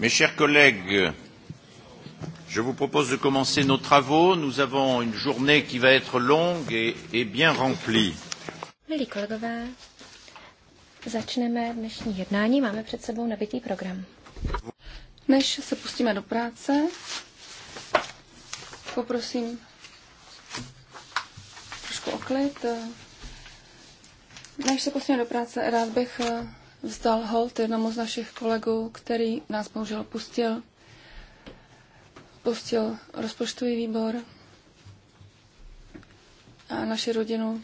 Mes chers collègues, je vous propose de commencer nos travaux. Nous avons une journée qui va être longue et, et bien remplie. Milí kolegové, začneme dnešní jednání. Máme před sebou nabitý program. Než se pustíme do práce, poprosím trošku o klid. Než se pustíme do práce, rád bych eh, vzdal hold jednomu z našich kolegů, který nás bohužel pustil. Pustil rozpočtový výbor a naši rodinu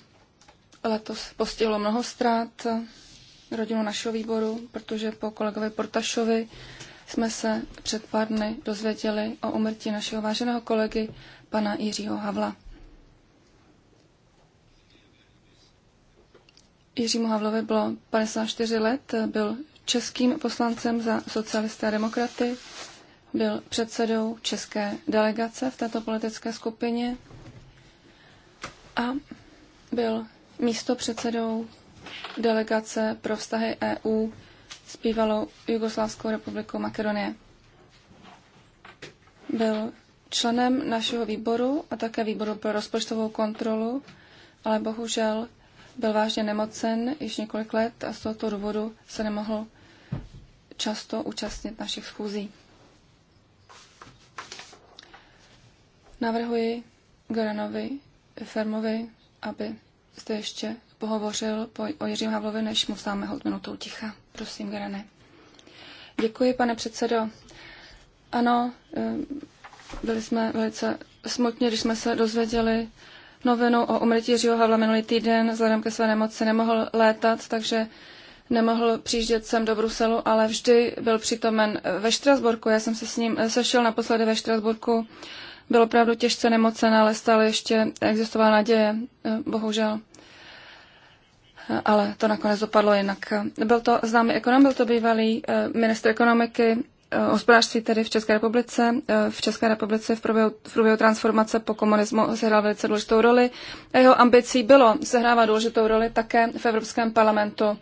letos postihlo mnoho ztrát, rodinu našeho výboru, protože po kolegovi Portašovi jsme se před pár dny dozvěděli o umrtí našeho váženého kolegy, pana Jiřího Havla. Jiřímu Havlovi bylo 54 let, byl českým poslancem za socialisté a demokraty, byl předsedou české delegace v této politické skupině a byl místopředsedou delegace pro vztahy EU s bývalou Jugoslávskou republikou Makedonie. Byl členem našeho výboru a také výboru pro rozpočtovou kontrolu, ale bohužel byl vážně nemocen již několik let a z tohoto důvodu se nemohl často účastnit našich schůzí. Navrhuji Goranovi Fermovi, aby jste ještě pohovořil po, o Jiřím Havlovi, než mu vzdáme hod minutou ticha. Prosím, Gerane. Děkuji, pane předsedo. Ano, eh, byli jsme velice smutně, když jsme se dozvěděli novinu o umrtí Jiřího Havla minulý týden. Vzhledem ke své nemoci nemohl létat, takže nemohl přijíždět sem do Bruselu, ale vždy byl přítomen ve Štrasburku. Já jsem se s ním eh, sešel naposledy ve Štrasburku. Byl opravdu těžce nemocen, ale stále ještě existovala naděje, eh, bohužel. Eh, ale to nakonec dopadlo jinak. Byl to známý ekonom, byl to bývalý minister ekonomiky Eh, hospodářství tedy v České republice. Eh, v České republice v průběhu, v průběhu transformace po komunismu sehrál velice důležitou roli. A jeho ambicí bylo sehrávat důležitou roli také v Evropském parlamentu.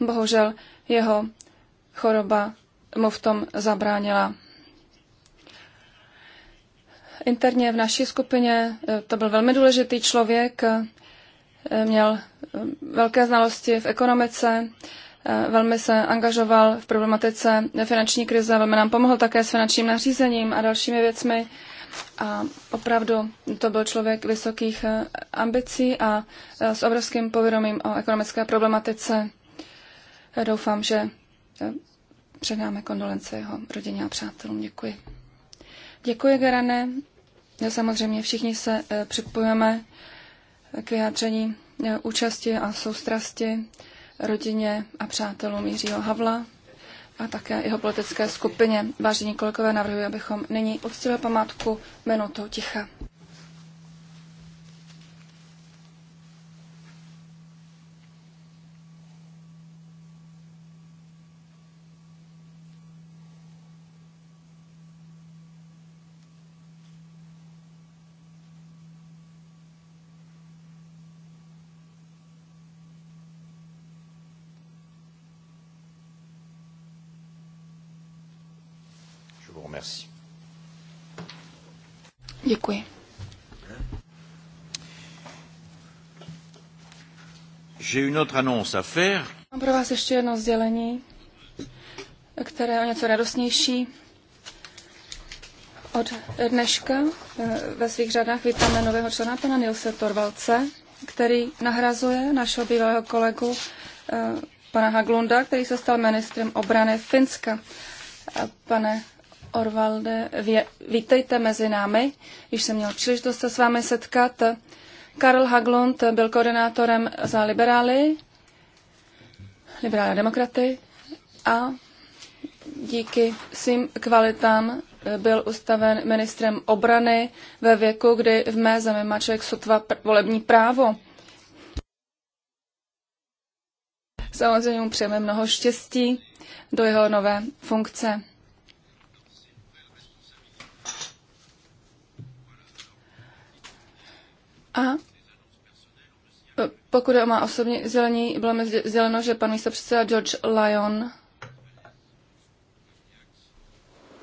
Bohužel jeho choroba mu v tom zabránila. Interně v naší skupině eh, to byl velmi důležitý člověk, měl velké znalosti v ekonomice, Eh, velmi se angažoval v problematice finanční krize, velmi nám pomohl také s finančním nařízením a dalšími věcmi. A opravdu to byl člověk vysokých eh, ambicí a eh, s obrovským povědomím o ekonomické problematice. Doufám, že předáme kondolence jeho rodině a přátelům. Děkuji. Děkuji, Gerane. No, samozřejmě všichni se připojujeme k vyjádření účasti a soustrasti rodině a přátelům Jiřího Havla a také jeho politické skupině. Vážení kolegové, navrhuji, abychom nyní uctili památku minutou ticha. Děkuji. J'ai une autre annonce à faire. Mám pro vás ještě jedno sdělení, které je o něco radostnější. Od dneška eh, ve svých řadách vítáme nového člena pana Nilse Torvalce, který nahrazuje našeho bývalého kolegu eh, pana Haglunda, který se stal ministrem obrany Finska. Eh, pane Orvalde, vě, vítejte mezi námi. Již jsem měl příležitost se s vámi setkat. Karl Haglund byl koordinátorem za liberály, liberální demokraty a díky svým kvalitám byl ustaven ministrem obrany ve věku, kdy v mé zemi má člověk sotva pr- volební právo. Samozřejmě mu přejeme mnoho štěstí do jeho nové funkce. A pokud je o má osobní zelení, bylo mi zeleno, že pan předseda George Lyon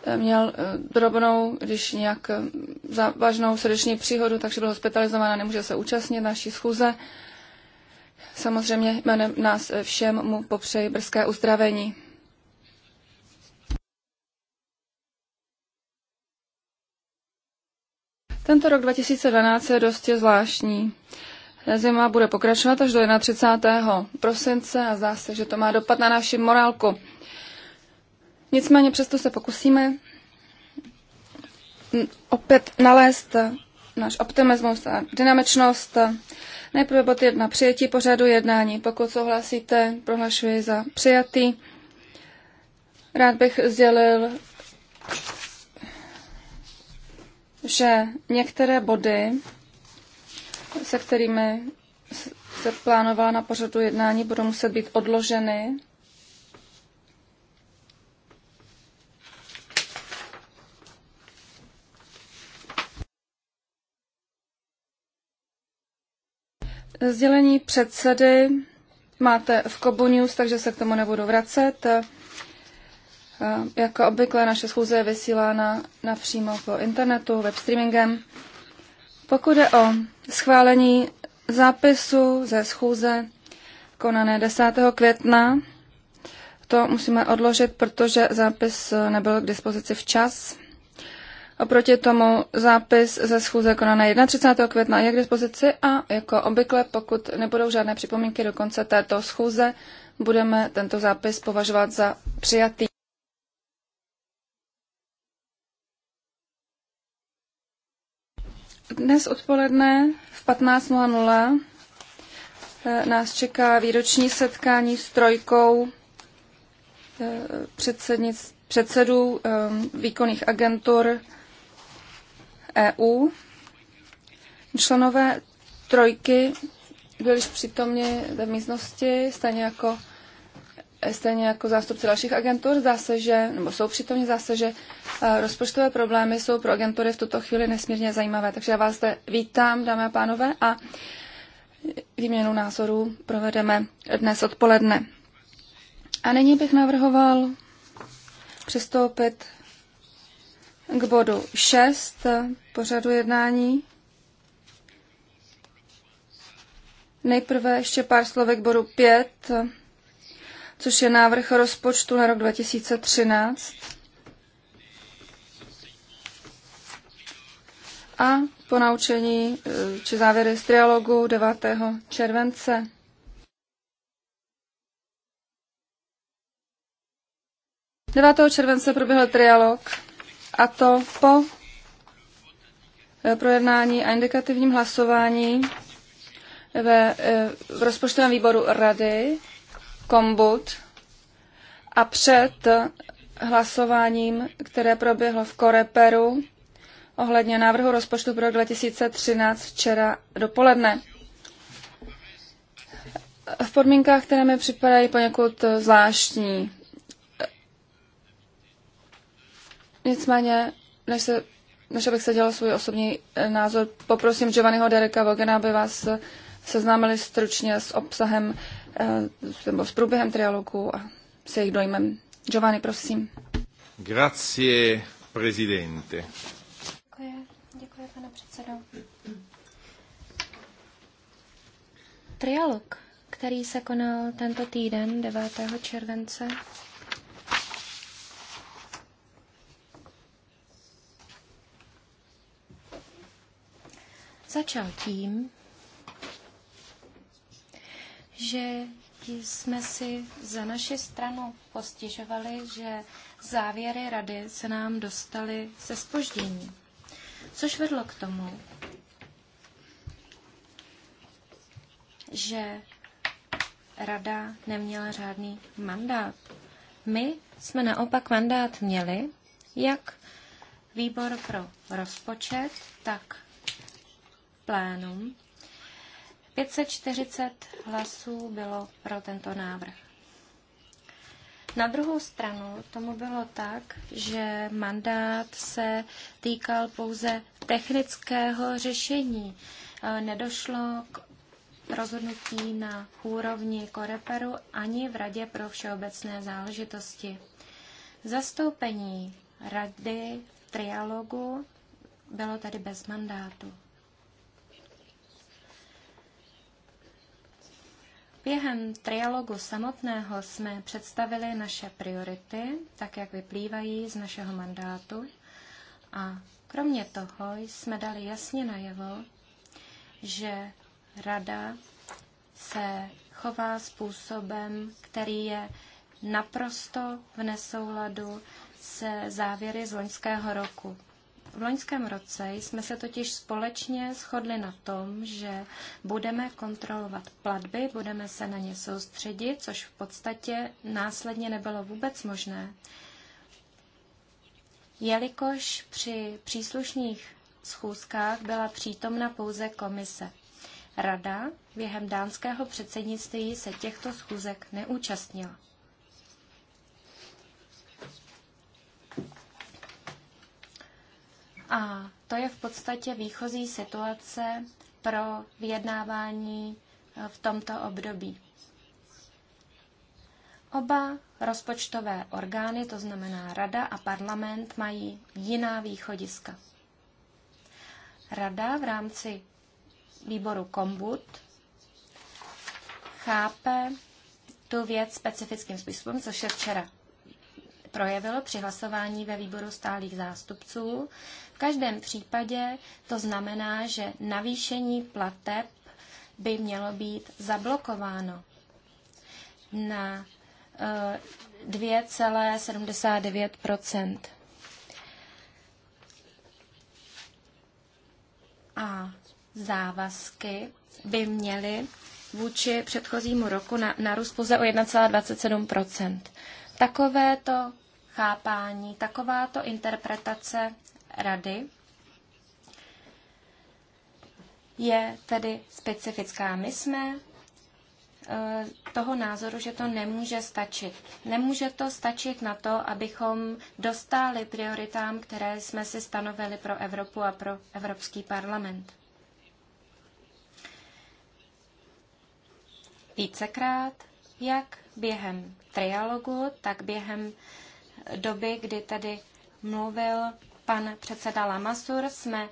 eh, měl eh, drobnou, když nějak eh, závažnou srdeční příhodu, takže byl hospitalizován a nemůže se účastnit naší schůze. Samozřejmě jménem nás všem mu popřeji brzké uzdravení. Tento rok 2012 je dosti zvláštní. Zima bude pokračovat až do 31. prosince a zdá se, že to má dopad na naši morálku. Nicméně přesto se pokusíme opět nalézt náš optimismus a dynamičnost. Nejprve bod na přijetí pořadu jednání. Pokud souhlasíte, prohlašuji za přijatý. Rád bych sdělil že některé body, se kterými se plánovala na pořadu jednání, budou muset být odloženy. Sdělení předsedy máte v Kobunius, takže se k tomu nebudu vracet. Eh, jako obvykle naše schůze je vysílána napřímo po internetu, web streamingem. Pokud je o schválení zápisu ze schůze konané 10. května, to musíme odložit, protože zápis nebyl k dispozici včas. Oproti tomu zápis ze schůze konané 31. května je k dispozici a jako obvykle, pokud nebudou žádné připomínky do konce této schůze, budeme tento zápis považovat za přijatý. Dnes odpoledne v 15.00 eh, nás čeká výroční setkání s trojkou eh, předsedů eh, výkonných agentur EU. Členové trojky byli přítomni ve místnosti, stejně jako stejně jako zástupci dalších agentur, zdá se, že, nebo jsou přitomně, zdá se, že eh, rozpočtové problémy jsou pro agentury v tuto chvíli nesmírně zajímavé. Takže já vás zde vítám, dámy a pánové, a výměnu názorů provedeme dnes odpoledne. A nyní bych navrhoval přistoupit k bodu 6 pořadu jednání. Nejprve ještě pár slovek bodu 5 což je návrh rozpočtu na rok 2013. A po naučení e, či závěry z trialogu 9. července. Devátého července proběhl trialog a to po e, projednání a indikativním hlasování ve, e, v rozpočtovém výboru Rady Kombut a před hlasováním, které proběhlo v Koreperu ohledně návrhu rozpočtu pro 2013 včera dopoledne. V podmínkách, které mi připadají poněkud zvláštní. Nicméně, než, se, než abych se dělal svůj osobní eh, názor, poprosím Giovanniho Dereka Vogena, aby vás eh, seznámili stručně s obsahem Eh, nebo s průběhem trialogu a se jejich dojmem. Giovanni, prosím. Grazie, prezidente. Děkuji, děkuji, pane předsedo. Trialog, který se konal tento týden, 9. července, začal tím, že jsme si za naši stranu postižovali, že závěry rady se nám dostaly se spoždění, což vedlo k tomu, že rada neměla žádný mandát. My jsme naopak mandát měli, jak výbor pro rozpočet, tak plénum. 540 hlasů bylo pro tento návrh. Na druhou stranu tomu bylo tak, že mandát se týkal pouze technického řešení. E, nedošlo k rozhodnutí na úrovni koreperu ani v Radě pro všeobecné záležitosti. Zastoupení rady trialogu bylo tady bez mandátu. Během trialogu samotného jsme představili naše priority, tak jak vyplývají z našeho mandátu. A kromě toho jsme dali jasně najevo, že rada se chová způsobem, který je naprosto v nesouladu se závěry z loňského roku. V loňském roce jsme se totiž společně shodli na tom, že budeme kontrolovat platby, budeme se na ně soustředit, což v podstatě následně nebylo vůbec možné, jelikož při příslušných schůzkách byla přítomna pouze komise. Rada během dánského předsednictví se těchto schůzek neúčastnila. A to je v podstatě výchozí situace pro vyjednávání e, v tomto období. Oba rozpočtové orgány, to znamená Rada a parlament, mají jiná východiska. Rada v rámci výboru Kombut chápe tu věc specifickým způsobem, což je včera projevilo při hlasování ve výboru stálých zástupců. V každém případě to znamená, že navýšení plateb by mělo být zablokováno na 2,79 eh, A závazky by měly vůči předchozímu roku narůst pouze o 1,27 Takovéto chápání takováto interpretace rady je tedy specifická. My jsme e, toho názoru, že to nemůže stačit. Nemůže to stačit na to, abychom dostali prioritám, které jsme si stanovili pro Evropu a pro Evropský parlament. Vícekrát, jak během trialogu, tak během doby, kdy tady mluvil pan předseda Lamasur, jsme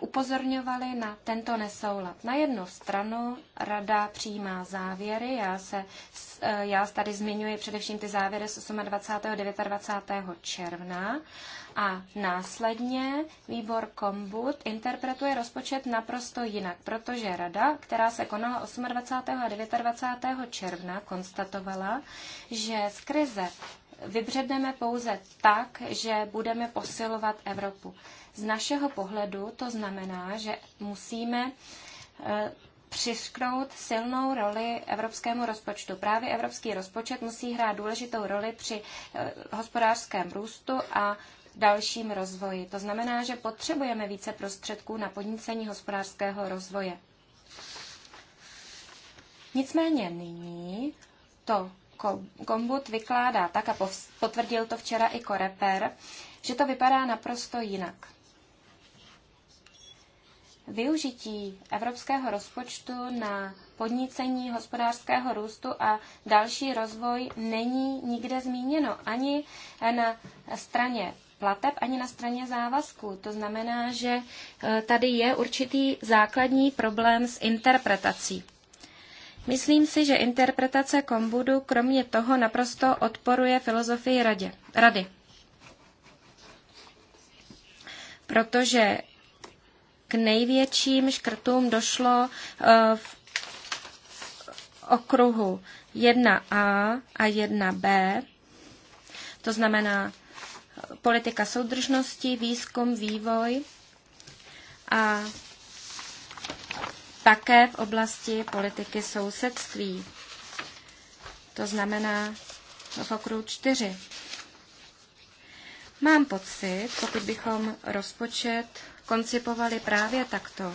upozorňovali na tento nesoulad. Na jednu stranu rada přijímá závěry, já, se, já tady zmiňuji především ty závěry z 28. 29. června a následně výbor Kombut interpretuje rozpočet naprosto jinak, protože rada, která se konala 28. a 29. června, konstatovala, že z krize vybředneme pouze tak, že budeme posilovat Evropu. Z našeho pohledu to znamená, že musíme eh, přišknout silnou roli evropskému rozpočtu. Právě evropský rozpočet musí hrát důležitou roli při eh, hospodářském růstu a dalším rozvoji. To znamená, že potřebujeme více prostředků na podnícení hospodářského rozvoje. Nicméně nyní to Kombut vykládá tak, a potvrdil to včera i Koreper, že to vypadá naprosto jinak. Využití evropského rozpočtu na podnícení hospodářského růstu a další rozvoj není nikde zmíněno ani na straně plateb, ani na straně závazků. To znamená, že eh, tady je určitý základní problém s interpretací. Myslím si, že interpretace kombudu kromě toho naprosto odporuje filozofii radě, rady. Protože k největším škrtům došlo eh, v okruhu 1a a 1b, to znamená politika soudržnosti, výzkum, vývoj a také v oblasti politiky sousedství. To znamená v okruhu 4. Mám pocit, pokud bychom rozpočet koncipovali právě takto,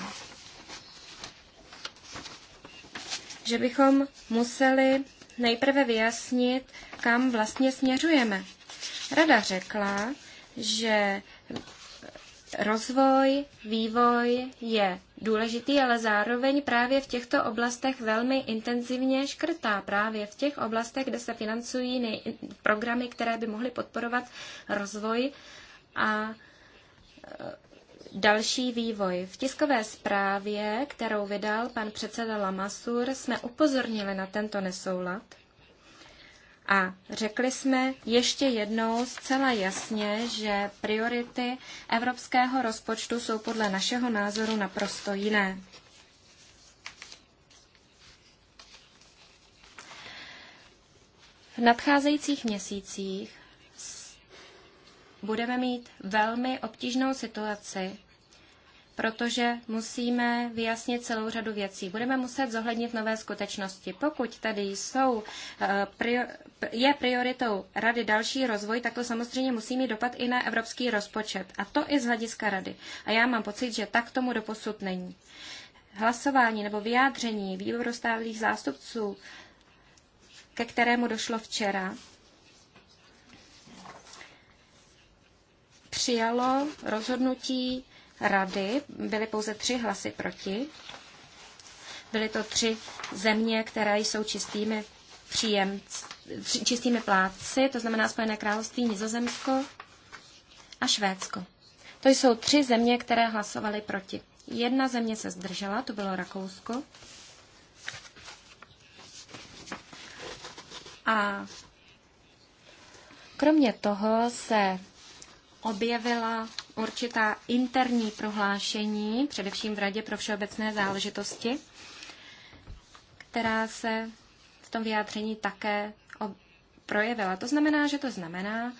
že bychom museli nejprve vyjasnit, kam vlastně směřujeme. Rada řekla, že Rozvoj, vývoj je důležitý, ale zároveň právě v těchto oblastech velmi intenzivně škrtá. Právě v těch oblastech, kde se financují nej- programy, které by mohly podporovat rozvoj a e, další vývoj. V tiskové zprávě, kterou vydal pan předseda Lamasur, jsme upozornili na tento nesoulad a řekli jsme ještě jednou zcela jasně, že priority evropského rozpočtu jsou podle našeho názoru naprosto jiné. V nadcházejících měsících budeme mít velmi obtížnou situaci protože musíme vyjasnit celou řadu věcí. Budeme muset zohlednit nové skutečnosti. Pokud tady jsou, eh, je prioritou Rady další rozvoj, tak to samozřejmě musí mít dopad i na evropský rozpočet. A to i z hlediska Rady. A já mám pocit, že tak tomu doposud není. Hlasování nebo vyjádření výboru stálých zástupců, ke kterému došlo včera, přijalo rozhodnutí rady byly pouze tři hlasy proti. Byly to tři země, které jsou čistými příjemci, čistými plátci, to znamená Spojené království, Nizozemsko a Švédsko. To jsou tři země, které hlasovaly proti. Jedna země se zdržela, to bylo Rakousko. A kromě toho se objevila určitá interní prohlášení, především v Radě pro všeobecné záležitosti, která se v tom vyjádření také projevila. To znamená, že to znamená,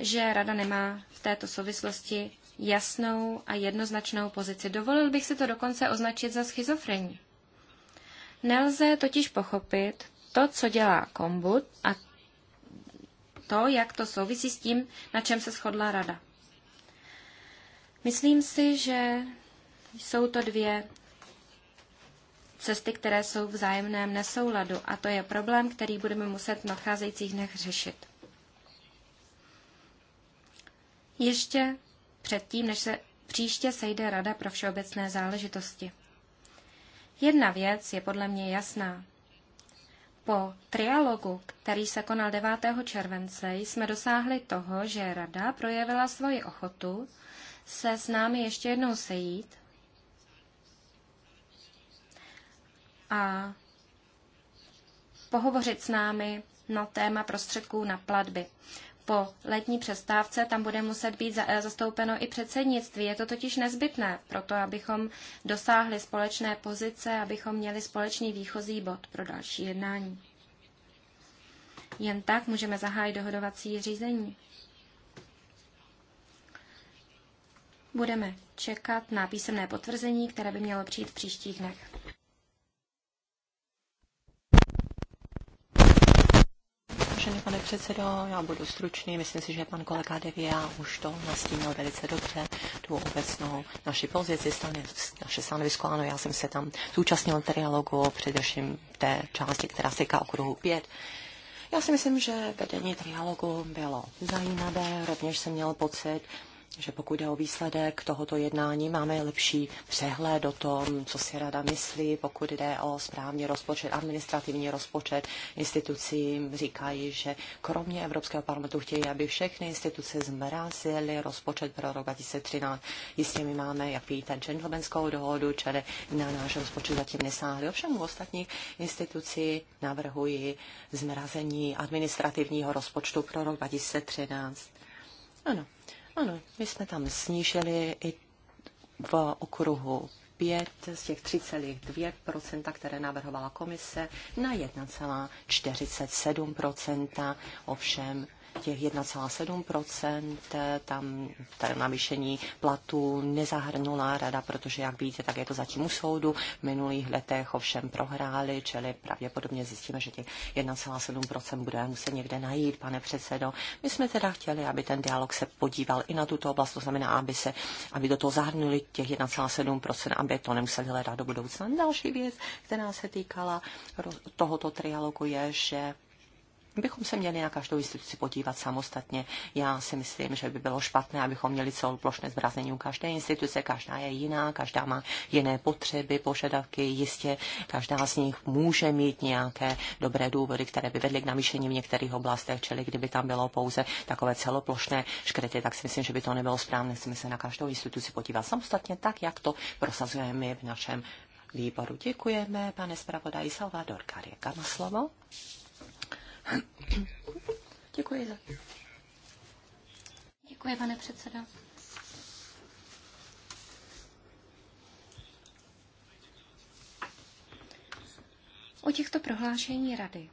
že Rada nemá v této souvislosti jasnou a jednoznačnou pozici. Dovolil bych si to dokonce označit za schizofrení. Nelze totiž pochopit to, co dělá kombut a to, jak to souvisí s tím, na čem se shodla rada. Myslím si, že jsou to dvě cesty, které jsou v zájemném nesouladu a to je problém, který budeme muset v nadcházejících dnech řešit. Ještě předtím, než se příště sejde Rada pro všeobecné záležitosti. Jedna věc je podle mě jasná. Po trialogu, který se konal 9. července, jsme dosáhli toho, že Rada projevila svoji ochotu se s námi ještě jednou sejít a pohovořit s námi na téma prostředků na platby. Po letní přestávce tam bude muset být eh, zastoupeno i předsednictví. Je to totiž nezbytné pro to, abychom dosáhli společné pozice, abychom měli společný výchozí bod pro další jednání. Jen tak můžeme zahájit dohodovací řízení. budeme čekat na písemné potvrzení, které by mělo přijít v příštích dnech. Vážený pane předsedo, já budu stručný. Myslím si, že pan kolega Devia už to nastínil velice dobře, tu obecnou naši pozici, stane, naše stanovisko. Ano, já jsem se tam zúčastnil trialogu, především té části, která se týká okruhu 5. Já si myslím, že vedení trialogu bylo zajímavé, rovněž jsem měl pocit, že pokud jde o výsledek tohoto jednání, máme lepší přehled o tom, co si rada myslí, pokud jde o správní rozpočet, administrativní rozpočet institucí. Říkají, že kromě Evropského parlamentu chtějí, aby všechny instituce zmrazily rozpočet pro rok 2013. Jistě my máme, jak víte, gentlemanskou dohodu, čili na náš rozpočet zatím nesáhli. Ovšem u ostatních institucí navrhují zmrazení administrativního rozpočtu pro rok 2013. Ano. Ano, my jsme tam snížili i v okruhu 5 z těch 3,2%, které navrhovala komise, na 1,47%. Ovšem těch 1,7%, tam ta navýšení platů nezahrnula rada, protože, jak víte, tak je to zatím u soudu. V minulých letech ovšem prohráli, čili pravděpodobně zjistíme, že těch 1,7% budeme muset někde najít, pane předsedo. My jsme teda chtěli, aby ten dialog se podíval i na tuto oblast, to znamená, aby, se, aby do toho zahrnuli těch 1,7%, aby to nemuseli hledat do budoucna. Další věc, která se týkala tohoto trialogu, je, že bychom se měli na každou instituci podívat samostatně. Já si myslím, že by bylo špatné, abychom měli celou plošné zbrazení u každé instituce. Každá je jiná, každá má jiné potřeby, požadavky. Jistě každá z nich může mít nějaké dobré důvody, které by vedly k navýšení v některých oblastech, čili kdyby tam bylo pouze takové celoplošné škrty, tak si myslím, že by to nebylo správné. Chceme se na každou instituci podívat samostatně, tak jak to prosazujeme my v našem výboru. Děkujeme, pane zpravodaji Salvador Karieka. Má slovo. Děkuji za. Děkuji, pane předseda. O těchto prohlášení rady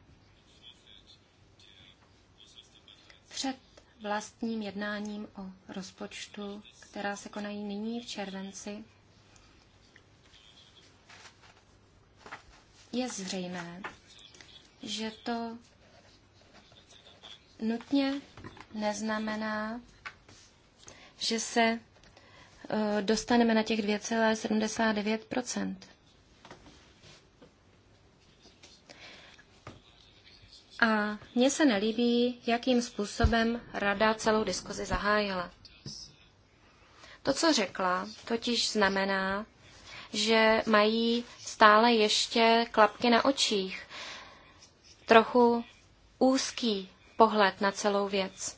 před vlastním jednáním o rozpočtu, která se konají nyní v červenci, je zřejmé, že to nutně neznamená, že se eh, dostaneme na těch 2,79 A mně se nelíbí, jakým způsobem rada celou diskuzi zahájila. To, co řekla, totiž znamená, že mají stále ještě klapky na očích. Trochu úzký pohled na celou věc.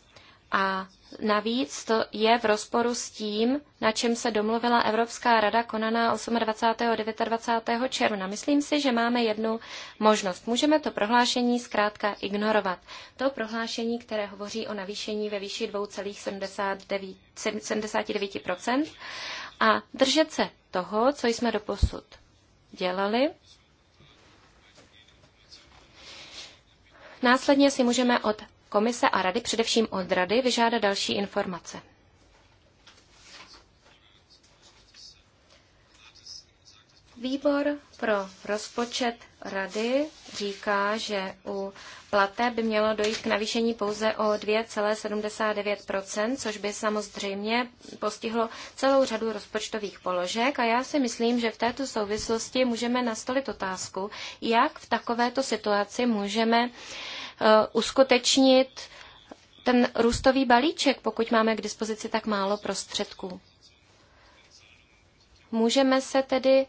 A navíc to je v rozporu s tím, na čem se domluvila Evropská rada konaná 28. a 29. června. Myslím si, že máme jednu možnost. Můžeme to prohlášení zkrátka ignorovat. To prohlášení, které hovoří o navýšení ve výši 2,79 a držet se toho, co jsme doposud dělali, Následně si můžeme od komise a rady, především od rady, vyžádat další informace. Výbor pro rozpočet rady říká, že u platé by mělo dojít k navýšení pouze o 2,79%, což by samozřejmě postihlo celou řadu rozpočtových položek. A já si myslím, že v této souvislosti můžeme nastolit otázku, jak v takovéto situaci můžeme Eh, uskutečnit ten růstový balíček, pokud máme k dispozici tak málo prostředků. Můžeme se tedy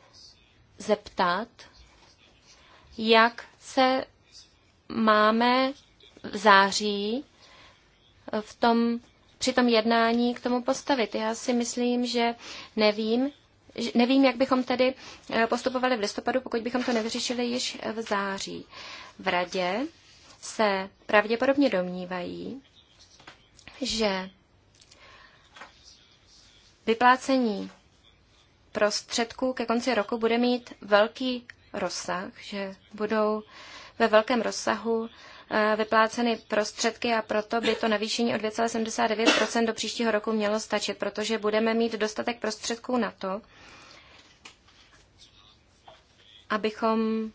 zeptat, jak se máme v září v tom, při tom jednání k tomu postavit. Já si myslím, že nevím, nevím, jak bychom tedy eh, postupovali v listopadu, pokud bychom to nevyřešili již v září. V radě se pravděpodobně domnívají, že vyplácení prostředků ke konci roku bude mít velký rozsah, že budou ve velkém rozsahu eh, vypláceny prostředky a proto by to navýšení o 2,79 do příštího roku mělo stačit, protože budeme mít dostatek prostředků na to, abychom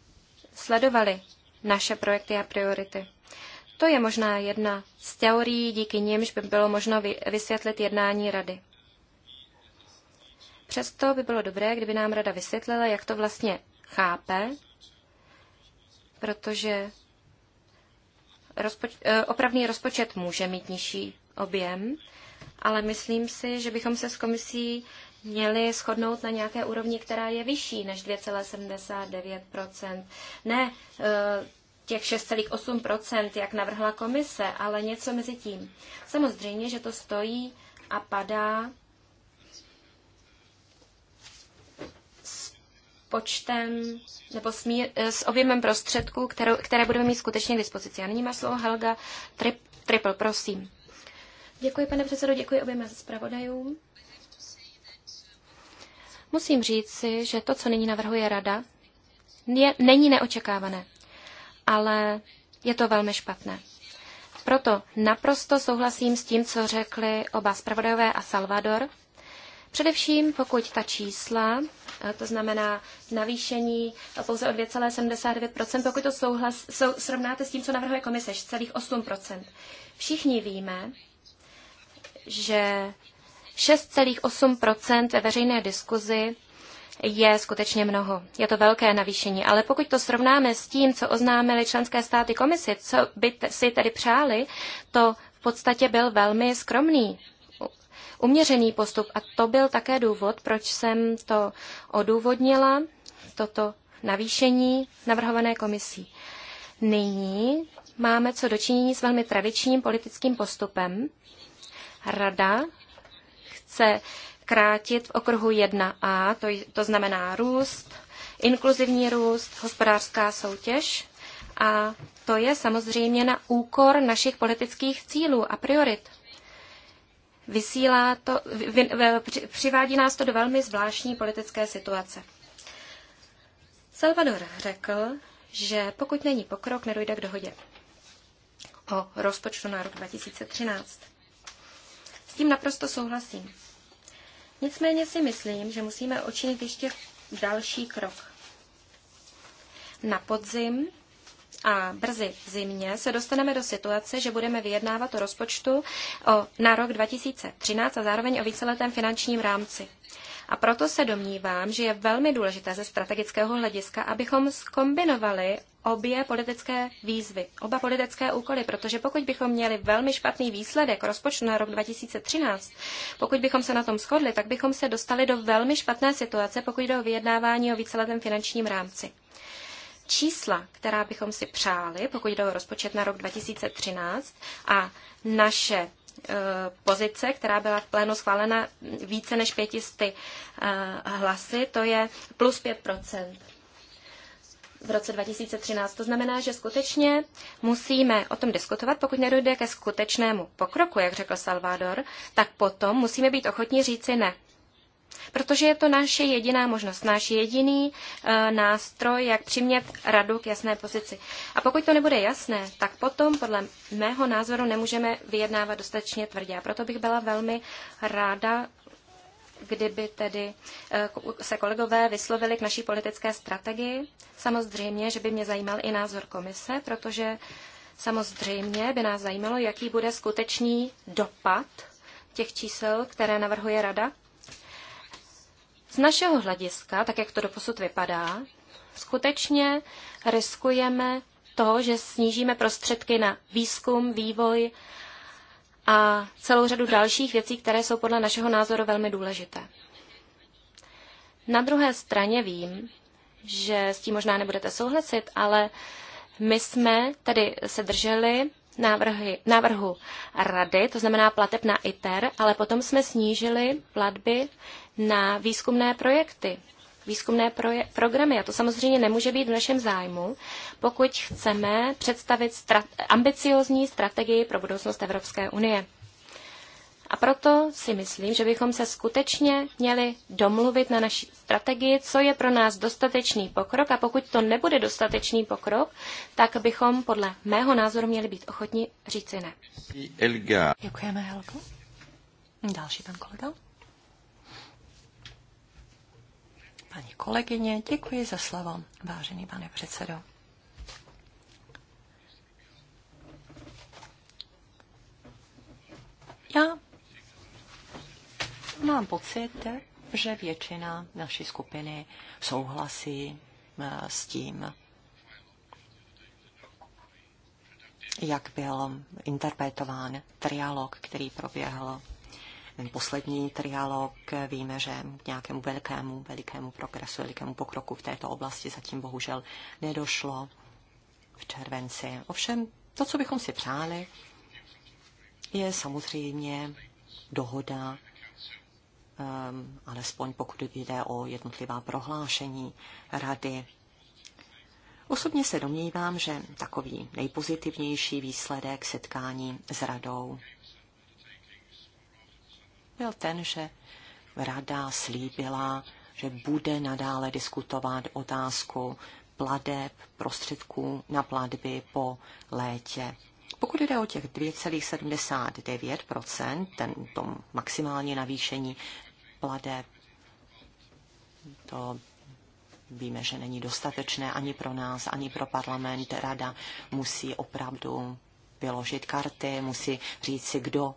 sledovali naše projekty a priority. To je možná jedna z teorií, díky nímž by bylo možno vysvětlit jednání rady. Přesto by bylo dobré, kdyby nám rada vysvětlila, jak to vlastně chápe, protože rozpoč- eh, opravný rozpočet může mít nižší objem, ale myslím si, že bychom se s komisí měli shodnout na nějaké úrovni, která je vyšší než 2,79 Ne eh, těch 6,8 jak navrhla komise, ale něco mezi tím. Samozřejmě, že to stojí a padá s počtem nebo s, mír, eh, s objemem prostředků, kterou, které budeme mít skutečně k dispozici. A nyní má slovo Helga Trip, Triple, prosím. Děkuji, pane předsedo, děkuji oběma zpravodajům. Musím říct si, že to, co nyní navrhuje rada, je, není neočekávané, ale je to velmi špatné. Proto naprosto souhlasím s tím, co řekli oba zpravodajové a Salvador. Především pokud ta čísla, eh, to znamená navýšení pouze o 2,79%, pokud to souhlas, sou, srovnáte s tím, co navrhuje komise, 6,8%. Všichni víme, že 6,8 ve veřejné diskuzi je skutečně mnoho. Je to velké navýšení, ale pokud to srovnáme s tím, co oznámili členské státy komisi, co by si tedy přáli, to v podstatě byl velmi skromný uměřený postup. A to byl také důvod, proč jsem to odůvodnila, toto navýšení navrhované komisí. Nyní máme co dočinění s velmi tradičním politickým postupem. Rada chce krátit v okruhu 1a, to, to znamená růst, inkluzivní růst, hospodářská soutěž. A to je samozřejmě na úkor našich politických cílů a priorit. Vysílá to, vy, vy, přivádí nás to do velmi zvláštní politické situace. Salvador řekl, že pokud není pokrok, nedojde k dohodě o rozpočtu na rok 2013 tím naprosto souhlasím. Nicméně si myslím, že musíme učinit ještě další krok. Na podzim a brzy v zimě se dostaneme do situace, že budeme vyjednávat o rozpočtu o, na rok 2013 a zároveň o víceletém finančním rámci. A proto se domnívám, že je velmi důležité ze strategického hlediska, abychom skombinovali obě politické výzvy, oba politické úkoly, protože pokud bychom měli velmi špatný výsledek rozpočtu na rok 2013, pokud bychom se na tom shodli, tak bychom se dostali do velmi špatné situace, pokud jde o vyjednávání o víceletém finančním rámci. Čísla, která bychom si přáli, pokud jde o rozpočet na rok 2013 a naše Eh, pozice, která byla v plénu schválena více než pětisty eh, hlasy, to je plus 5 v roce 2013. To znamená, že skutečně musíme o tom diskutovat. Pokud nedojde ke skutečnému pokroku, jak řekl Salvador, tak potom musíme být ochotní říci ne. Protože je to naše jediná možnost, náš jediný e, nástroj, jak přimět radu k jasné pozici. A pokud to nebude jasné, tak potom podle mého názoru nemůžeme vyjednávat dostatečně tvrdě. A proto bych byla velmi ráda, kdyby tedy eh, se kolegové vyslovili k naší politické strategii. Samozřejmě, že by mě zajímal i názor komise, protože samozřejmě by nás zajímalo, jaký bude skutečný dopad těch čísel, které navrhuje Rada. Z našeho hlediska, tak jak to doposud vypadá, skutečně riskujeme to, že snížíme prostředky na výzkum, vývoj a celou řadu dalších věcí, které jsou podle našeho názoru velmi důležité. Na druhé straně vím, že s tím možná nebudete souhlasit, ale my jsme tedy se drželi návrhy, návrhu rady, to znamená plateb na ITER, ale potom jsme snížili platby na výzkumné projekty, výzkumné proje- programy. A to samozřejmě nemůže být v našem zájmu, pokud chceme představit strat- ambiciozní strategii pro budoucnost Evropské unie. A proto si myslím, že bychom se skutečně měli domluvit na naší strategii, co je pro nás dostatečný pokrok a pokud to nebude dostatečný pokrok, tak bychom podle mého názoru měli být ochotni říci ne. Děkujeme, Helko. Další pan kolega. Paní kolegyně, děkuji za slovo, vážený pane předsedo. Já Mám pocit, že většina naší skupiny souhlasí eh, s tím, jak byl interpretován trialog, který proběhl. Ten poslední trialog víme, že k nějakému velkému, velikému progresu, velikému pokroku v této oblasti zatím bohužel nedošlo v červenci. Ovšem, to, co bychom si přáli, je samozřejmě dohoda Ehm, alespoň pokud jde o jednotlivá prohlášení rady. Osobně se domnívám, že takový nejpozitivnější výsledek setkání s radou byl ten, že rada slíbila, že bude nadále diskutovat otázku pladeb, prostředků na platby po létě. Pokud jde o těch 2,79%, ten, to maximální navýšení plade. To víme, že není dostatečné ani pro nás, ani pro parlament. Rada musí opravdu vyložit karty, musí říct si, kdo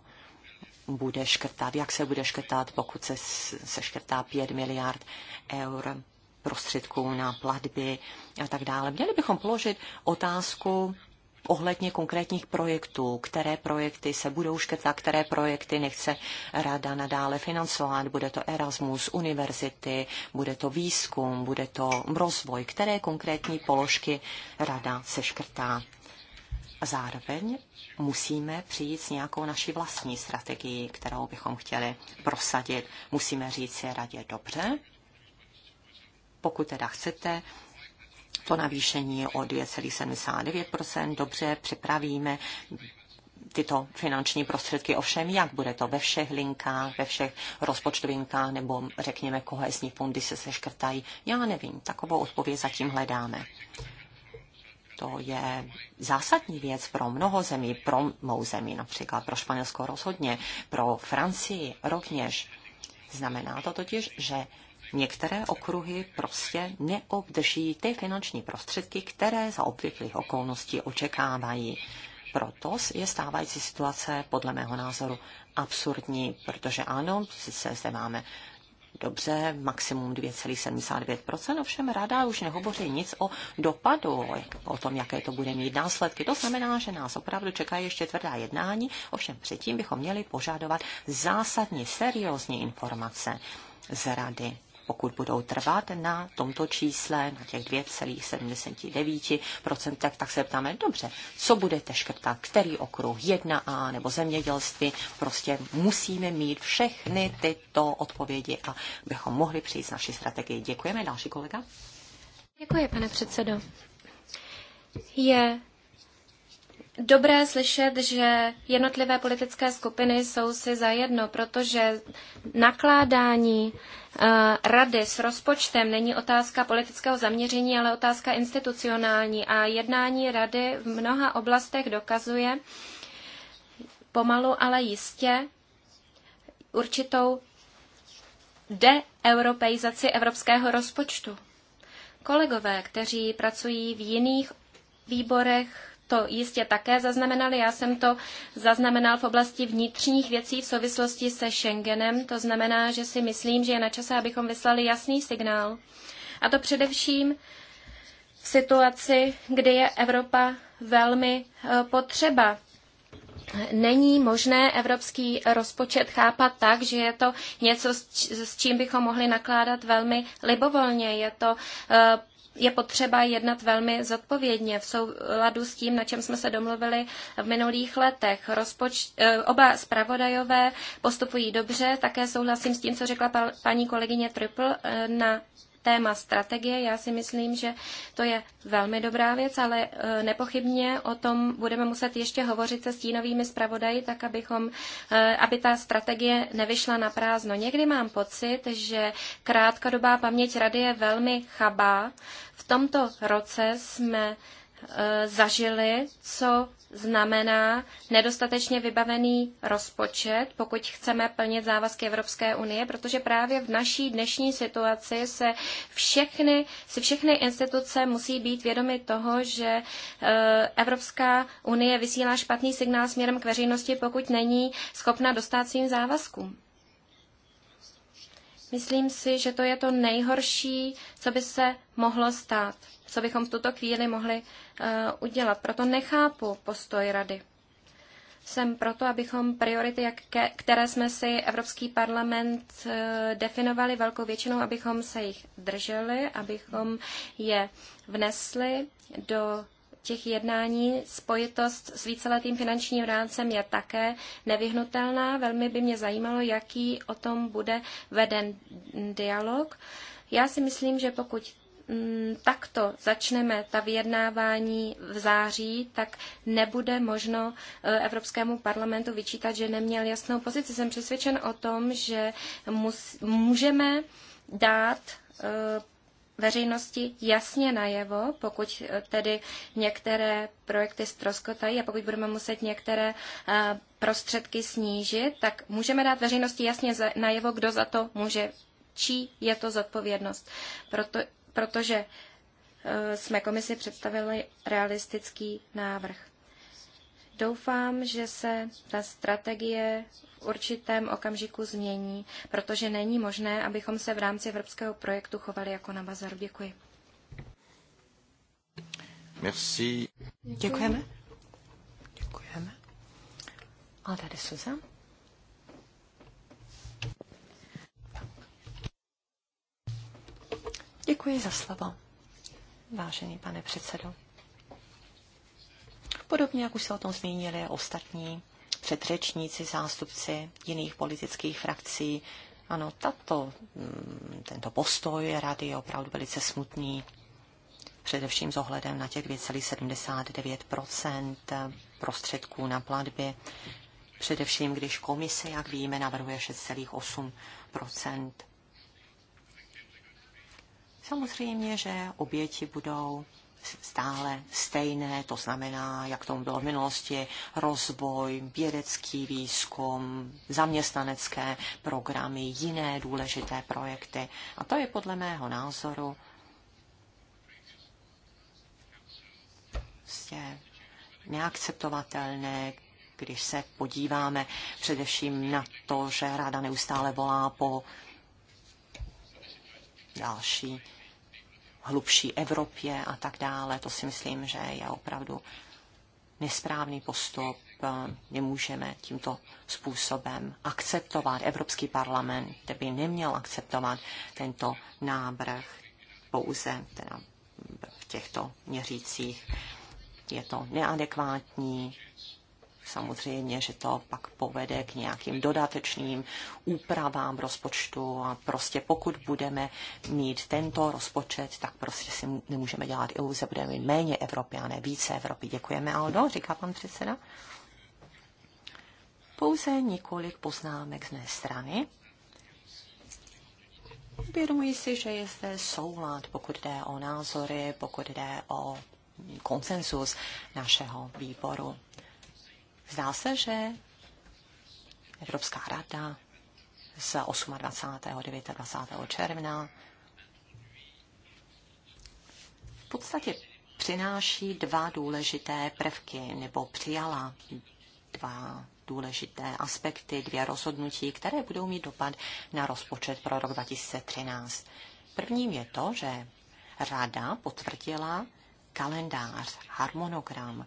bude škrtat, jak se bude škrtat, pokud se, se škrtá 5 miliard eur prostředků na platby a tak dále. Měli bychom položit otázku ohledně konkrétních projektů, které projekty se budou škrtat, které projekty nechce rada nadále financovat. Bude to Erasmus, univerzity, bude to výzkum, bude to rozvoj, které konkrétní položky rada se škrtá. Zároveň musíme přijít s nějakou naší vlastní strategií, kterou bychom chtěli prosadit. Musíme říct si radě dobře, pokud teda chcete to navýšení o 2,79 dobře připravíme tyto finanční prostředky. Ovšem, jak bude to ve všech linkách, ve všech rozpočtovinkách, nebo řekněme kohezní fondy se seškrtají, já nevím. Takovou odpověď zatím hledáme. To je zásadní věc pro mnoho zemí, pro mou zemi například, pro Španělsko rozhodně, pro Francii rovněž. Znamená to totiž, že některé okruhy prostě neobdrží ty finanční prostředky, které za obvyklých okolností očekávají. Proto je stávající situace podle mého názoru absurdní, protože ano, sice zde máme dobře, maximum 2,75%, ovšem rada už nehovoří nic o dopadu, o tom, jaké to bude mít následky. To znamená, že nás opravdu čekají ještě tvrdá jednání, ovšem předtím bychom měli požadovat zásadní, seriózní informace z rady pokud budou trvat na tomto čísle, na těch 2,79%, tak, tak se ptáme, dobře, co budete škrtat, který okruh, 1A nebo zemědělství, prostě musíme mít všechny tyto odpovědi a bychom mohli přijít s naší strategii. Děkujeme, další kolega. Děkuji, pane předsedo. Je dobré slyšet, že jednotlivé politické skupiny jsou si zajedno, protože nakládání eh, rady s rozpočtem není otázka politického zaměření, ale otázka institucionální. A jednání rady v mnoha oblastech dokazuje pomalu, ale jistě určitou deeuropeizaci evropského rozpočtu. Kolegové, kteří pracují v jiných výborech to jistě také zaznamenali. Já jsem to zaznamenal v oblasti vnitřních věcí v souvislosti se Schengenem. To znamená, že si myslím, že je na čase, abychom vyslali jasný signál. A to především v situaci, kdy je Evropa velmi eh, potřeba. Není možné evropský rozpočet chápat tak, že je to něco, s čím bychom mohli nakládat velmi libovolně. Je to eh, je potřeba jednat velmi zodpovědně v souladu s tím, na čem jsme se domluvili v minulých letech. Rozpoč... Eh, oba zpravodajové postupují dobře, také souhlasím s tím, co řekla paní kolegyně Triple eh, na téma strategie. Já si myslím, že to je velmi dobrá věc, ale e, nepochybně o tom budeme muset ještě hovořit se stínovými zpravodaji, tak abychom, e, aby ta strategie nevyšla na prázdno. Někdy mám pocit, že krátkodobá paměť rady je velmi chabá. V tomto roce jsme e, zažili, co znamená nedostatečně vybavený rozpočet, pokud chceme plnit závazky Evropské unie, protože právě v naší dnešní situaci se všechny, si všechny instituce musí být vědomy toho, že eh, Evropská unie vysílá špatný signál směrem k veřejnosti, pokud není schopna dostat svým závazkům. Myslím si, že to je to nejhorší, co by se mohlo stát co bychom v tuto chvíli mohli eh, udělat. Proto nechápu postoj rady. Jsem proto, abychom priority, které jsme si Evropský parlament eh, definovali velkou většinou, abychom se jich drželi, abychom je vnesli do těch jednání spojitost s víceletým finančním rámcem je také nevyhnutelná. Velmi by mě zajímalo, jaký o tom bude veden dialog. Já si myslím, že pokud Mm, takto začneme ta vyjednávání v září, tak nebude možno eh, Evropskému parlamentu vyčítat, že neměl jasnou pozici. Jsem přesvědčen o tom, že můžeme dát eh, veřejnosti jasně najevo, pokud eh, tedy některé projekty stroskotají a pokud budeme muset některé prostředky snížit, tak můžeme dát veřejnosti jasně najevo, kdo za to může čí je to zodpovědnost. Proto protože e, jsme komisi představili realistický návrh. Doufám, že se ta strategie v určitém okamžiku změní, protože není možné, abychom se v rámci evropského projektu chovali jako na bazaru. Děkuji. Merci. Děkujeme. Děkujeme. A tady Suzanne. Děkuji za slovo, vážený pane předsedo. Podobně, jak už se o tom zmínili ostatní předřečníci, zástupci jiných politických frakcí, ano, tato, mm, tento postoj rady je opravdu velice smutný, především s ohledem na těch 2,79 prostředků na platby, především když komise, jak víme, navrhuje 6,8 Samozřejmě, že oběti budou stále stejné, to znamená, jak tomu bylo v minulosti, rozvoj, vědecký výzkum, zaměstnanecké programy, jiné důležité projekty. A to je podle mého názoru vlastně neakceptovatelné, když se podíváme především na to, že ráda neustále volá po další hlubší Evropě a tak dále. To si myslím, že je opravdu nesprávný postup. Nemůžeme tímto způsobem akceptovat. Evropský parlament by neměl akceptovat tento návrh pouze teda v těchto měřících. Je to neadekvátní, Samozřejmě, že to pak povede k nějakým dodatečným úpravám rozpočtu a prostě pokud budeme mít tento rozpočet, tak prostě si nemůžeme dělat iluze, budeme mít méně Evropy a ne více Evropy. Děkujeme, Aldo, říká pan předseda. Pouze několik poznámek z mé strany. Uvědomuji si, že je zde soulad, pokud jde o názory, pokud jde o konsensus našeho výboru. Zdá se, že Evropská rada z 28. 29. června v podstatě přináší dva důležité prvky nebo přijala dva důležité aspekty, dvě rozhodnutí, které budou mít dopad na rozpočet pro rok 2013. Prvním je to, že Rada potvrdila kalendář, harmonogram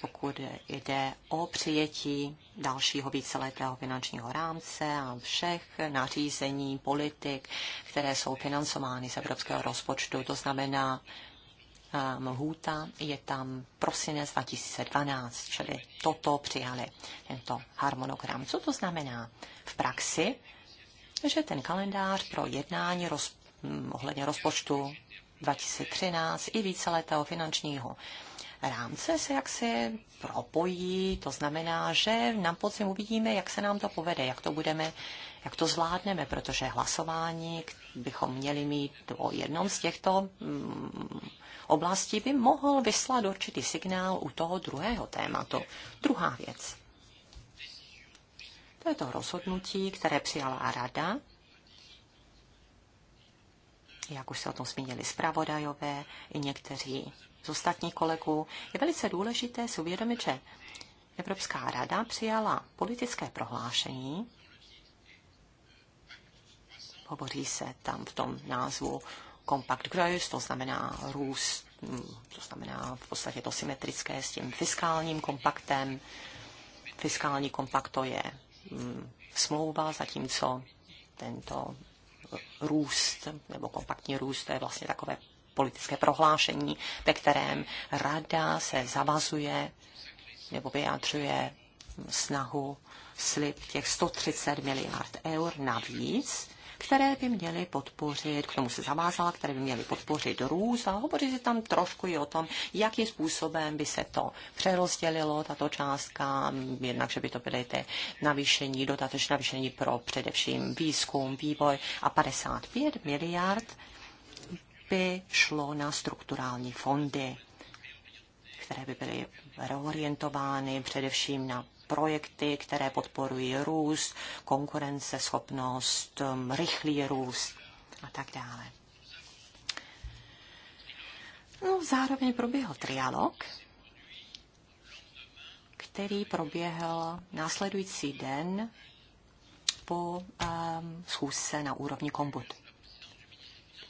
pokud jde o přijetí dalšího víceletého finančního rámce a všech nařízení, politik, které jsou financovány z evropského rozpočtu. To znamená, eh, lhůta je tam prosinec 2012, čili toto přijali, tento harmonogram. Co to znamená v praxi? Že ten kalendář pro jednání roz, mm, ohledně rozpočtu 2013 i víceletého finančního rámce se jaksi propojí, to znamená, že na podzim uvidíme, jak se nám to povede, jak to budeme, jak to zvládneme, protože hlasování bychom měli mít o jednom z těchto mm, oblastí by mohl vyslat určitý signál u toho druhého tématu. Druhá věc. To je to rozhodnutí, které přijala Rada jak už se o tom zmínili zpravodajové i někteří z ostatních kolegů, je velice důležité si uvědomit, že Evropská rada přijala politické prohlášení, hovoří se tam v tom názvu Compact Growth, to znamená růst, hm, to znamená v podstatě to symetrické s tím fiskálním kompaktem. Fiskální kompakt to je hm, smlouva, zatímco tento růst nebo kompaktní růst, to je vlastně takové politické prohlášení, ve kterém rada se zavazuje nebo vyjadřuje snahu slib těch 130 miliard eur navíc, které by měly podpořit, k tomu se zavázala, které by měly podpořit růst a hovoří se tam trošku i o tom, jakým způsobem by se to přerozdělilo, tato částka, jednak, že by to byly ty navýšení, dodatečné navýšení pro především výzkum, vývoj a 55 miliard by šlo na strukturální fondy, které by byly reorientovány především na projekty, které podporují růst, konkurenceschopnost, um, rychlý růst a tak dále. No, zároveň proběhl trialog, který proběhl následující den po um, schůzce na úrovni kombut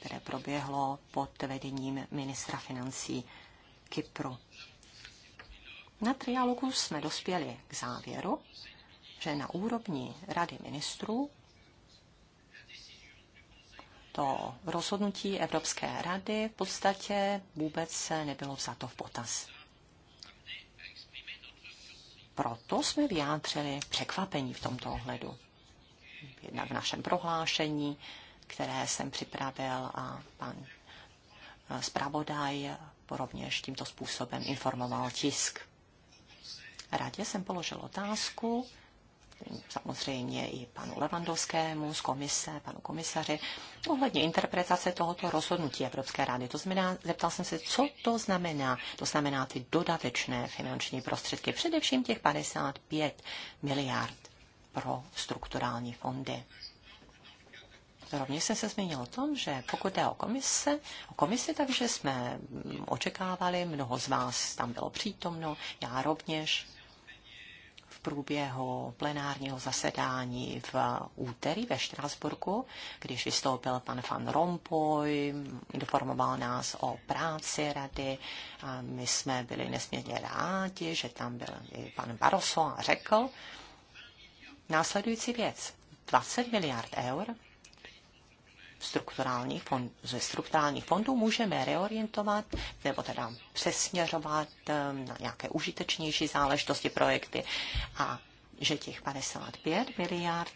které proběhlo pod vedením ministra financí Kypru. Na trialogu jsme dospěli k závěru, že na úrovni Rady ministrů to rozhodnutí Evropské rady v podstatě vůbec nebylo vzato v potaz. Proto jsme vyjádřili překvapení v tomto ohledu. Jednak v našem prohlášení, které jsem připravil a pan zpravodaj rovněž tímto způsobem informoval tisk. Radě jsem položil otázku, samozřejmě i panu Levandovskému z komise, panu komisaři, ohledně interpretace tohoto rozhodnutí Evropské rady. To znamená, zeptal jsem se, co to znamená. To znamená ty dodatečné finanční prostředky, především těch 55 miliard pro strukturální fondy. Rovněž jsem se zmínil o tom, že pokud jde o komise, o komisi, takže jsme očekávali, mnoho z vás tam bylo přítomno, já rovněž v průběhu plenárního zasedání v úterý ve Štrásburku, když vystoupil pan Van Rompuy, informoval nás o práci rady a my jsme byli nesmírně rádi, že tam byl i pan Barroso a řekl následující věc. 20 miliard eur strukturálních fond, ze strukturálních fondů můžeme reorientovat nebo teda přesměřovat na nějaké užitečnější záležitosti projekty a že těch 55 miliard,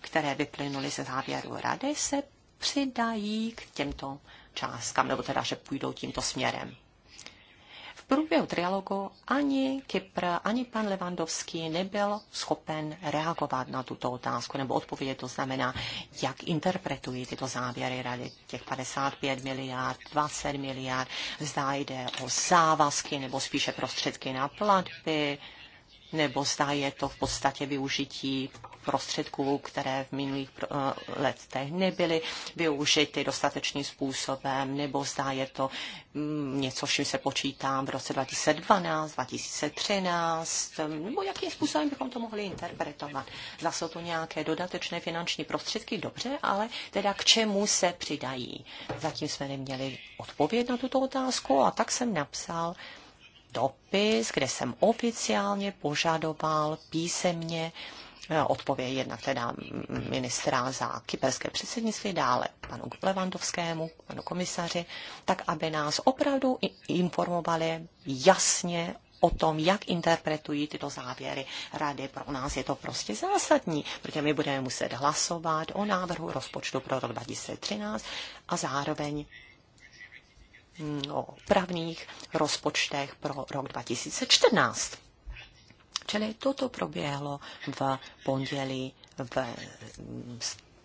které vyplynuly ze závěru rady, se přidají k těmto částkám, nebo teda, že půjdou tímto směrem průběhu trialogu ani Kypr, ani pan Levandovský nebyl schopen reagovat na tuto otázku nebo odpovědět, to znamená, jak interpretují tyto závěry rady těch 55 miliard, 20 miliard, zda jde o závazky nebo spíše prostředky na platby, nebo zda je to v podstatě využití prostředků, které v minulých eh, letech nebyly využity dostatečným způsobem, nebo zdá je to mm, něco, s čím se počítá v roce 2012, 2013, eh, nebo jakým způsobem bychom to mohli interpretovat. Zda jsou to nějaké dodatečné finanční prostředky, dobře, ale teda k čemu se přidají? Zatím jsme neměli odpověď na tuto otázku a tak jsem napsal dopis, kde jsem oficiálně požadoval písemně Eh, odpověď jednak teda ministra za kyperské předsednictví, dále panu Levandovskému, panu komisaři, tak aby nás opravdu informovali jasně o tom, jak interpretují tyto závěry rady. Pro nás je to prostě zásadní, protože my budeme muset hlasovat o návrhu rozpočtu pro rok 2013 a zároveň mm, o pravných rozpočtech pro rok 2014. Čili toto proběhlo v pondělí v,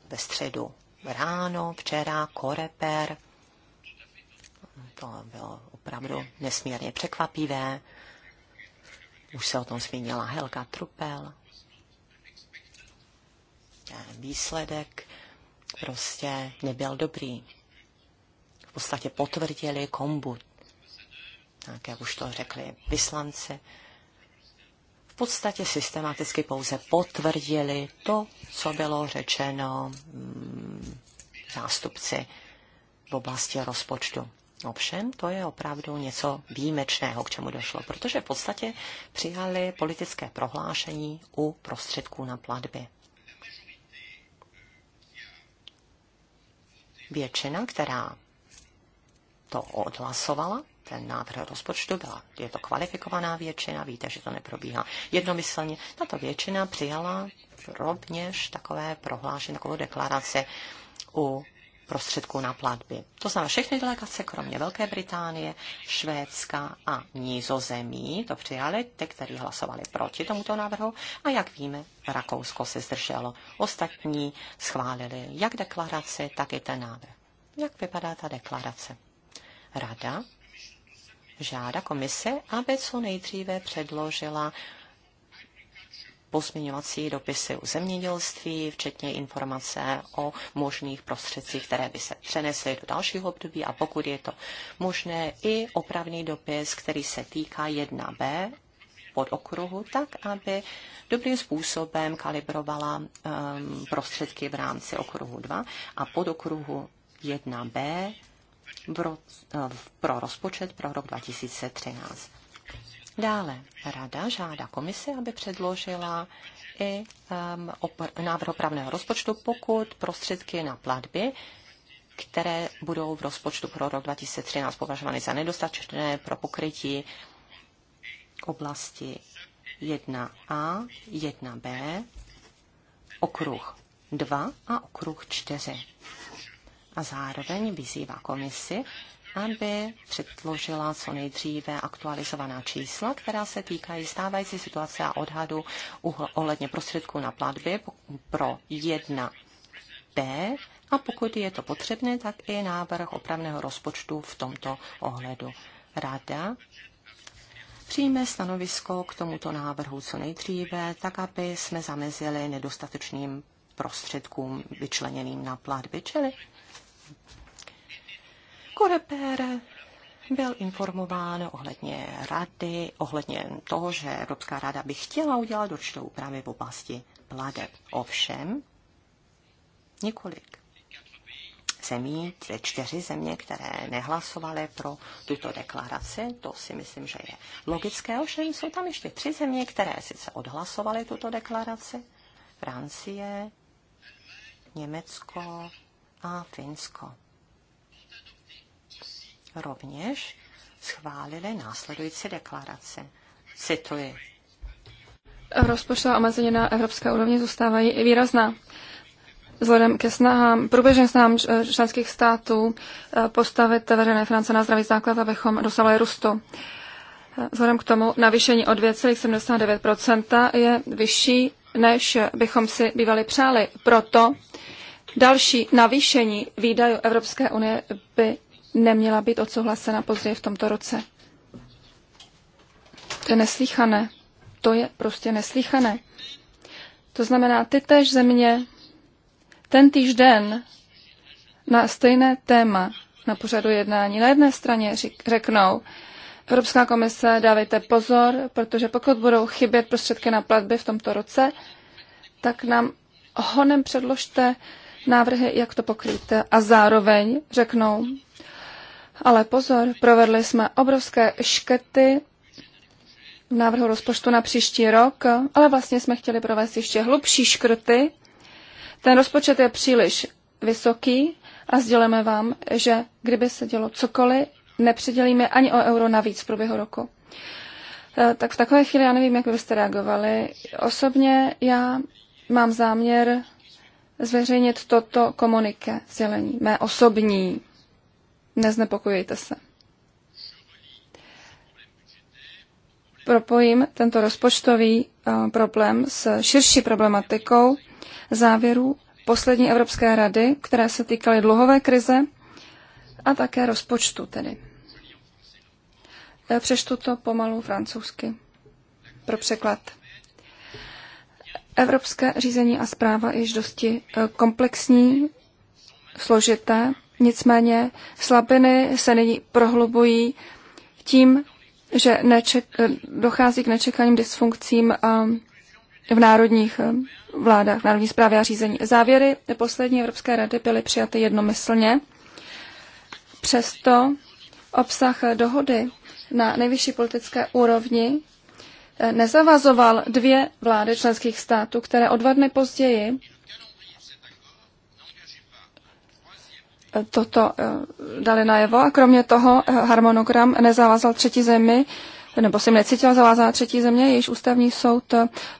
ve středu ráno, včera, koreper. To bylo opravdu nesmírně překvapivé. Už se o tom zmínila Helga Trupel. Výsledek prostě nebyl dobrý. V podstatě potvrdili kombu tak jak už to řekli vyslanci podstatě systematicky pouze potvrdili to, co bylo řečeno mm, zástupci v oblasti rozpočtu. Ovšem, to je opravdu něco výjimečného, k čemu došlo, protože v podstatě přijali politické prohlášení u prostředků na platby. Většina, která to odhlasovala, ten návrh rozpočtu byla, je to kvalifikovaná většina, víte, že to neprobíhá jednomyslně. Tato většina přijala rovněž takové prohlášení, takovou deklaraci u prostředků na platby. To znamená všechny delegace, kromě Velké Británie, Švédska a Nízozemí, to přijali ty, kteří hlasovali proti tomuto návrhu a jak víme, Rakousko se zdrželo. Ostatní schválili jak deklaraci, tak i ten návrh. Jak vypadá ta deklarace? Rada žádá komise, aby co nejdříve předložila pozměňovací dopisy u zemědělství, včetně informace o možných prostředcích, které by se přenesly do dalšího období a pokud je to možné, i opravný dopis, který se týká 1b pod okruhu, tak aby dobrým způsobem kalibrovala um, prostředky v rámci okruhu 2 a pod okruhu 1b pro, eh, pro rozpočet pro rok 2013. Dále rada žádá komisi, aby předložila i um, opr- návrh opravného rozpočtu, pokud prostředky na platby které budou v rozpočtu pro rok 2013 považovány za nedostatečné pro pokrytí oblasti 1a, 1b, okruh 2 a okruh 4 a zároveň vyzývá komisi, aby předložila co nejdříve aktualizovaná čísla, která se týkají stávající situace a odhadu ohledně prostředků na platby pro 1B a pokud je to potřebné, tak i návrh opravného rozpočtu v tomto ohledu. Rada přijme stanovisko k tomuto návrhu co nejdříve, tak aby jsme zamezili nedostatečným prostředkům vyčleněným na platby, čili Koreper byl informován ohledně rady, ohledně toho, že Evropská rada by chtěla udělat určitou úpravy v oblasti pladeb. Ovšem, několik zemí, čtyři země, které nehlasovaly pro tuto deklaraci, to si myslím, že je logické, ovšem jsou tam ještě tři země, které sice odhlasovaly tuto deklaraci, Francie, Německo a Finsko. Rovněž schválili následující deklarace. Cituji. Rozpočtová omezení na evropské úrovni zůstávají i výrazná. Vzhledem ke snahám, průběžným snahám eh, členských států eh, postavit veřejné finance na zdravý základ, abychom dosáhli růstu. Eh, vzhledem k tomu navýšení o 2,79 je vyšší, než bychom si bývali přáli. Proto Další navýšení výdajů Evropské unie by neměla být odsouhlasena později v tomto roce. To je neslíchané. To je prostě neslíchané. To znamená, ty též země ten týžden den na stejné téma na pořadu jednání na jedné straně řeknou, Evropská komise, dávejte pozor, protože pokud budou chybět prostředky na platby v tomto roce, tak nám honem předložte uh, návrhy, jak to pokrýt. A zároveň řeknou, ale pozor, provedli jsme obrovské škety v návrhu rozpočtu na příští rok, ale vlastně jsme chtěli provést ještě hlubší škrty. Ten rozpočet je příliš vysoký a sdělíme vám, že kdyby se dělo cokoliv, nepředělíme ani o euro navíc v průběhu roku. Eh, tak v takové chvíli já nevím, jak byste reagovali. Osobně já mám záměr zveřejnit toto komuniké sdělení, mé osobní. Neznepokojujte se. Propojím tento rozpočtový eh, problém s širší problematikou závěrů poslední Evropské rady, které se týkaly dluhové krize a také rozpočtu tedy. Eh, Přeštu to pomalu francouzsky pro překlad. Evropské řízení a zpráva je již dosti eh, komplexní, složité, nicméně slabiny se nyní prohlubují tím, že neček, eh, dochází k nečekaným dysfunkcím eh, v národních vládách, v národní zprávě a řízení. Závěry poslední Evropské rady byly přijaty jednomyslně. Přesto obsah dohody na nejvyšší politické úrovni Eh, nezavazoval dvě vlády členských států, které o dva dny později eh, toto eh, dali najevo a kromě toho harmonogram nezavázal třetí zemi, nebo jsem necítila zavázat třetí země, jejíž ústavní soud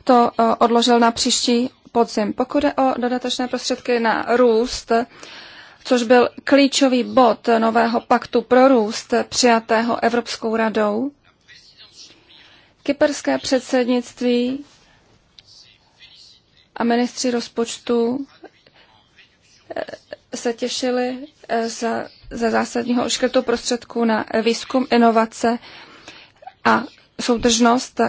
to odložil na příští podzim. Pokud je o dodatečné prostředky na růst, což byl klíčový bod nového paktu pro růst přijatého Evropskou radou, Kyperské předsednictví a ministři rozpočtu eh, se těšili eh, za, za zásadního oškrtu prostředků na výzkum, inovace a soudržnost,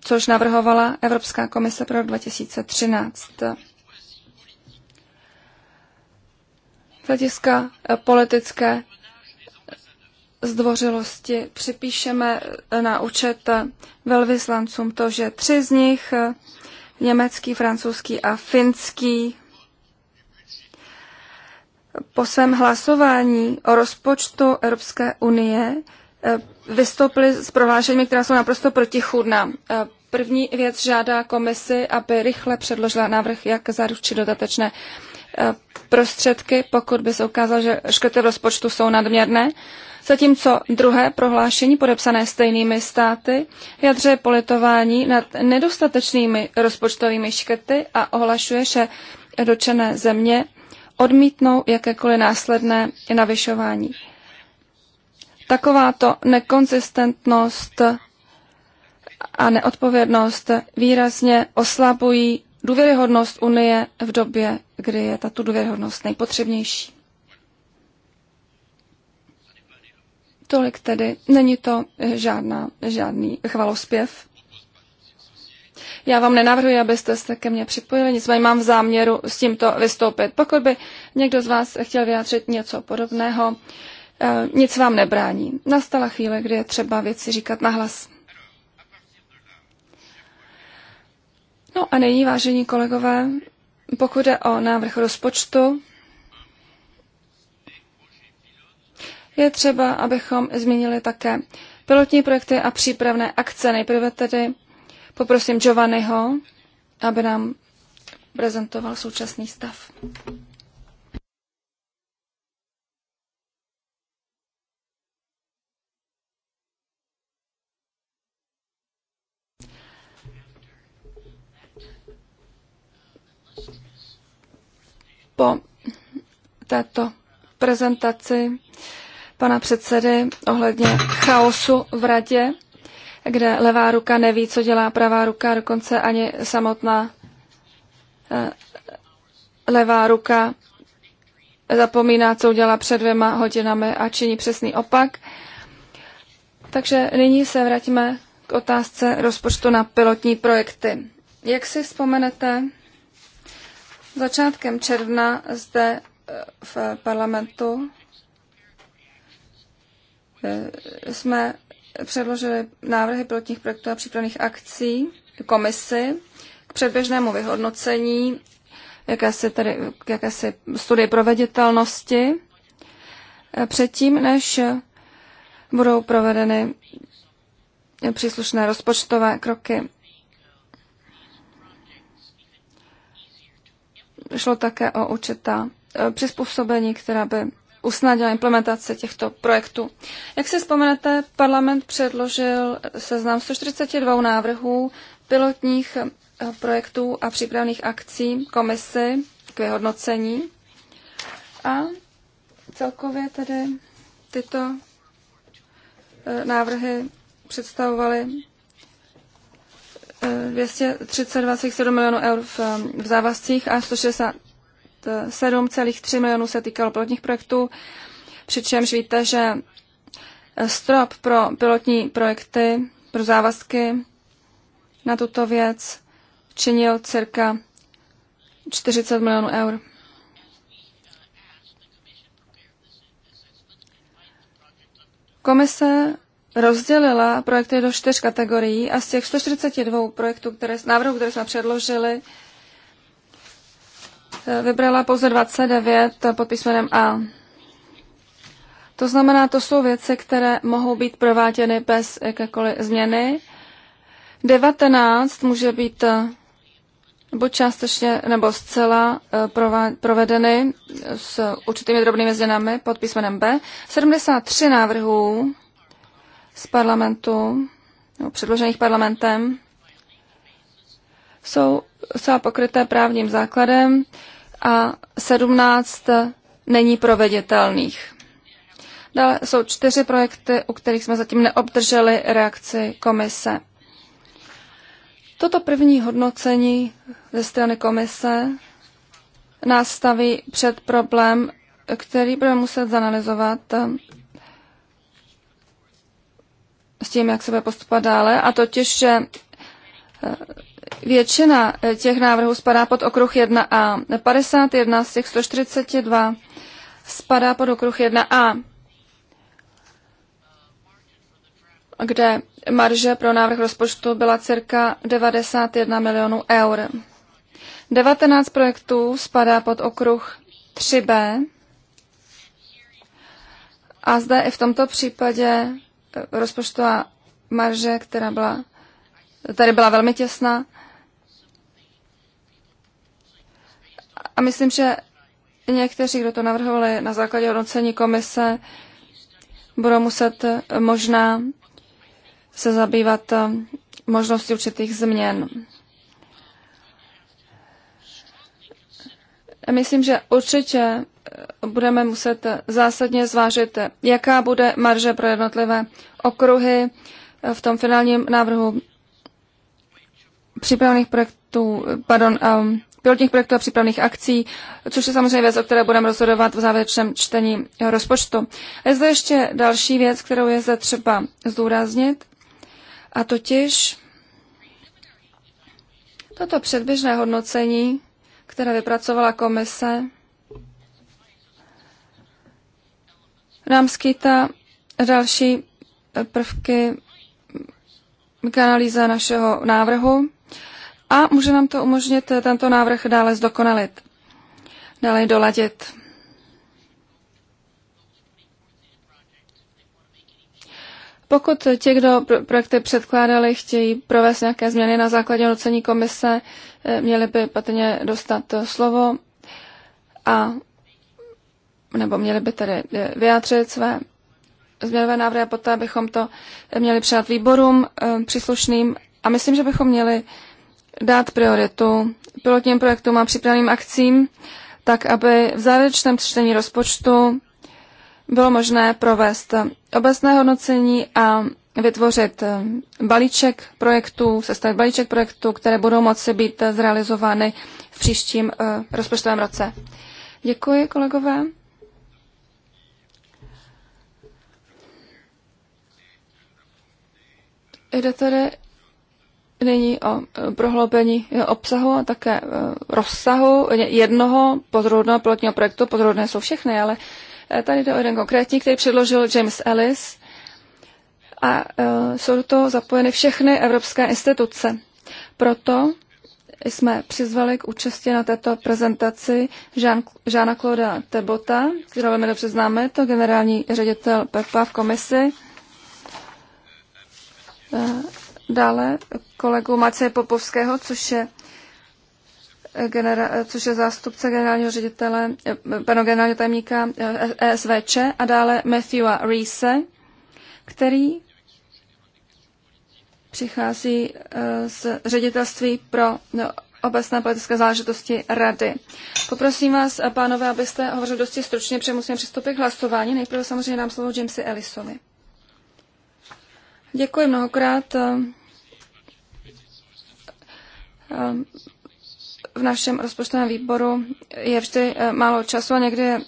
což navrhovala Evropská komise pro 2013. Z hlediska eh, politické zdvořilosti připíšeme na účet velvyslancům to, že tři z nich, německý, francouzský a finský, po svém hlasování o rozpočtu Evropské unie eh, vystoupili s prohlášeními, která jsou naprosto protichůdná. Eh, první věc žádá komisi, aby rychle předložila návrh, jak zaručit dodatečné eh, prostředky, pokud by se ukázalo, že škrty v rozpočtu jsou nadměrné zatímco druhé prohlášení podepsané stejnými státy jadře politování nad nedostatečnými rozpočtovými škrty a ohlašuje, že dočené země odmítnou jakékoliv následné navyšování. Takováto nekonzistentnost a neodpovědnost výrazně oslabují důvěryhodnost Unie v době, kdy je tato důvěryhodnost nejpotřebnější. Tolik tedy, není to eh, žádná, žádný chvalospěv. Já vám nenavrhuji, abyste se ke mně připojili, nicméně mám v záměru s tímto vystoupit. Pokud by někdo z vás chtěl vyjádřit něco podobného, eh, nic vám nebrání. Nastala chvíle, kdy je třeba věci říkat nahlas. No a nyní, vážení kolegové, pokud je o návrh rozpočtu, je třeba, abychom zmínili také pilotní projekty a přípravné akce. Nejprve tedy poprosím Giovanniho, aby nám prezentoval současný stav. Po této prezentaci pana předsedy ohledně chaosu v radě, kde levá ruka neví, co dělá pravá ruka, dokonce ani samotná eh, levá ruka zapomíná, co udělá před dvěma hodinami a činí přesný opak. Takže nyní se vrátíme k otázce rozpočtu na pilotní projekty. Jak si vzpomenete, začátkem června zde eh, v parlamentu jsme předložili návrhy pilotních projektů a přípravných akcí komisi k předběžnému vyhodnocení, jakési, tedy, jakési studii proveditelnosti, předtím, než budou provedeny příslušné rozpočtové kroky. Šlo také o určitá eh, přizpůsobení, která by usnadnila implementaci těchto projektů. Jak si vzpomenete, parlament předložil seznam 142 návrhů pilotních eh, projektů a přípravných akcí komisy k vyhodnocení. A celkově tedy tyto eh, návrhy představovaly 232,7 eh, milionů eur v, v závazcích a 160, 7,3 milionů se týkalo pilotních projektů, přičemž víte, že strop pro pilotní projekty, pro závazky na tuto věc činil cirka 40 milionů eur. Komise rozdělila projekty do čtyř kategorií a z těch 142 projektů, které, návrhů, které jsme předložili, vybrala pouze 29 pod písmenem A. To znamená, to jsou věci, které mohou být prováděny bez jakékoliv změny. 19 může být nebo eh, částečně nebo zcela eh, provedeny s určitými drobnými změnami pod písmenem B. 73 návrhů z parlamentu, nebo předložených parlamentem, jsou zcela pokryté právním základem a 17 není proveditelných. Dále jsou čtyři projekty, u kterých jsme zatím neobdrželi reakci komise. Toto první hodnocení ze strany komise nás staví před problém, který budeme muset zanalizovat eh, s tím, jak se bude postupovat dále, a totiž, že eh, většina eh, těch návrhů spadá pod okruh 1a. 51 z těch 142 spadá pod okruh 1a, kde marže pro návrh rozpočtu byla cirka 91 milionů eur. 19 projektů spadá pod okruh 3b a zde i v tomto případě eh, rozpočtová marže, která byla tady byla velmi těsná, A myslím, že někteří, kdo to navrhovali na základě hodnocení komise, budou muset eh, možná se zabývat eh, možností určitých změn. Myslím, že určitě eh, budeme muset zásadně zvážit, jaká bude marže pro jednotlivé okruhy v tom finálním návrhu připravených projektů, pardon, pilotních projektů a přípravných akcí, což je samozřejmě věc, o které budeme rozhodovat v závěrečném čtení rozpočtu. A je zde ještě další věc, kterou je zde třeba zdůraznit, a totiž toto předběžné hodnocení, které vypracovala komise, nám skýtá další prvky k analýze našeho návrhu a může nám to umožnit eh, tento návrh dále zdokonalit, dále doladit. Pokud ti, kdo projekty předkládali, chtějí provést nějaké změny na základě hodnocení komise, eh, měli by patrně dostat eh, slovo a nebo měli by tedy vyjádřit své změnové návrhy a poté bychom to měli přát výborům příslušným. A myslím, že bychom měli dát prioritu pilotním projektům a připraveným akcím, tak aby v závěrečném čtení rozpočtu bylo možné provést obecné hodnocení a vytvořit eh, balíček projektů, sestavit balíček projektů, které budou moci být eh, zrealizovány v příštím eh, rozpočtovém roce. Děkuji, kolegové. Jde tady Nyní o e, prohloubení e, obsahu a také e, rozsahu jednoho podrobného pilotního projektu. Podrobné jsou všechny, ale tady jde o jeden konkrétní, který předložil James Ellis a jsou do toho zapojeny všechny evropské instituce. Proto jsme přizvali k účasti na této prezentaci Žána Klauda Tebota, kterého velmi dobře známe, to generální ředitel PEPA v komisi dále kolegu Maceje Popovského, což je, eh, genera, eh, což je zástupce generálního ředitele, eh, panu generálního tajemníka ESVČ e a dále Matthewa Reese, který přichází z ředitelství pro no, obecné politické záležitosti rady. Poprosím vás, pánové, abyste hovořili dosti stručně, protože musíme přistoupit k hlasování. Nejprve samozřejmě dám slovo Jamesi Ellisovi. Děkuji mnohokrát. Eh, eh, v našem rozpočtovém výboru je vždy eh, málo času a někdy je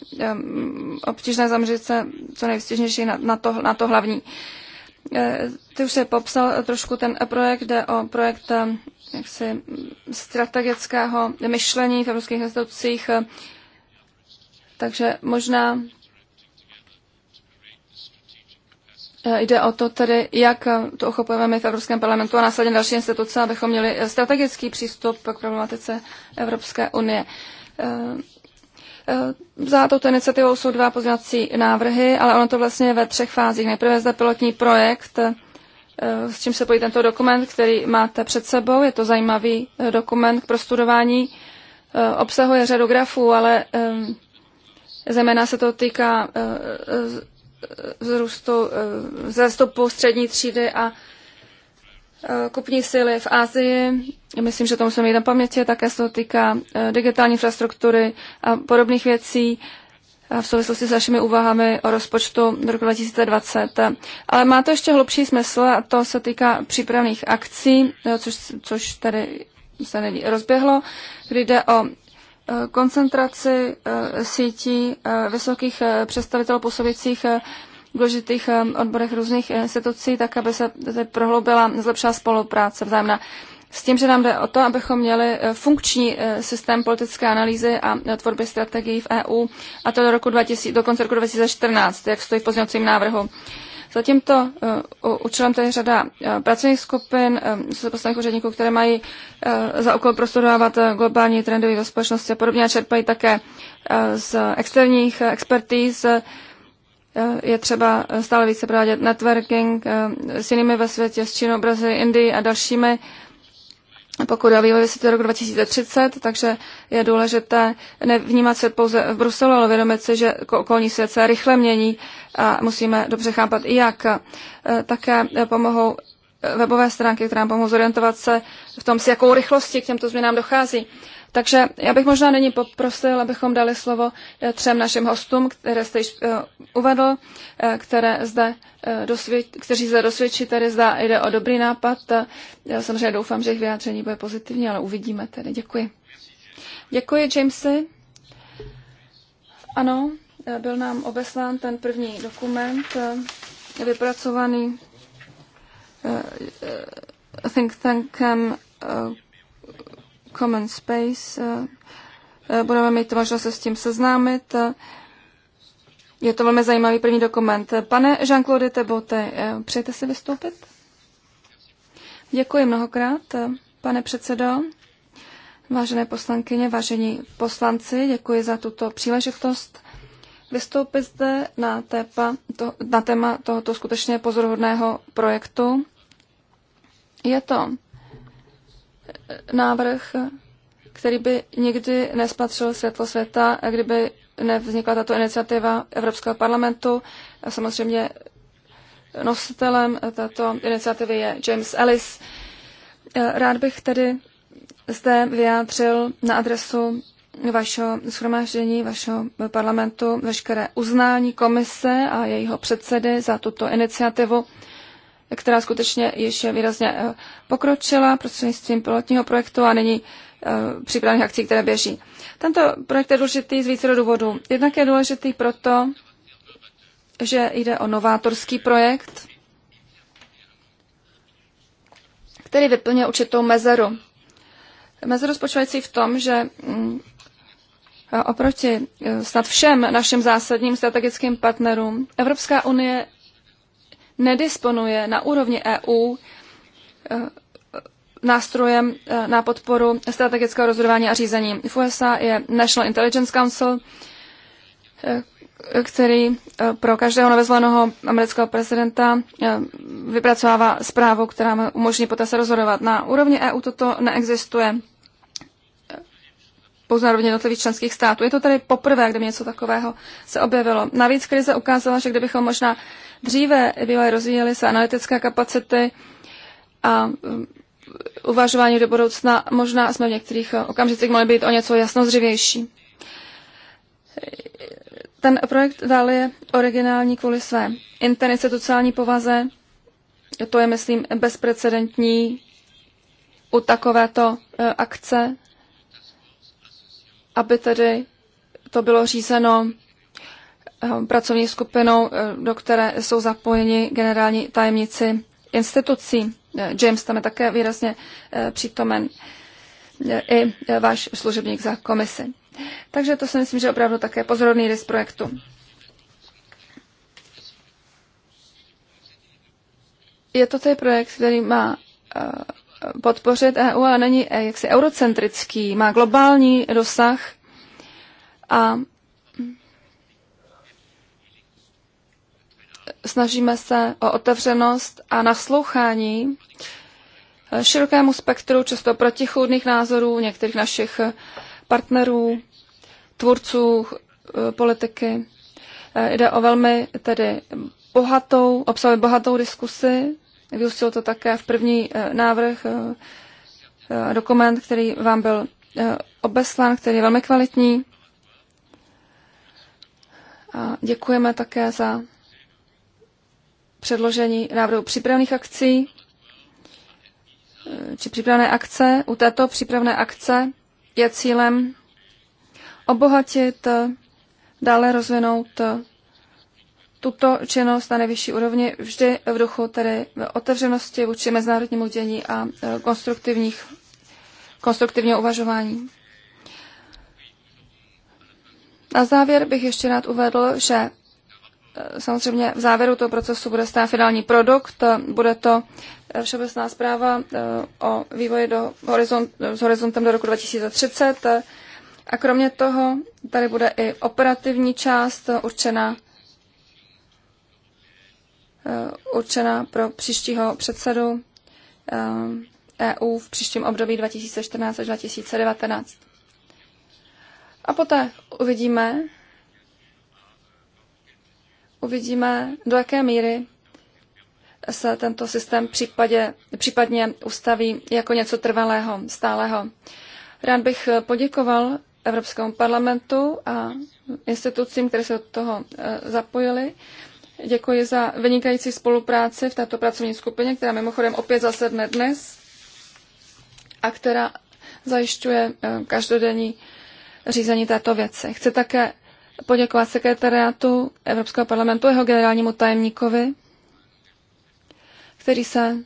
obtížné zaměřit se co nejvstěžnější na to, na to hlavní. Ty už se popsal trošku ten projekt, jde o projekt jaksi, strategického myšlení v evropských institucích, takže možná Eh, jde o to tedy, jak eh, to ochopujeme my v Evropském parlamentu a následně další instituce, abychom měli strategický přístup k problematice Evropské unie. Eh, za touto iniciativou jsou dva pozměňovací návrhy, ale ono to vlastně je ve třech fázích. Nejprve zde pilotní projekt, s čím se pojí tento dokument, který máte před sebou. Je to zajímavý dokument k prostudování. Obsahuje řadu grafů, ale zejména se to týká zrůstu, eh, zestupu střední třídy a eh, kupní síly v Asii. Myslím, že to musíme mít na paměti, také se to týká eh, digitální infrastruktury a podobných věcí v souvislosti s našimi úvahami o rozpočtu do roku 2020. Ale má to ještě hlubší smysl a to se týká přípravných akcí, což, což tady se rozběhlo, kdy jde o koncentraci eh, sítí eh, vysokých eh, představitelů působících důležitých odborech různých institucí, tak aby se prohloubila, zlepšila spolupráce vzájemná. S tím, že nám jde o to, abychom měli funkční systém politické analýzy a tvorby strategií v EU, a to do, roku 2000, do konce roku 2014, jak stojí v pozměňovacím návrhu. Za tímto eh, účelem tady řada eh, pracovních skupin eh, se poslaných úředníků, které mají za úkol uh, globální trendy ve společnosti a podobně a čerpají také z externích expertíz. Je třeba stále více provádět networking s jinými ve světě, s Čínou, Brazílií, Indií a dalšími pokud a vývoj do roku 2030, takže je důležité nevnímat svět pouze v Bruselu, ale vědomit si, že okolní svět se rychle mění a musíme dobře chápat i jak. E, také e, pomohou e, webové stránky, které nám pomohou zorientovat se v tom, s jakou rychlostí k těmto změnám dochází. Takže já bych možná nyní poprosil, abychom dali slovo eh, třem našim hostům, které jste již eh, uvedl, eh, které zde dosvěd, kteří zde dosvědčí, tedy zda jde o dobrý nápad. Já samozřejmě doufám, že jejich vyjádření bude pozitivní, ale uvidíme tedy. Děkuji. Děkuji, Jamesy. Ano, byl nám obeslán ten první dokument, vypracovaný think tankem Common Space. Eh, eh, budeme mít možnost se s tím seznámit. Eh, je to velmi zajímavý první dokument. Pane Jean-Claude Tebote, přejete si vystoupit? Děkuji mnohokrát, pane předsedo. Vážené poslankyně, vážení poslanci, děkuji za tuto příležitost vystoupit zde na, tépa, to, na téma tohoto skutečně pozoruhodného projektu. Je to návrh, který by nikdy nespatřil světlo světa, kdyby nevznikla tato iniciativa Evropského parlamentu. A samozřejmě nositelem této iniciativy je James Ellis. Eh, rád bych tedy zde vyjádřil na adresu vašeho shromáždění, vašeho parlamentu, veškeré uznání komise a jejího předsedy za tuto iniciativu která skutečně již výrazně eh, pokročila prostřednictvím pilotního projektu a není eh, připravených akcí, které běží. Tento projekt je důležitý z více důvodů. Jednak je důležitý proto, že jde o novátorský projekt, který vyplňuje určitou mezeru. Mezeru spočívající v tom, že mm, oproti eh, snad všem našim zásadním strategickým partnerům Evropská unie nedisponuje na úrovni EU eh, nástrojem eh, na podporu strategického rozhodování a řízení. V USA je National Intelligence Council, eh, který pro každého novezvoleného amerického prezidenta vypracovává zprávu, která mu umožní poté se rozhodovat. Na úrovni EU toto neexistuje pouze na úrovni jednotlivých členských států. Je to tady poprvé, kdy něco takového se objevilo. Navíc krize ukázala, že kdybychom možná Dříve bývaly rozvíjely se analytické kapacity a um, uvažování do budoucna možná jsme v některých uh, okamžicích mohli být o něco jasnozřivější. Ten projekt dále je originální kvůli své interinstitucionální povaze. To je, myslím, bezprecedentní u takovéto uh, akce, aby tedy to bylo řízeno Eh, pracovní skupinou, eh, do které jsou zapojeni generální tajemníci institucí. Eh, James tam je také výrazně přítomen i váš služebník za komisi. Takže to si myslím, že opravdu také pozorodný rys projektu. Je to ten projekt, který má podpořit EU, ale není jaksi eurocentrický, má globální dosah a Snažíme se o otevřenost a naslouchání eh, širokému spektru často protichůdných názorů některých našich eh, partnerů, tvůrců eh, politiky. Jde o velmi tedy bohatou, obsahuje bohatou diskusi. Vyústilo to také v první návrh dokument, který vám byl obeslán, který je velmi kvalitní. A děkujeme také za předložení návrhu přípravných akcí eh, či přípravné akce. U této přípravné akce je cílem obohatit, dále rozvinout tuto činnost na nejvyšší úrovni vždy v duchu tedy otevřenosti vůči mezinárodnímu dění a eh, konstruktivních, konstruktivního uvažování. Na závěr bych ještě rád uvedl, že Eh, samozřejmě v závěru toho procesu bude stát finální produkt, bude to eh, všeobecná zpráva eh, o vývoji do horizont, s horizontem do roku 2030 a kromě toho tady bude i operativní část určená určená pro příštího předsedu EU e v příštím období 2014 až 2019. A poté uvidíme, uvidíme, do jaké míry se tento systém případě, případně ustaví jako něco trvalého, stálého. Rád bych poděkoval Evropskému parlamentu a institucím, které se od toho eh, zapojily. Děkuji za vynikající spolupráci v této pracovní skupině, která mimochodem opět zasedne dnes a která zajišťuje eh, každodenní řízení této věci. Chci také poděkovat sekretariátu Evropského parlamentu, jeho generálnímu tajemníkovi, který se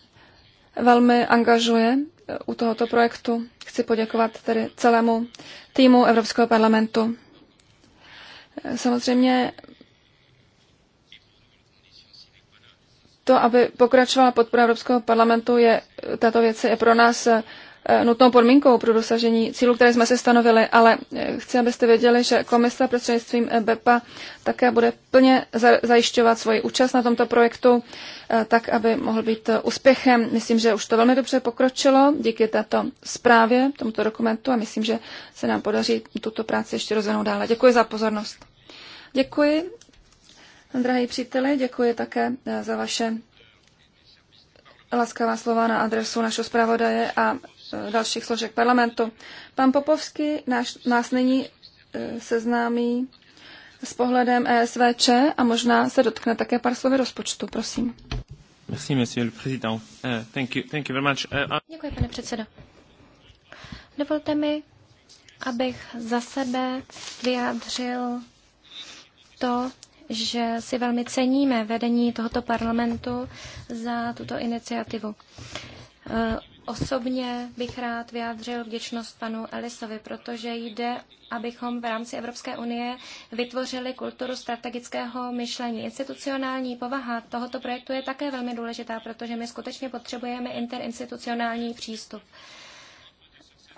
velmi angažuje eh, u tohoto projektu. Chci poděkovat tedy celému týmu Evropského parlamentu. Eh, samozřejmě to, aby pokračovala podpora Evropského parlamentu, je eh, tato věc je pro nás Eh, nutnou podmínkou pro dosažení cílů, které jsme si stanovili, ale eh, chci, abyste věděli, že komise prostřednictvím BEPA také bude plně zajišťovat svoji účast na tomto projektu, eh, tak, aby mohl být úspěchem. Myslím, že už to velmi dobře pokročilo díky této zprávě, tomuto dokumentu a myslím, že se nám podaří tuto práci ještě rozvinout dále. Děkuji za pozornost. Děkuji, drahí příteli, děkuji také za vaše laskavá slova na adresu našeho zpravodaje a Eh, dalších složek parlamentu. Pan Popovský náš, nás nyní eh, seznámí s pohledem ESVČ a možná se dotkne také pár slovy rozpočtu. Prosím. Merci, monsieur le président. Uh, thank you, thank you very much. Uh, Děkuji, pane předsedo. Dovolte mi, abych za sebe vyjádřil to, že si velmi ceníme vedení tohoto parlamentu za tuto iniciativu. Osobně bych rád vyjádřil vděčnost panu Elisovi, protože jde, abychom v rámci Evropské unie vytvořili kulturu strategického myšlení. Institucionální povaha tohoto projektu je také velmi důležitá, protože my skutečně potřebujeme interinstitucionální přístup.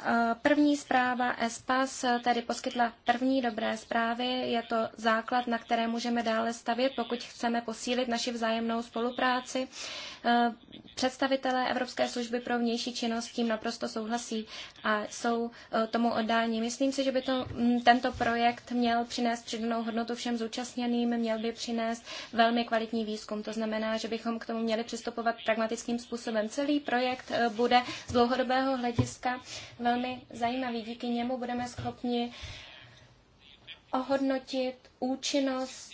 Eh, první zpráva ESPAS eh, tedy poskytla první dobré zprávy. Je to základ, na které můžeme dále stavět, pokud chceme posílit naši vzájemnou spolupráci. Eh, představitelé Evropské služby pro vnější činnost tím naprosto souhlasí a jsou tomu oddáni. Myslím si, že by to, mm, tento projekt měl přinést přidanou hodnotu všem zúčastněným, měl by přinést velmi kvalitní výzkum. To znamená, že bychom k tomu měli přistupovat pragmatickým způsobem. Celý projekt bude z dlouhodobého hlediska velmi velmi zajímavý. Díky němu budeme schopni ohodnotit účinnost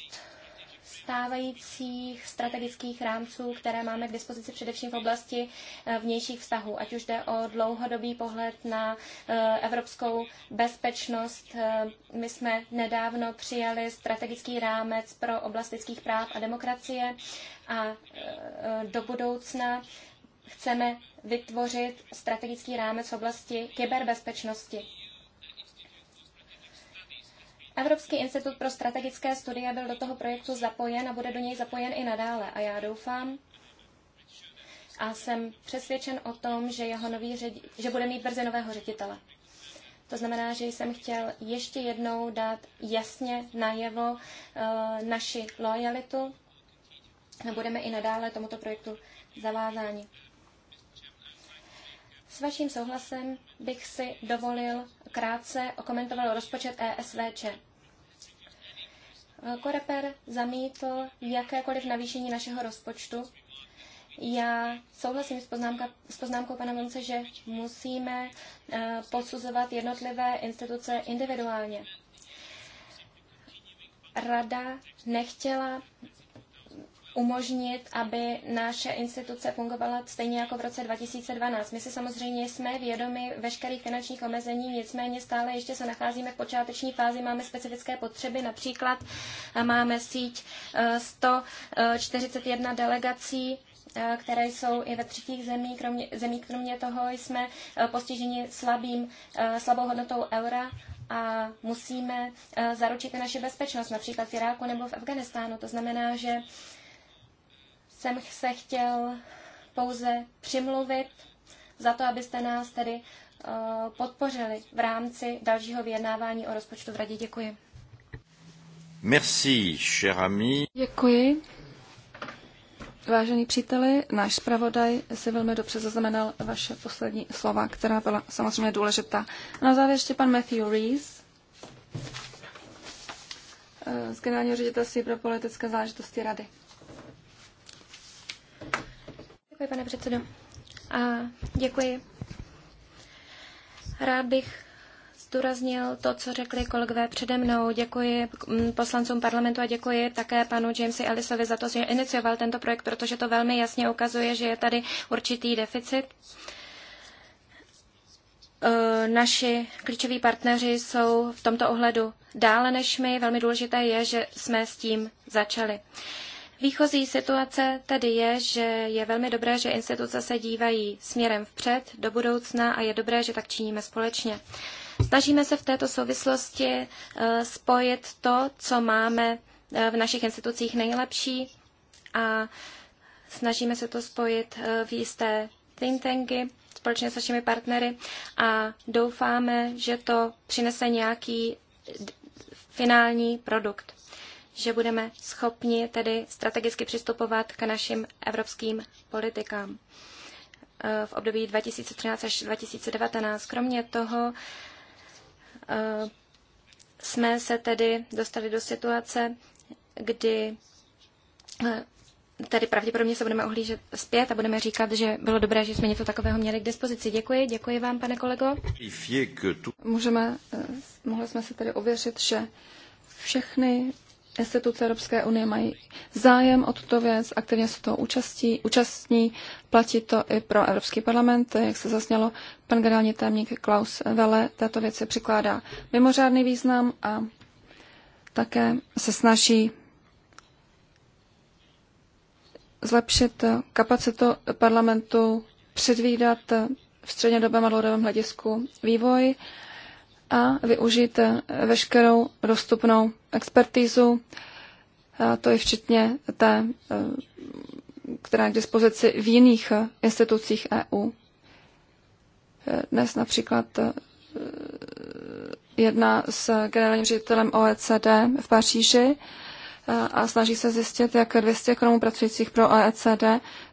stávajících strategických rámců, které máme k dispozici především v oblasti eh, vnějších vztahů, ať už jde o dlouhodobý pohled na eh, evropskou bezpečnost. Eh, my jsme nedávno přijali strategický rámec pro oblast lidských práv a demokracie a do budoucna chceme vytvořit strategický rámec v oblasti kyberbezpečnosti. Evropský institut pro strategické studie byl do toho projektu zapojen a bude do něj zapojen i nadále. A já doufám a jsem přesvědčen o tom, že, jeho nový ředi- že bude mít brzy nového ředitele. To znamená, že jsem chtěl ještě jednou dát jasně najevo uh, naši lojalitu. Budeme i nadále tomuto projektu zavázáni. S vaším souhlasem bych si dovolil krátce okomentoval rozpočet ESVČ. Koreper zamítl jakékoliv navýšení našeho rozpočtu. Já souhlasím s, poznámka, s poznámkou pana Monce, že musíme eh, posuzovat jednotlivé instituce individuálně. Rada nechtěla umožnit, aby naše instituce fungovala stejně jako v roce 2012. My si samozřejmě jsme vědomi veškerých finančních omezení, nicméně stále ještě se nacházíme v počáteční fázi, máme specifické potřeby, například máme síť 141 e, e, delegací e, které jsou i ve třetích zemích, Kromě, zemí, kromě toho jsme postiženi slabým, slabou hodnotou eura a musíme zaručit naši bezpečnost, například v Iráku nebo v Afganistánu. To znamená, že jsem se chtěl pouze přimluvit za to, abyste nás tedy eh, podpořili v rámci dalšího vyjednávání o rozpočtu v Radě. Děkuji. Merci, cher ami. Děkuji. Vážení příteli, náš zpravodaj si velmi dobře zaznamenal vaše poslední slova, která byla samozřejmě důležitá. Na závěr ještě pan Matthew Rees eh, z generálního ředitelství pro politické záležitosti rady. Děkuji, pane předsedo. A děkuji. Rád bych zdůraznil to, co řekli kolegové přede mnou. Děkuji mm, poslancům parlamentu a děkuji také panu Jamesi Ellisovi za to, že inicioval tento projekt, protože to velmi jasně ukazuje, že je tady určitý deficit. E, naši klíčoví partneři jsou v tomto ohledu dále než my. Velmi důležité je, že jsme s tím začali. Výchozí situace tedy je, že je velmi dobré, že instituce se dívají směrem vpřed, do budoucna a je dobré, že tak činíme společně. Snažíme se v této souvislosti eh, spojit to, co máme eh, v našich institucích nejlepší a snažíme se to spojit eh, v jisté think tanky společně s našimi partnery a doufáme, že to přinese nějaký finální produkt že budeme schopni tedy strategicky přistupovat k našim evropským politikám eh, v období 2013 až 2019. Kromě toho eh, jsme se tedy dostali do situace, kdy eh, tady pravděpodobně se budeme ohlížet zpět a budeme říkat, že bylo dobré, že jsme něco takového měli k dispozici. Děkuji, děkuji vám, pane kolego. Můžeme, mohli jsme se tedy ověřit, že všechny instituce Evropské unie mají zájem o tuto věc, aktivně se toho účastí, účastní, platí to i pro Evropský parlament, jak se zasnělo, pan generální témník Klaus Vele této věci přikládá mimořádný význam a také se snaží zlepšit kapacitu parlamentu předvídat v střednědobém a dlouhodobém hledisku vývoj a využít eh, veškerou dostupnou expertízu, to je včetně té, eh, která je k dispozici v jiných eh, institucích EU. Dnes například jedna s generálním ředitelem OECD v Paříži a snaží se zjistit, jak 200 ekonomů pracujících pro OECD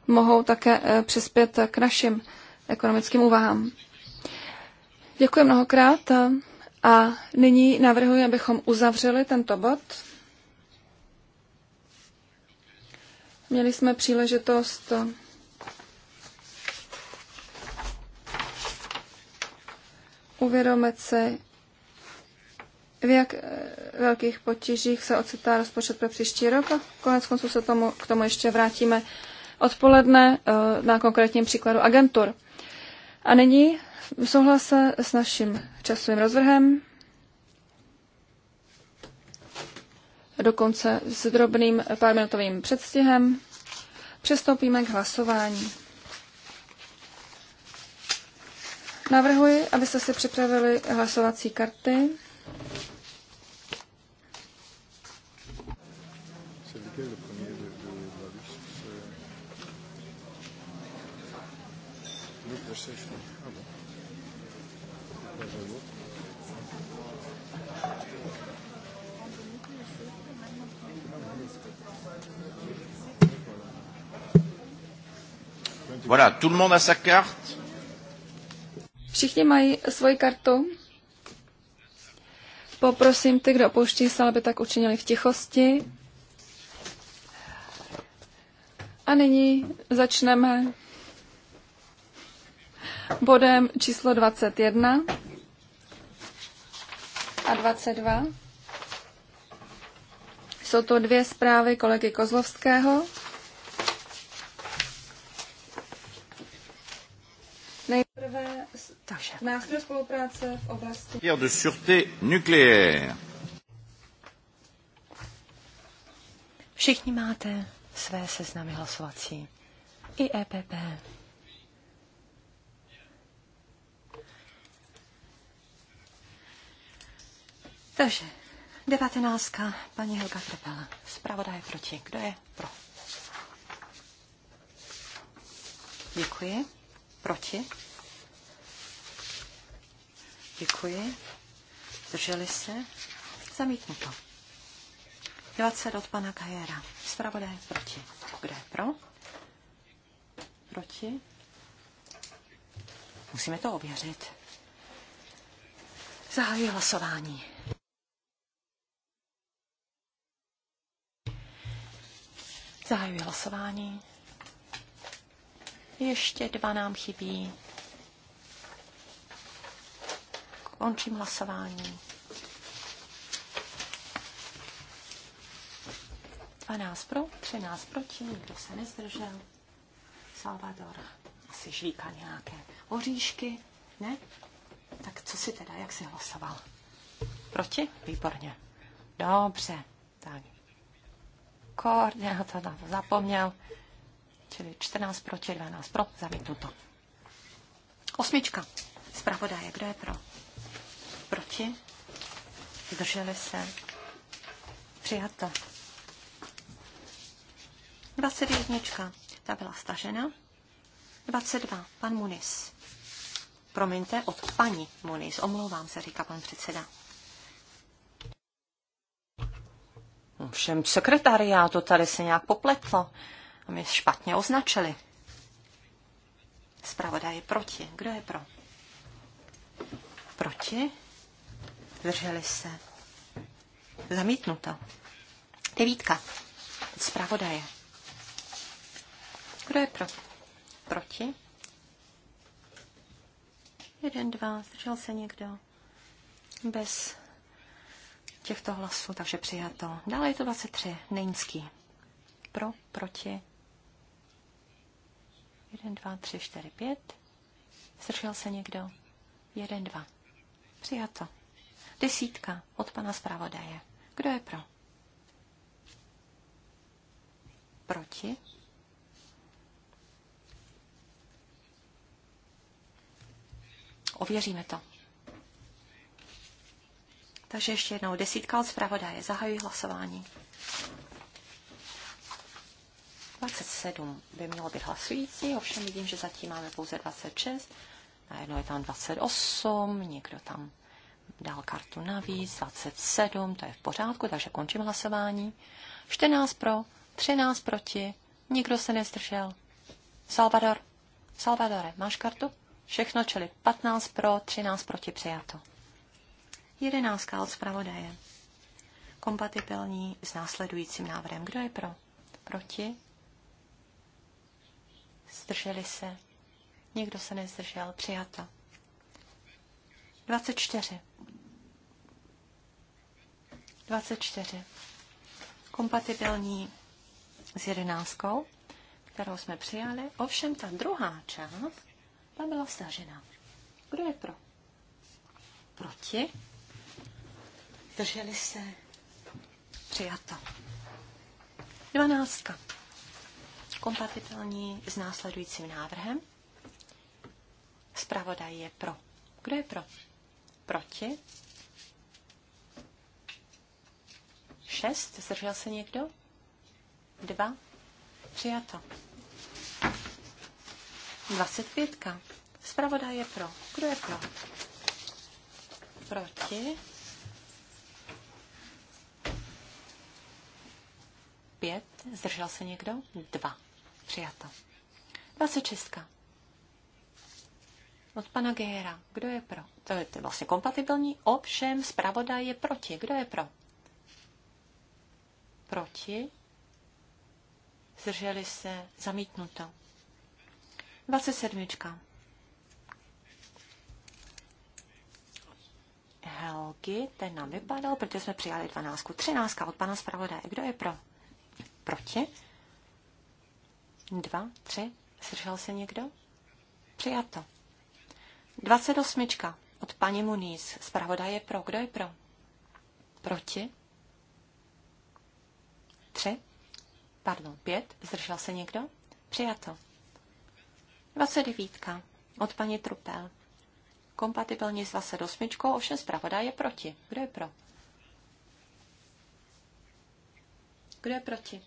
mohou také přispět k našim ekonomickým úvahám. Děkuji mnohokrát a nyní navrhuji, abychom uzavřeli tento bod. Měli jsme příležitost uvědomit si, v jak eh, velkých potížích se ocitá rozpočet pro příští rok a konec konců se tomu, k tomu ještě vrátíme odpoledne eh, na konkrétním příkladu agentur. A nyní v souhlase s naším časovým rozvrhem, dokonce s drobným párminutovým předstihem, Přestoupíme k hlasování. Navrhuji, abyste si připravili hlasovací karty. Voilà, tout le monde a sa carte. Všichni mají svoji kartu. Poprosím ty, kdo opouští sál, aby tak učinili v tichosti. A nyní začneme bodem číslo 21 a 22. Jsou to dvě zprávy kolegy Kozlovského. nejprve Takže. nástroj spolupráce v oblasti... ...de sûreté nucléaire. Všichni máte své seznamy hlasovací. I EPP. Takže, devatenáctka, paní Helga Krepela. Zpravodaj proti. Kdo je pro? Děkuji. Proti? Děkuji. Zdrželi se. Zamítnuto. 20 od pana Kajera. Zpravodaj proti. Kdo je pro? Proti? Musíme to ověřit. Zahajuji hlasování. Zahajuji hlasování. Ještě dva nám chybí. Končím hlasování. 12 pro, 13 proti, nikdo se nezdržel. Salvador asi žvíka nějaké oříšky, ne? Tak co si teda, jak jsi hlasoval? Proti? Výborně. Dobře, tak. to zapomněl, čili 14 proti, 12 pro, zamítnu to. Osmička. Zpravodaje, kdo je pro? Proti? Zdrželi se? Přijato. 21. Ta byla stažena. 22. Pan Munis. Promiňte, od paní Munis. Omlouvám se, říká pan předseda. Všem sekretariátu tady se nějak popletlo. A mě špatně označili. Zpravodaj je proti. Kdo je pro? Proti? zdrželi se. Zamítnuto. Devítka. Zpravodaje. Kdo je pro? Proti? Jeden, dva, zdržel se někdo. Bez těchto hlasů, takže přijato. Dále je to 23, Nejnský. Pro, proti. 1, 2, 3, 4, 5. Zdržel se někdo? 1, 2. Přijato. Desítka od pana zpravodaje. Kdo je pro? Proti? Ověříme to. Takže ještě jednou desítka od zpravodaje. Zahajuji hlasování. 27 by mělo být hlasující, ovšem vidím, že zatím máme pouze 26. Najednou je tam 28, někdo tam dal kartu navíc, 27, to je v pořádku, takže končím hlasování. 14 pro, 13 proti, nikdo se nezdržel. Salvador, Salvadore, máš kartu? Všechno, čili 15 pro, 13 proti přijato. 11 od zpravodaje. Kompatibilní s následujícím návrhem. Kdo je pro? Proti? Zdrželi se. Nikdo se nezdržel. přijato. 24. 24. Kompatibilní s jedenáctkou, kterou jsme přijali. Ovšem ta druhá část, ta byla stažena. Kdo je pro? Proti? Drželi se? Přijato. Dvanáctka. Kompatibilní s následujícím návrhem. Spravodaj je pro. Kdo je pro? Proti? Šest. Zdržel se někdo? Dva. Přijato. pětka. Zpravodaj je pro. Kdo je pro? Proti. Pět. Zdržel se někdo? Dva. Přijato. šestka od pana Gehera. Kdo je pro? To je, to vlastně kompatibilní. Ovšem zpravodaj je proti. Kdo je pro? Proti. Zdrželi se. Zamítnuto. 27. Helgi, ten nám vypadal, protože jsme přijali 12. 13. od pana zpravodaje. Kdo je pro? Proti? Dva, tři. Zdržel se někdo? Přijato. 28. od paní Muniz. Zpravodaj je pro. Kdo je pro? Proti? Tři? Pardon, pět. Zdržel se někdo? Přijato. 29. Od paní Trupel. Kompatibilní s 28. Ovšem zpravodaj je proti. Kdo je pro? Kdo je proti?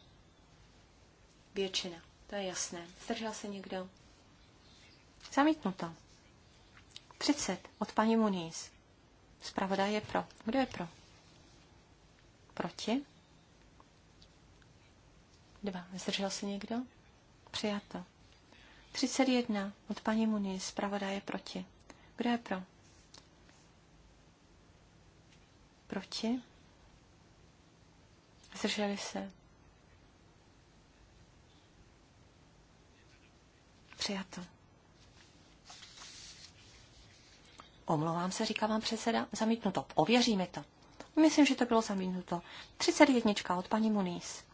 Většina. To je jasné. Zdržel se někdo? Zamítnuto. 30 od paní Muniz. Zpravodaj je pro. Kdo je pro? Proti? Dva. Zdržel se někdo? Přijato. 31 od paní Muniz. Zpravodaj je proti. Kdo je pro? Proti? Zdrželi se. Přijato. Omlouvám se, říká vám předseda, zamítnuto. Ověříme to. Myslím, že to bylo zamítnuto. 31 od paní Muniz.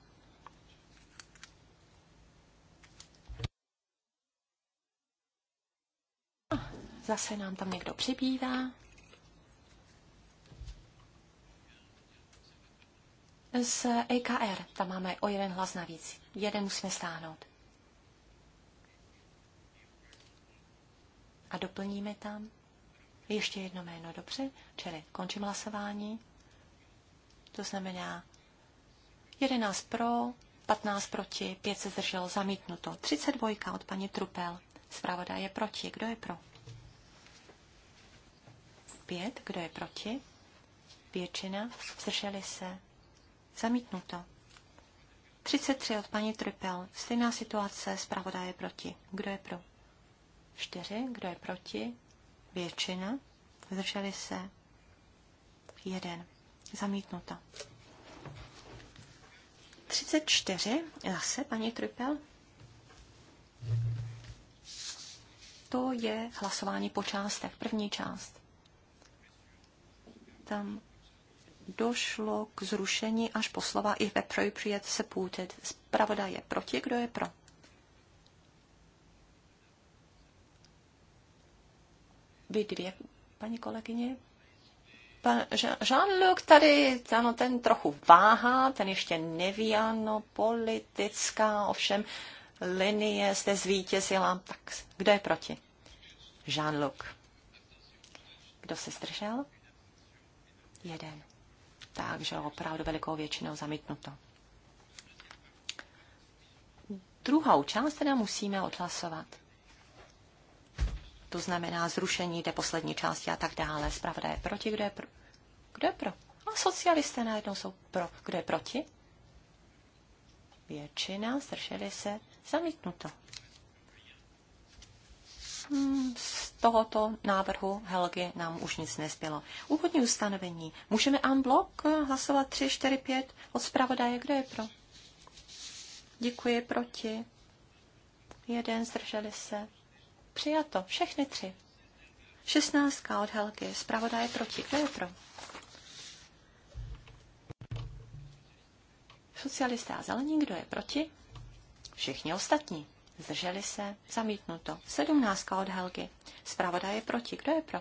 Zase nám tam někdo přibývá. Z EKR tam máme o jeden hlas navíc. Jeden musíme stáhnout. A doplníme tam ještě jedno jméno, dobře? Čili končím hlasování. To znamená 11 pro, 15 proti, 5 se zdrželo, zamítnuto. 32 od paní Trupel. Zpravodaj je proti. Kdo je pro? 5. Kdo je proti? Většina. Zdrželi se. Zamítnuto. 33 od paní Trupel. Stejná situace. Zpravodaj je proti. Kdo je pro? 4. Kdo je proti? většina, zdrželi se jeden, zamítnuto. 34, zase paní Trypel. To je hlasování po částech, první část. Tam došlo k zrušení až po slova i ve se supported. Zpravodaj je proti, kdo je pro? Vy dvě, paní kolegyně. Pan Jean-Luc tady, ano, ten trochu váhá, ten ještě neví, ano, politická, ovšem linie jste zvítězila. Tak kdo je proti? Jean-Luc. Kdo se zdržel? Jeden. Takže opravdu velikou většinou zamítnuto. Druhou část teda musíme odhlasovat to znamená zrušení té poslední části a tak dále. Zpravda je proti, kdo je pro? Kdo je pro? A socialisté najednou jsou pro. Kdo je proti? Většina, zdrželi se, zamítnuto. Hmm, z tohoto návrhu Helgy nám už nic nezbylo. Úvodní ustanovení. Můžeme unblock hlasovat 3, 4, 5 od zpravodaje. Kdo je pro? Děkuji, proti. Jeden, zdrželi se. Přijato. Všechny tři. Šestnáctka od Helky. Zpravodaj je proti. Kdo je pro? Socialisté a zelení. Kdo je proti? Všichni ostatní. Zdrželi se. Zamítnuto. Sedmnáctka od Helky. Zpravodaj je proti. Kdo je pro?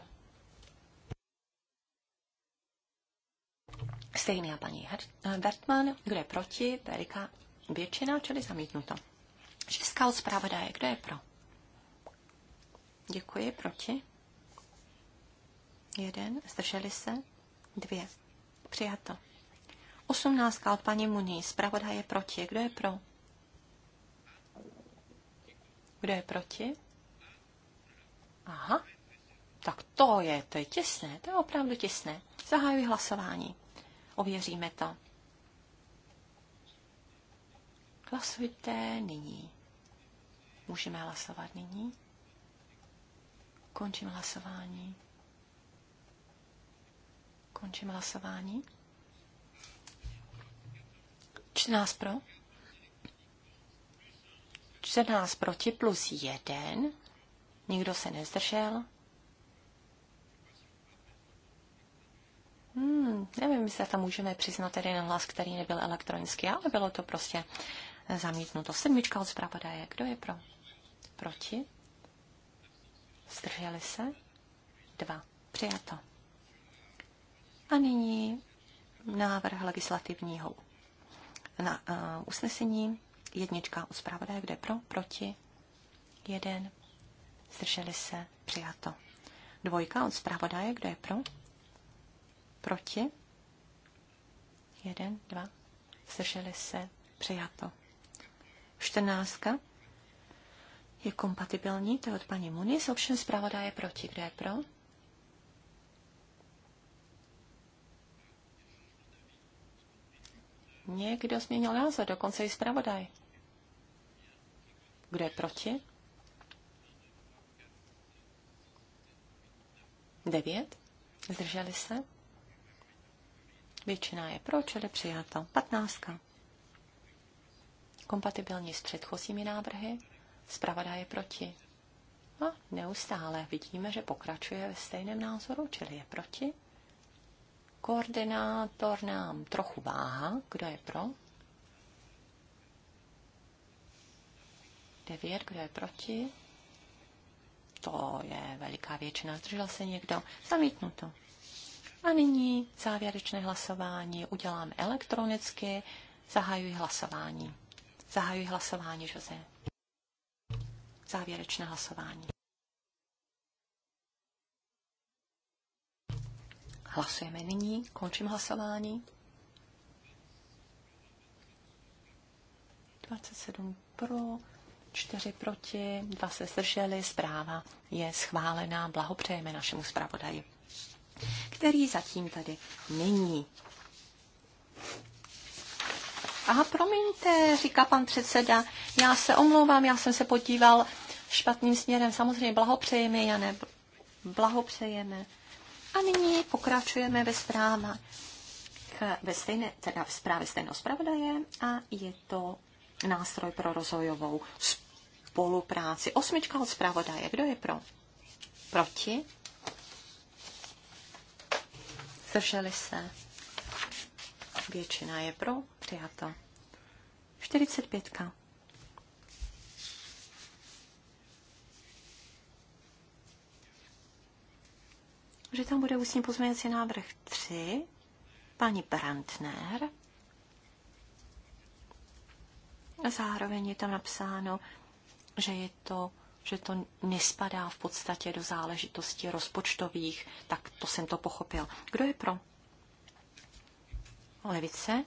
Stejný a paní eh, Bertman. Kdo je proti? Berika. Většina, čili zamítnuto. Šestka od zpravodaje. Kdo je pro? Děkuji. Proti? Jeden. Zdrželi se? Dvě. Přijato. Osmnáctka od paní Muní. Zpravodaj je proti. Kdo je pro? Kdo je proti? Aha. Tak to je, to je těsné, to je opravdu těsné. Zahajuji hlasování. Ověříme to. Hlasujte nyní. Můžeme hlasovat nyní. Končím hlasování. Končím hlasování. 14 pro. 14 proti plus 1. Nikdo se nezdržel. Hmm, nevím, jestli tam můžeme přiznat tedy na hlas, který nebyl elektronický, ale bylo to prostě zamítnuto. Sedmička od zpravodaje. Kdo je pro? Proti? Zdrželi se? Dva. Přijato. A nyní návrh legislativního na, uh, usnesení. Jednička od zpravodaje, kde pro, proti, jeden. Zdrželi se? Přijato. Dvojka od zpravodaje, kdo je pro? Proti? Jeden, dva. Zdrželi se? Přijato. Čtrnáctka je kompatibilní, to je od paní Muniz, ovšem zpravoda je proti. Kdo je pro? Někdo změnil názor, dokonce i zpravodaj. Kdo je proti? Devět. Zdrželi se? Většina je pro, čili přijato. Patnáctka. Kompatibilní s předchozími návrhy zpravodaj je proti. A no, neustále vidíme, že pokračuje ve stejném názoru, čili je proti. Koordinátor nám trochu váha, kdo je pro. Devět, kdo je proti. To je veliká většina. Zdržel se někdo? Zamítnuto. A nyní závěrečné hlasování uděláme elektronicky. Zahajuji hlasování. Zahajuji hlasování, Jose. Závěrečné hlasování. Hlasujeme nyní. Končím hlasování. 27 pro, 4 proti, 2 se zdrželi. Zpráva je schválená. Blahopřejeme našemu zpravodaji, který zatím tady není. Aha, promiňte, říká pan předseda, já se omlouvám, já jsem se podíval špatným směrem. Samozřejmě blahopřejeme, Jane, blahopřejeme. A nyní pokračujeme ve zprávách. Ve stejné, teda v zprávě stejného zpravodaje a je to nástroj pro rozvojovou spolupráci. Osmička od zpravodaje. Kdo je pro? Proti? Zdrželi se Většina je pro, přijato. 45. Že tam bude ústní pozměňovací návrh 3, paní Brandner. Zároveň je tam napsáno, že je to že to nespadá v podstatě do záležitostí rozpočtových, tak to jsem to pochopil. Kdo je pro? Levice.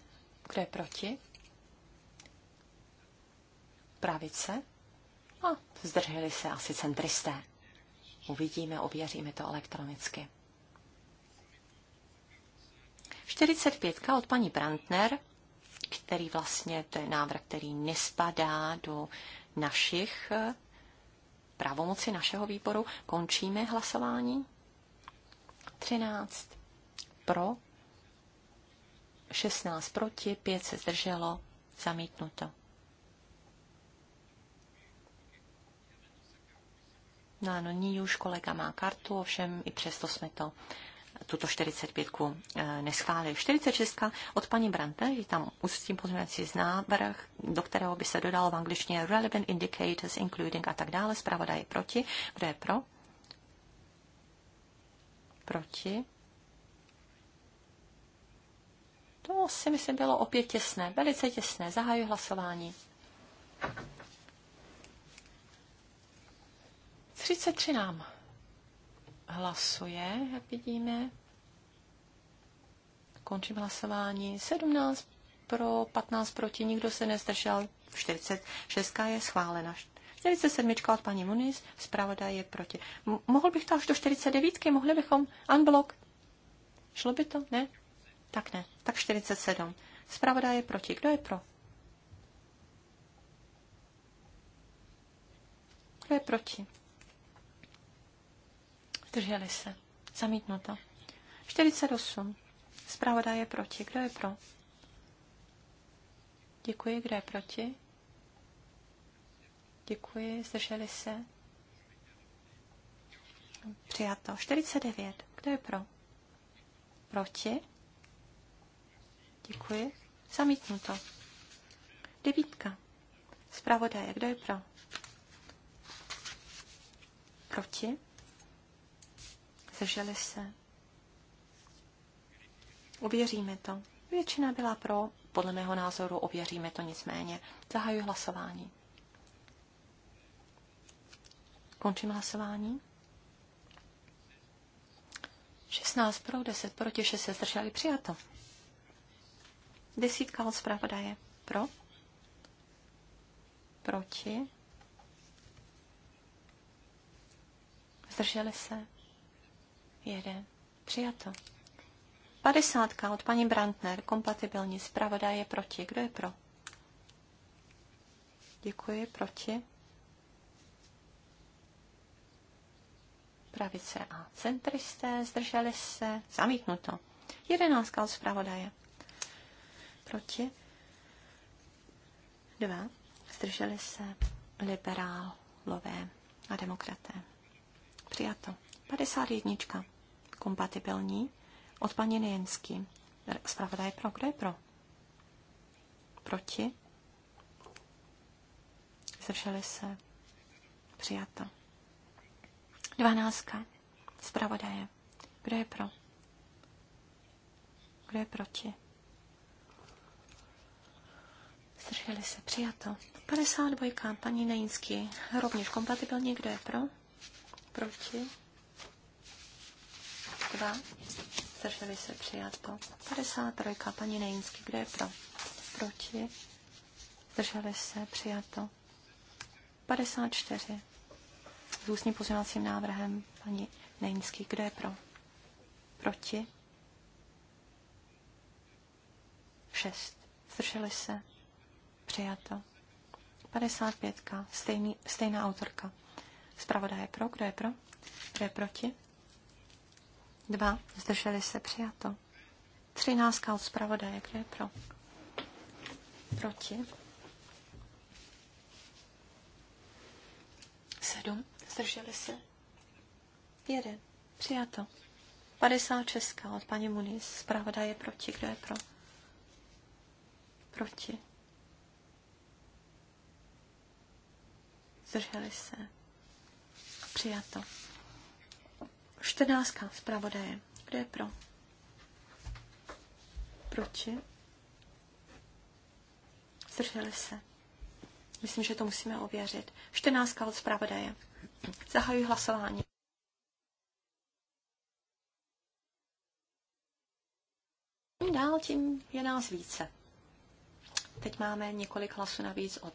Kdo je proti? Pravice. A zdrželi se asi centristé. Uvidíme, ověříme to elektronicky. 45 od paní Brandner, který vlastně, to je návrh, který nespadá do našich eh, pravomoci našeho výboru. Končíme hlasování. 13 pro, 16 proti, 5 se zdrželo, zamítnuto. No ano, ní už kolega má kartu, ovšem i přesto jsme to tuto 45 eh, neschválili. 46 od paní Brante, je tam ústní z návrh, do kterého by se dodalo v angličtině relevant indicators, including a tak dále. Zpravodaj je proti. Kdo je pro? Proti. To si myslím bylo opět těsné, velice těsné. Zahajuji hlasování. 33 nám hlasuje, jak vidíme. Končím hlasování. 17 pro, 15 proti, nikdo se nezdržel. 46 je schválena. 47 od paní Muniz, zpravoda je proti. M- mohl bych to až do 49, mohli bychom unblock. Šlo by to? Ne? Tak ne. Tak 47. Zpravodaj je proti. Kdo je pro? Kdo je proti? Zdrželi se. Zamítnuto. 48. Zpravodaj je proti. Kdo je pro? Děkuji. Kdo je proti? Děkuji. Zdrželi se. Přijato. 49. Kdo je pro? Proti? Děkuji. Zamítnuto. Devítka. Zpravodaje, kdo je pro? Proti? Zdrželi se. Uvěříme to. Většina byla pro, podle mého názoru uvěříme to nicméně. Zahajuji hlasování. Končím hlasování. 16 pro, 10 proti, 6 se zdrželi přijato. Desítka od zpravodaje. Pro? Proti? Zdrželi se? Jeden. Přijato. Padesátka od paní Brandner. Kompatibilní. Zpravodaj je proti. Kdo je pro? Děkuji. Proti? Pravice a centristé. Zdrželi se? Zamítnuto. Jedenáctka od zpravodaje proti, dva, zdrželi se liberálové a demokraté. Přijato. 51. Kompatibilní od paní Zpravda je pro, kdo je pro? Proti? Zdrželi se. Přijato. 12. Zpravodaje. Kdo je pro? Kdo je proti? zdrželi se, přijato. 52, paní Nejnsky, rovněž kompatibilní, kdo je pro? Proti? Dva. zdrželi se, přijato. 53, paní Nejnsky, kdo je pro? Proti? Zdrželi se, přijato. 54, s ústním pozměňovacím návrhem, paní Nejnsky, kdo je pro? Proti? 6. Zdrželi se. Přijato. 55. Stejný, stejná autorka. Zpravodaj je pro. Kdo je pro? Kdo je proti? 2. Zdrželi se. Přijato. 13. Od zpravodaje. Kdo je pro? Proti. 7. Zdrželi se. 1. Přijato. 56. Od paní Muniz. Zpravodaj je proti. Kdo je pro? Proti. zdrželi se, přijato. Čtrnáctka zpravodaje, kdo je pro? Proti? Zdrželi se. Myslím, že to musíme ověřit. Čtrnáctka od zpravodaje. Zahajuji hlasování. Čím dál, tím je nás více. Teď máme několik hlasů navíc od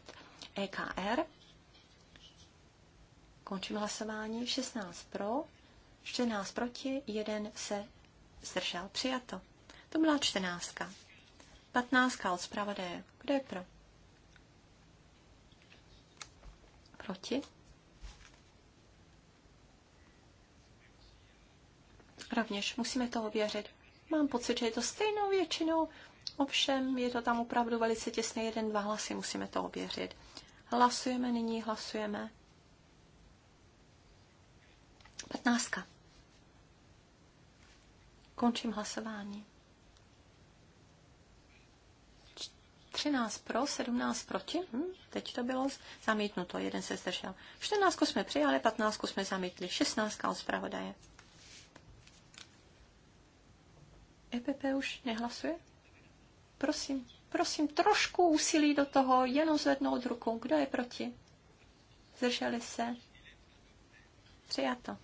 EKR. Končím hlasování. 16 pro, 14 proti, 1 se zdržel. Přijato. To byla 14. 15 od zpravodaje. Kdo je pro? Proti? Rovněž musíme to ověřit. Mám pocit, že je to stejnou většinou, ovšem je to tam opravdu velice těsné. jeden, dva hlasy, musíme to ověřit. Hlasujeme nyní, hlasujeme. Patnáctka. Končím hlasování. 13 pro, 17 proti. Hm, teď to bylo zamítnuto, jeden se zdržel. 14 jsme přijali, 15 jsme zamítli, 16 od zpravodaje. EPP už nehlasuje? Prosím, prosím, trošku úsilí do toho, jenom zvednout ruku. Kdo je proti? Zdrželi se? Přijato.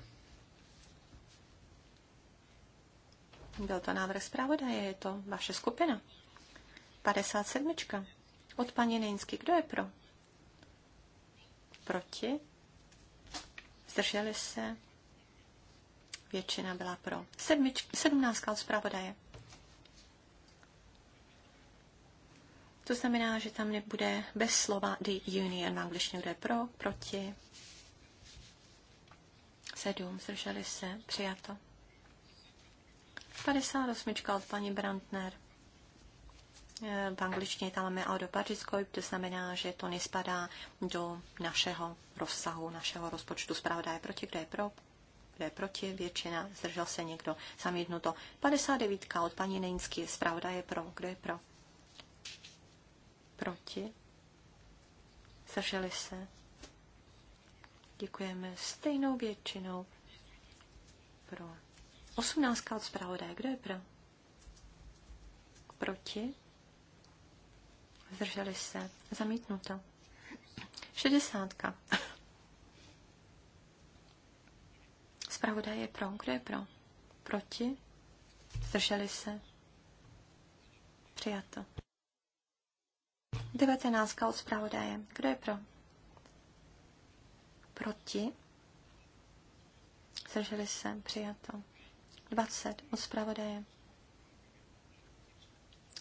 Byl to návrh zpravodaje, je to vaše skupina. 57. Od paní Nejnsky. Kdo je pro? Proti? Zdrželi se? Většina byla pro. Sedmič, sedmnáctka od zpravodaje. To znamená, že tam nebude bez slova the union v angličtině, je pro, proti, 7. Zdrželi se. Přijato. 58. od paní Brandner. E, v angličtině tam máme do Pařížskoj, to znamená, že to nespadá do našeho rozsahu, našeho rozpočtu. Zpravda je proti, kde je pro, kde je proti, většina, zdržel se někdo, jednu to 59. od paní Nejnsky, zpravda je pro, kde je pro, proti, zdrželi se, Děkujeme stejnou většinou pro 18 od zpravodaje. Kdo je pro? Proti? Zdrželi se. Zamítnuto. 60. Zpravodaj je pro. Kdo je pro? Proti? Zdrželi se. Přijato. 19. od zpravodaje. Kdo je pro? Proti? Zdrželi se. Přijato. 20 od zpravodaje.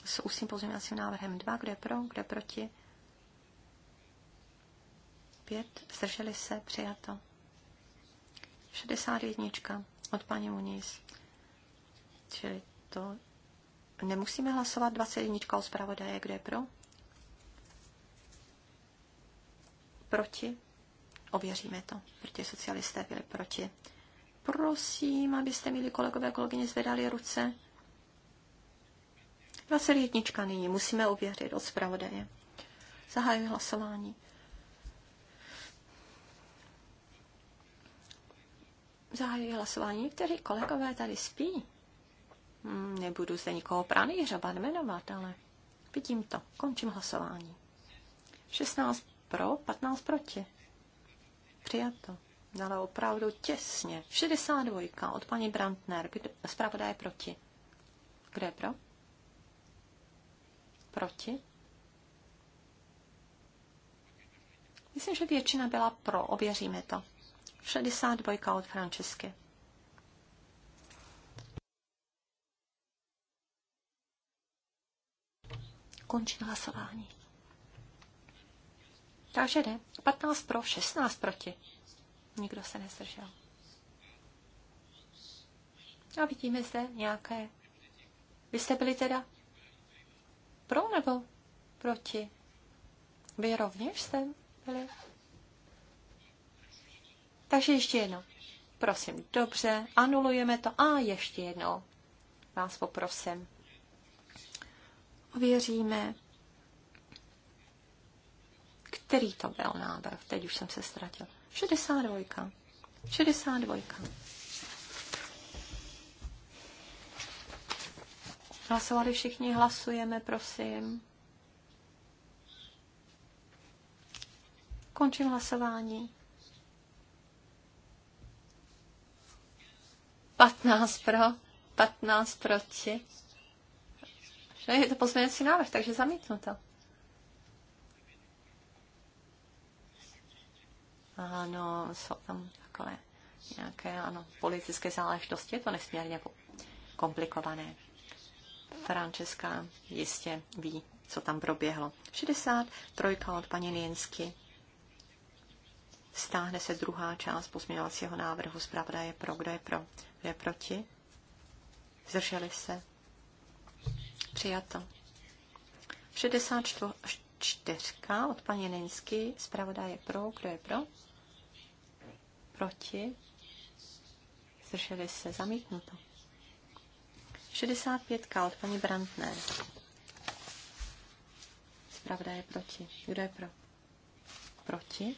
S ústním pozměňovacím návrhem 2. Kde pro? Kde proti? 5. Zdrželi se. Přijato. 61 od paní Muniz. Čili to nemusíme hlasovat 21 od zpravodaje. Kde je pro? Proti? Ověříme to, protože socialisté byli proti. Prosím, abyste, milí kolegové a kolegyně, zvedali ruce. 21. nyní musíme ověřit od zpravodaje. Zahajuji hlasování. Zahajuji hlasování, kteří kolegové tady spí. Hmm, nebudu zde nikoho pranýřovat, jmenovat, ale vidím to. Končím hlasování. 16 pro, 15 proti. Přijato. Ale opravdu těsně. 62 od paní Brandner. Zpravodá je proti. Kde je pro? Proti? Myslím, že většina byla pro. Ověříme to. 62 od Francesky. Končí hlasování. Takže ne. 15 pro, 16 proti. Nikdo se nezdržel. A vidíme zde nějaké. Vy jste byli teda pro nebo proti? Vy rovněž jste byli? Takže ještě jedno. Prosím, dobře, anulujeme to. A ještě jedno. vás poprosím. Ověříme který to byl návrh? Teď už jsem se ztratil. 62. 62. Hlasovali všichni, hlasujeme, prosím. Končím hlasování. 15 pro, 15 proti. Je to pozměňovací návrh, takže to. Ano, jsou tam takové nějaké ano, politické záležitosti, je to nesmírně komplikované. Francesca jistě ví, co tam proběhlo. 63 od paní Liensky. Stáhne se druhá část pozměňovacího návrhu. Zpravda je pro, kdo je pro, kdo je proti. Zdrželi se. Přijato. 64 od paní Linsky. Zpravda je pro, kdo je pro, proti, zdrželi se, zamítnuto. 65 kalt, paní Brandner. Zpravda je proti. Kdo je pro? Proti.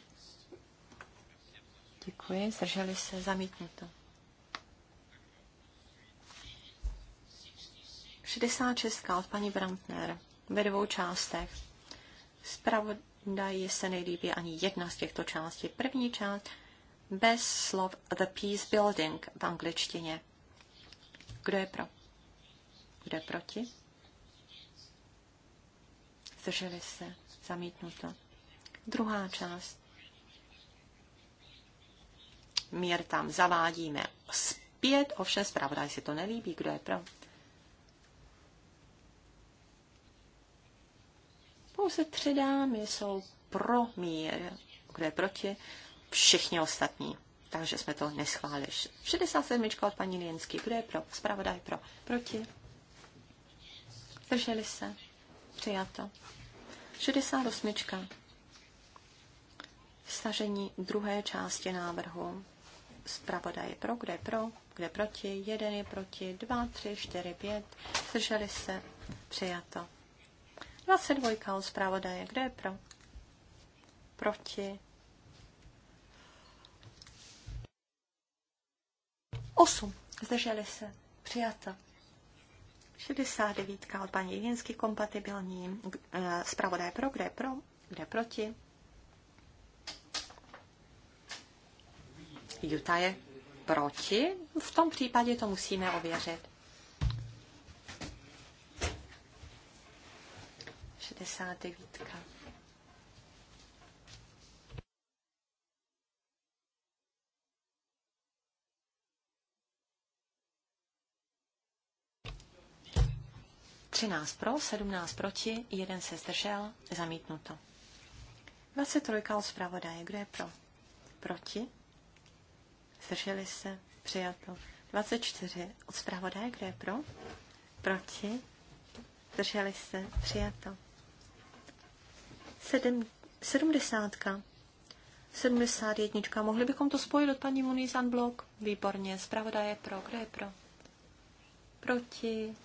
Děkuji, zdrželi se, zamítnuto. 66 kalt, paní Brandner. Ve dvou částech. Zpravodaj se nejlíbí ani jedna z těchto částí. První část bez slov the peace building v angličtině. Kdo je pro? Kdo je proti? Zdrželi se. Zamítnuto. Druhá část. Mír tam zavádíme zpět, ovšem zpravodaj si to nelíbí. Kdo je pro? Pouze tři dámy jsou pro mír. Kdo je proti? všichni ostatní. Takže jsme to neschválili. 67. od paní Lienský. Kdo je pro? Spravodaj pro. Proti? Drželi se. Přijato. 68. Stažení druhé části návrhu. Zpravodaj je pro, kde je pro, kde je proti, jeden je proti, dva, tři, čtyři, pět. Zdrželi se. Přijato. 22. od zpravodaje. Kde je pro? Proti 8. Zdrželi se. Přijata. 69. od paní Jinsky kompatibilní. Eh, zpravodaj pro, kde pro, kde proti. Juta je proti. V tom případě to musíme ověřit. 69. 13 pro, 17 proti, jeden se zdržel, zamítnuto. 23 od zpravodaje, kdo je pro? Proti? Zdrželi se, přijato. 24 od zpravodaje, kdo je pro? Proti? Zdrželi se, přijato. 70. 71. Mohli bychom to spojit od paní Muniz Unblock? Výborně. Zpravodaje pro. Kdo je pro? Proti.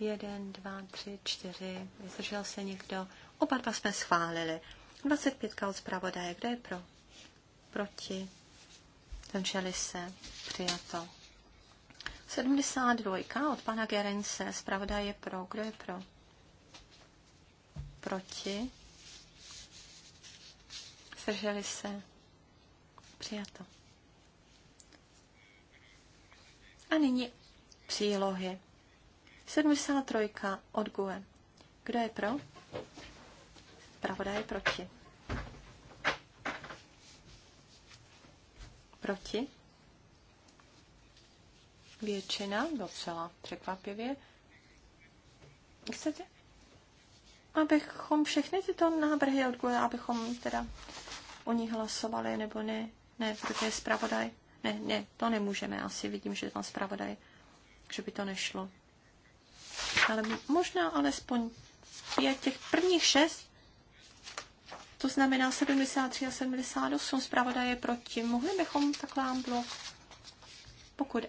Jeden, dva, tři, čtyři. Zdržel se někdo? Oba dva jsme schválili. 25 od zpravodaje. Kdo je pro? Proti. Zdrželi se. Přijato. 72 od pana Gerence. Zpravodaj je pro. Kdo je pro? Proti. Zdrželi se. Přijato. A nyní přílohy. 73 od GUE. Kdo je pro? Pravda je proti. Proti? Většina, docela překvapivě. Chcete, abychom všechny tyto návrhy od GUE, abychom teda o nich hlasovali, nebo ne, ne, protože je zpravodaj. Ne, ne, to nemůžeme asi, vidím, že je tam zpravodaj, že by to nešlo ale možná alespoň pět, těch prvních šest, to znamená 73 a 78 zpravodaje proti. Mohli bychom takhle blok? Pokud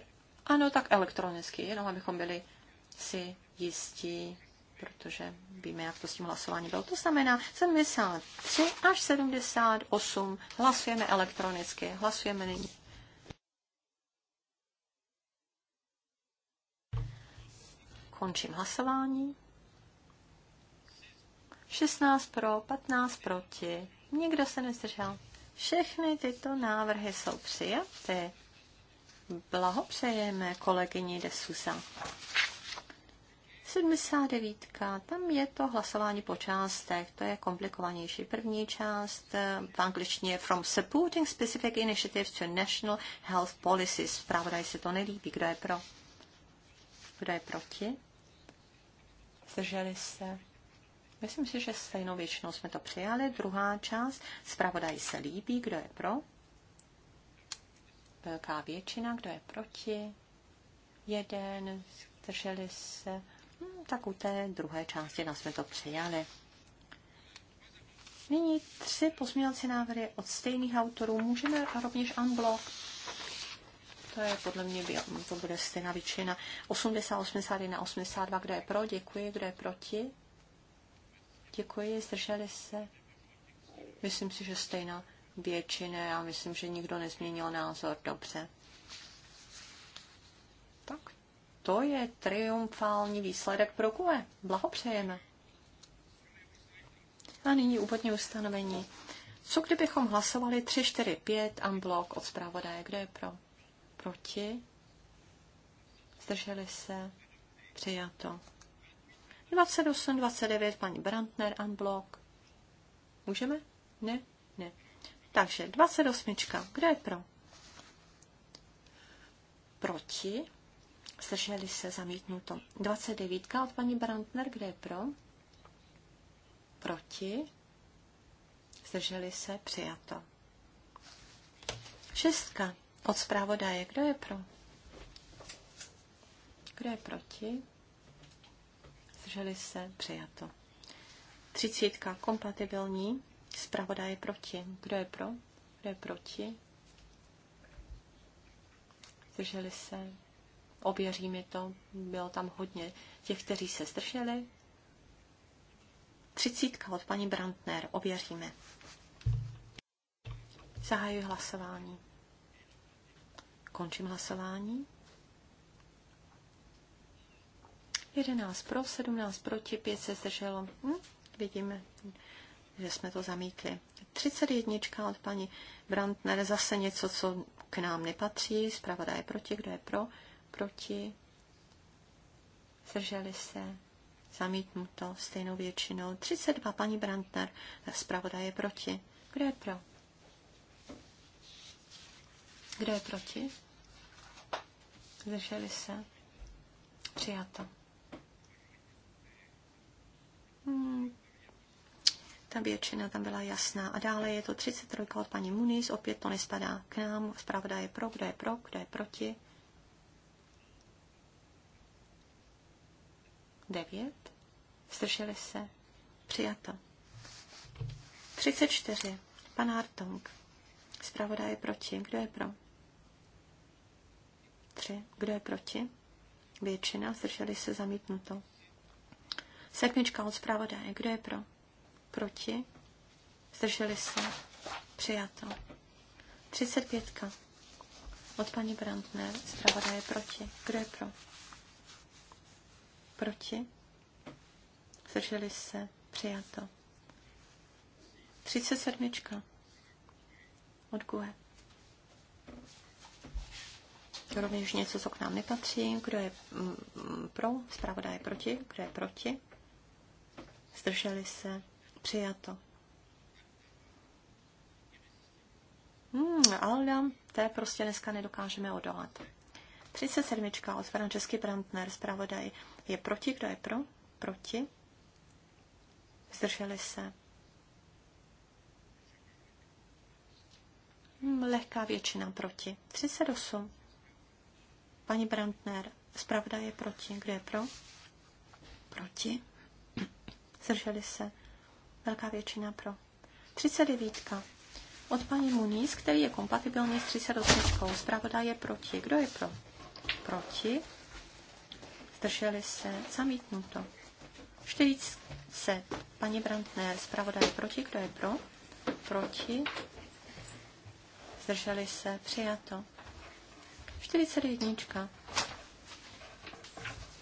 ano, tak elektronicky, jenom abychom byli si jistí, protože víme, jak to s tím hlasování bylo. To znamená 73 až 78 hlasujeme elektronicky. Hlasujeme nyní. Končím hlasování. 16 pro, 15 proti. Nikdo se nezdržel. Všechny tyto návrhy jsou přijaty. Blahopřejeme kolegyni de Susa. 79. Tam je to hlasování po částech, to je komplikovanější. První část eh, v angličtině From Supporting Specific Initiatives to National Health Policies. Pravda, se to nelíbí. Kdo je pro? Kdo je proti? zdrželi se. Myslím si, že stejnou většinou jsme to přijali. Druhá část, zpravodaj se líbí, kdo je pro. Velká většina, kdo je proti. Jeden, zdrželi se. Hm, tak u té druhé části nás jsme to přijali. Nyní tři pozměňovací návrhy od stejných autorů. Můžeme rovněž unblock to je podle mě, to bude stejná většina. 80, 81, 82, kdo je pro, děkuji, kdo je proti. Děkuji, zdrželi se. Myslím si, že stejná většina já myslím, že nikdo nezměnil názor. Dobře. Tak to je triumfální výsledek pro QE. Blahopřejeme. A nyní úvodní ustanovení. Co kdybychom hlasovali 3, 4, 5 a blok od zpravodaje? Kdo je pro? Proti? Zdrželi se? Přijato. 28, 29, paní Brandner, unblock. Můžeme? Ne? Ne. Takže 28. Kdo je pro? Proti? Zdrželi se zamítnuto. 29. od paní Brandner, kde je pro? Proti? Zdrželi se přijato. Šestka od zpravodaje. Kdo je pro? Kdo je proti? Zdrželi se? Přijato. Třicítka kompatibilní. Zpravodaj je proti. Kdo je pro? Kdo je proti? Zdrželi se? oběří mi to. Bylo tam hodně těch, kteří se zdrželi. Třicítka od paní Brandner. oběříme. Zahajuji hlasování. Končím hlasování. 11 pro, 17 proti, 5 se zdrželo. Hm, vidíme, že jsme to zamítli. 31 od paní Brandner, zase něco, co k nám nepatří. Zprava je proti, kdo je pro, proti. Zdrželi se. Zamítnuto stejnou většinou. 32 paní Brandner, zpravoda je proti. Kdo je pro? Kdo je proti? Zdrželi se? Přijato. Hmm. Ta většina tam byla jasná. A dále je to 33 od paní Muniz, opět to nespadá k nám. Zpravda je pro, kdo je pro, kdo je proti. 9. Zdrželi se. Přijato. 34. Pan Hartong. Zpravodaj je proti. Kdo je pro? 3. Kdo je proti? Většina. Zdrželi se zamítnuto. Sedmička od zpravodaje. Kdo je pro? Proti? Zdrželi se. Přijato. 35. Od paní Brandner. Zpravodaje proti. Kdo je pro? Proti? Zdrželi se. Přijato. 37. Od GUE rovněž něco, co k nám nepatří. Kdo je mm, mm, pro? zpravodá je proti. Kdo je proti? Zdrželi se. Přijato. Hmm, Alda, té prostě dneska nedokážeme odolat. 37. od Francesky Brandner, zpravodaj. Je proti, kdo je pro? Proti. Zdrželi se. Hmm, lehká většina proti. 38. Paní Brandner, zpravda je proti. Kdo je pro? Proti. Zdrželi se. Velká většina pro. 39. Od paní Muniz, který je kompatibilní s 38. Zpravda je proti. Kdo je pro? Proti. Zdrželi se. Zamítnuto. 40. Paní Brandner, je proti. Kdo je pro? Proti. Zdrželi se. Přijato. 41.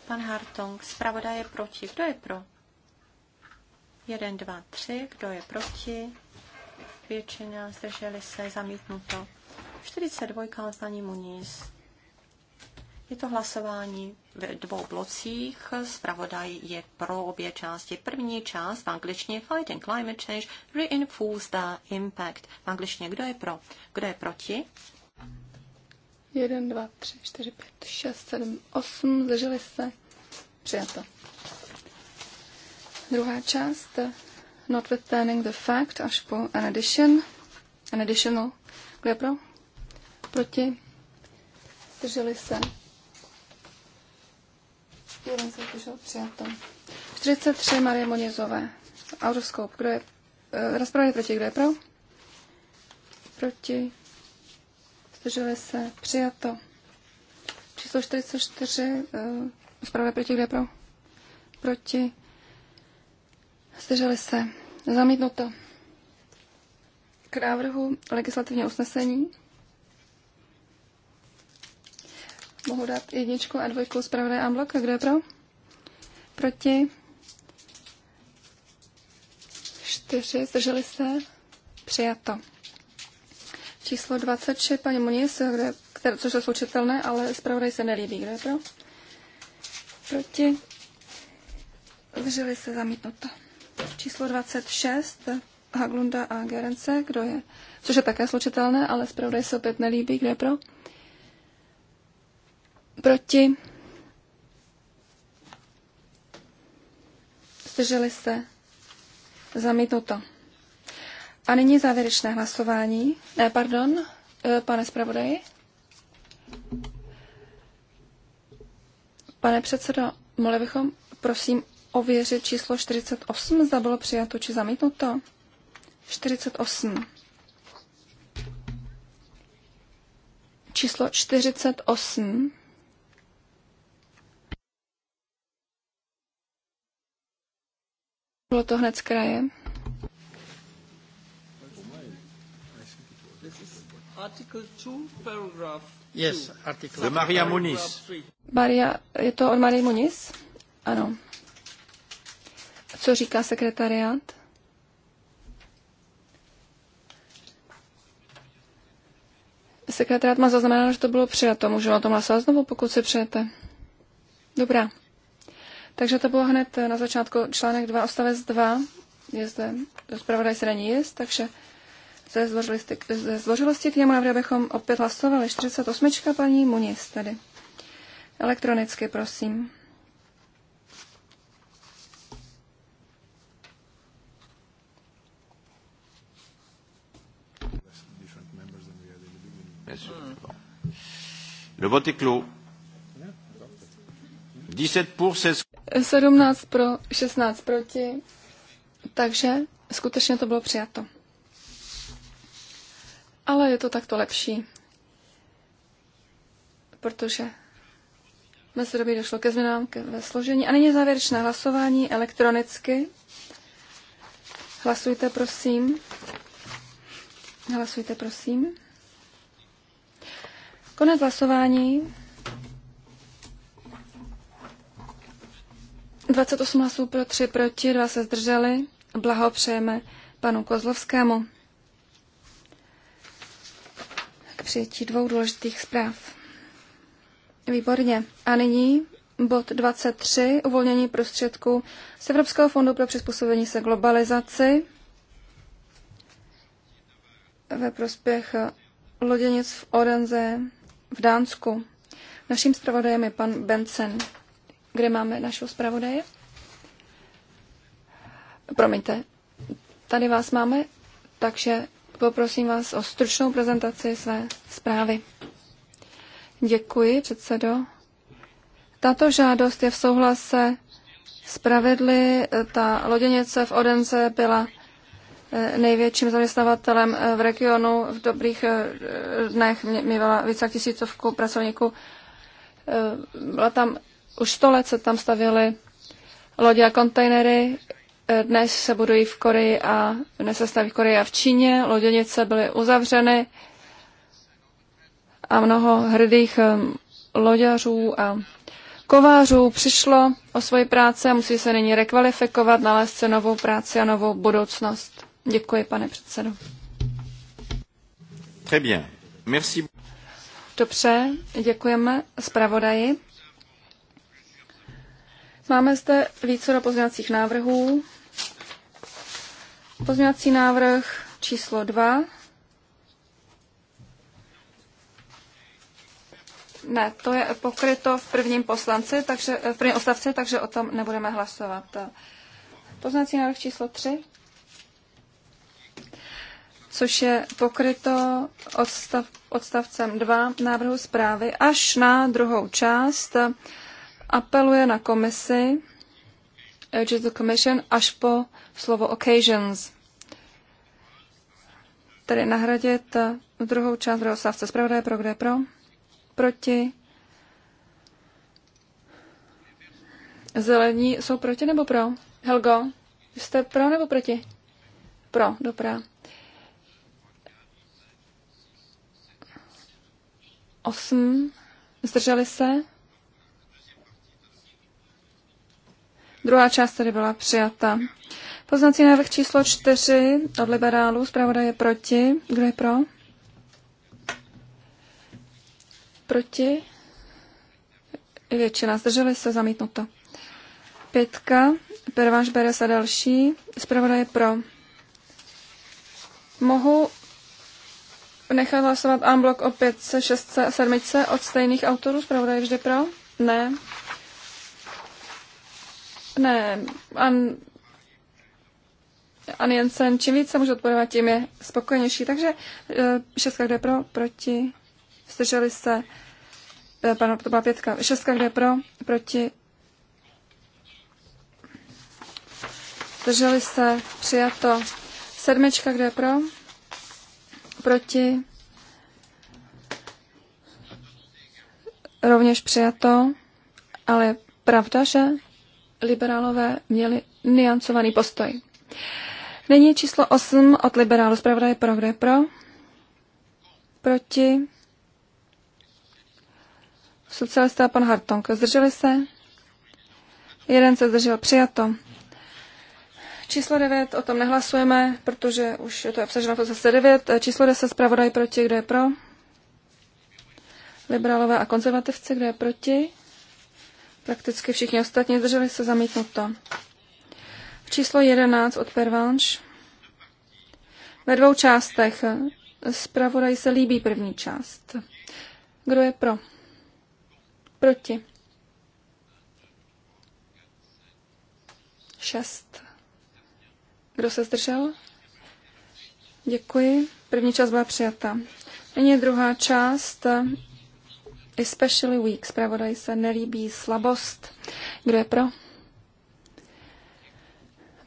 Pan Hartong, zpravodaj je proti. Kdo je pro? 1, 2, 3. Kdo je proti? Většina zdrželi se, zamítnuto. 42. Oznaní Muniz. Je to hlasování ve dvou blocích. Zpravodaj je pro obě části. První část v angličtině Fighting Climate Change Reinforce the Impact. V angličtině kdo je pro, kdo je proti, 1, 2, 3, 4, 5, 6, 7, 8. Zdrželi se. Přijato. Druhá část. Not Notwithstanding the fact až po an addition. An additional. No. Kdo je pro? Proti. Zdrželi se. Jeden se zdržel. Přijato. 43 Marie Monizové. Autoscope. Kdo je? E, eh, rozpravě proti. Kdo je pro? Proti zdrželi se, přijato. Číslo 44, eh, zpráva proti, kde pro? Proti, zdrželi se, zamítnuto. K návrhu legislativního usnesení mohu dát jedničku a dvojku zpravodaj Amblok, Kdo je pro? Proti, čtyři, zdrželi se, přijato. Číslo 23, paní Muniz, kde, které, což je slučitelné, ale zpravodaj se nelíbí. Kdo je pro? Proti? Zdrželi se zamítnuto. Číslo 26, Haglunda a Gerence, kdo je? Což je také slučitelné, ale zpravodaj se opět nelíbí. Kdo je pro? Proti? Zdrželi se zamítnuto. A nyní závěrečné hlasování. Ne, eh, pardon, eh, pane zpravodaji. Pane předsedo, mohli bychom prosím ověřit číslo 48, zda bylo přijato či zamítnuto? 48. Číslo 48. Bylo to hned z kraje. Article 2, paragraph Yes, article. The Maria Muniz. Maria, je to od Marie Muniz? Ano. Co říká sekretariát? Sekretariát má zaznamenáno, že to bylo přijato. Můžu o tom hlasovat znovu, pokud se přijete. Dobrá. Takže to bylo hned na začátku článek 2, ostavec 2. Je zde, zpravodaj se není jest, takže ze zložilosti, ze zložilosti k němu navrhuji, abychom opět hlasovali. 48. paní Muniz tady. Elektronicky, prosím. Do vote est pour, 17 pro, 16 proti. Takže skutečně to bylo přijato ale je to takto lepší, protože mezidobí došlo ke změnám ke, ve složení. A nyní závěrečné hlasování elektronicky. Hlasujte, prosím. Hlasujte, prosím. Konec hlasování. 28 hlasů pro, 3 proti, 2 se zdrželi. Blahopřejeme panu Kozlovskému. přijetí dvou důležitých zpráv. Výborně. A nyní bod 23, uvolnění prostředků z Evropského fondu pro přizpůsobení se globalizaci ve prospěch loděnic v Odenze v Dánsku. Naším zpravodajem je pan Bensen. Kde máme našeho zpravodaje? Promiňte, tady vás máme, takže Poprosím vás o stručnou prezentaci své zprávy. Děkuji, předsedo. Tato žádost je v souhlase s pravidly. Ta loděnice v Odense byla eh, největším zaměstnavatelem eh, v regionu. V dobrých eh, dnech měla více jak tisícovku pracovníků. Byla tam, už sto let se tam stavěly lodě a kontejnery. Dnes se budují v Koreji a dnes se staví v Koreji a v Číně. Loděnice byly uzavřeny a mnoho hrdých um, loďařů a kovářů přišlo o svoji práce a musí se nyní rekvalifikovat, nalézt se novou práci a novou budoucnost. Děkuji, pane předsedo. Très bien. Merci. Dobře, děkujeme zpravodaji. Máme zde více do pozměňovacích návrhů. Pozměňovací návrh číslo 2. Ne, to je pokryto v prvním poslanci, takže, v prvním odstavci, takže o tom nebudeme hlasovat. Poznací návrh číslo 3, což je pokryto odstav, odstavcem 2 návrhu zprávy až na druhou část, apeluje na komisi, urges eh, the Commission až po slovo occasions. Tedy nahradit druhou část druhého stavce zpravodaje pro kde pro, proti. Zelení jsou proti nebo pro? Helgo, jste pro nebo proti? Pro, dobrá. Osm. Zdrželi se? Druhá část tedy byla přijata. Poznací návrh číslo čtyři od liberálů. Zpravodaj je proti. Kdo je pro? Proti. Většina. Zdrželi se. Zamítnuto. Pětka. Perváš bere se další. Zpravodaj je pro. Mohu nechat hlasovat unblock o 5, 6, 7 od stejných autorů? Zpravodaj je vždy pro? Ne. Ne, an, An Jensen, čím více můžu odpovědět, tím je spokojenější. Takže eh, šestka, kde pro, proti, zdrželi se, eh, pardon, to byla pětka, šestka, kde pro, proti, zdrželi se, přijato, sedmička, kde pro, proti, rovněž přijato, ale pravda, že liberálové měli niancovaný postoj. Není číslo 8 od liberálu zpravodaje pro, kde pro? Proti? Socialista pan Hartong. Zdrželi se? Jeden se zdržel. Přijato. Číslo 9, o tom nehlasujeme, protože už je to obsaženo to zase 9. Číslo 10, zpravodaj proti, kdo je pro? Liberálové a konzervativci, kdo je proti? Prakticky všichni ostatní zdrželi se zamítnuto. Číslo 11 od Pervanš. Ve dvou částech. Zpravodaj se líbí první část. Kdo je pro? Proti. Šest. Kdo se zdržel? Děkuji. První část byla přijata. Nyní druhá část Especially weak. Zpravodaj se nelíbí slabost. Kdo je pro?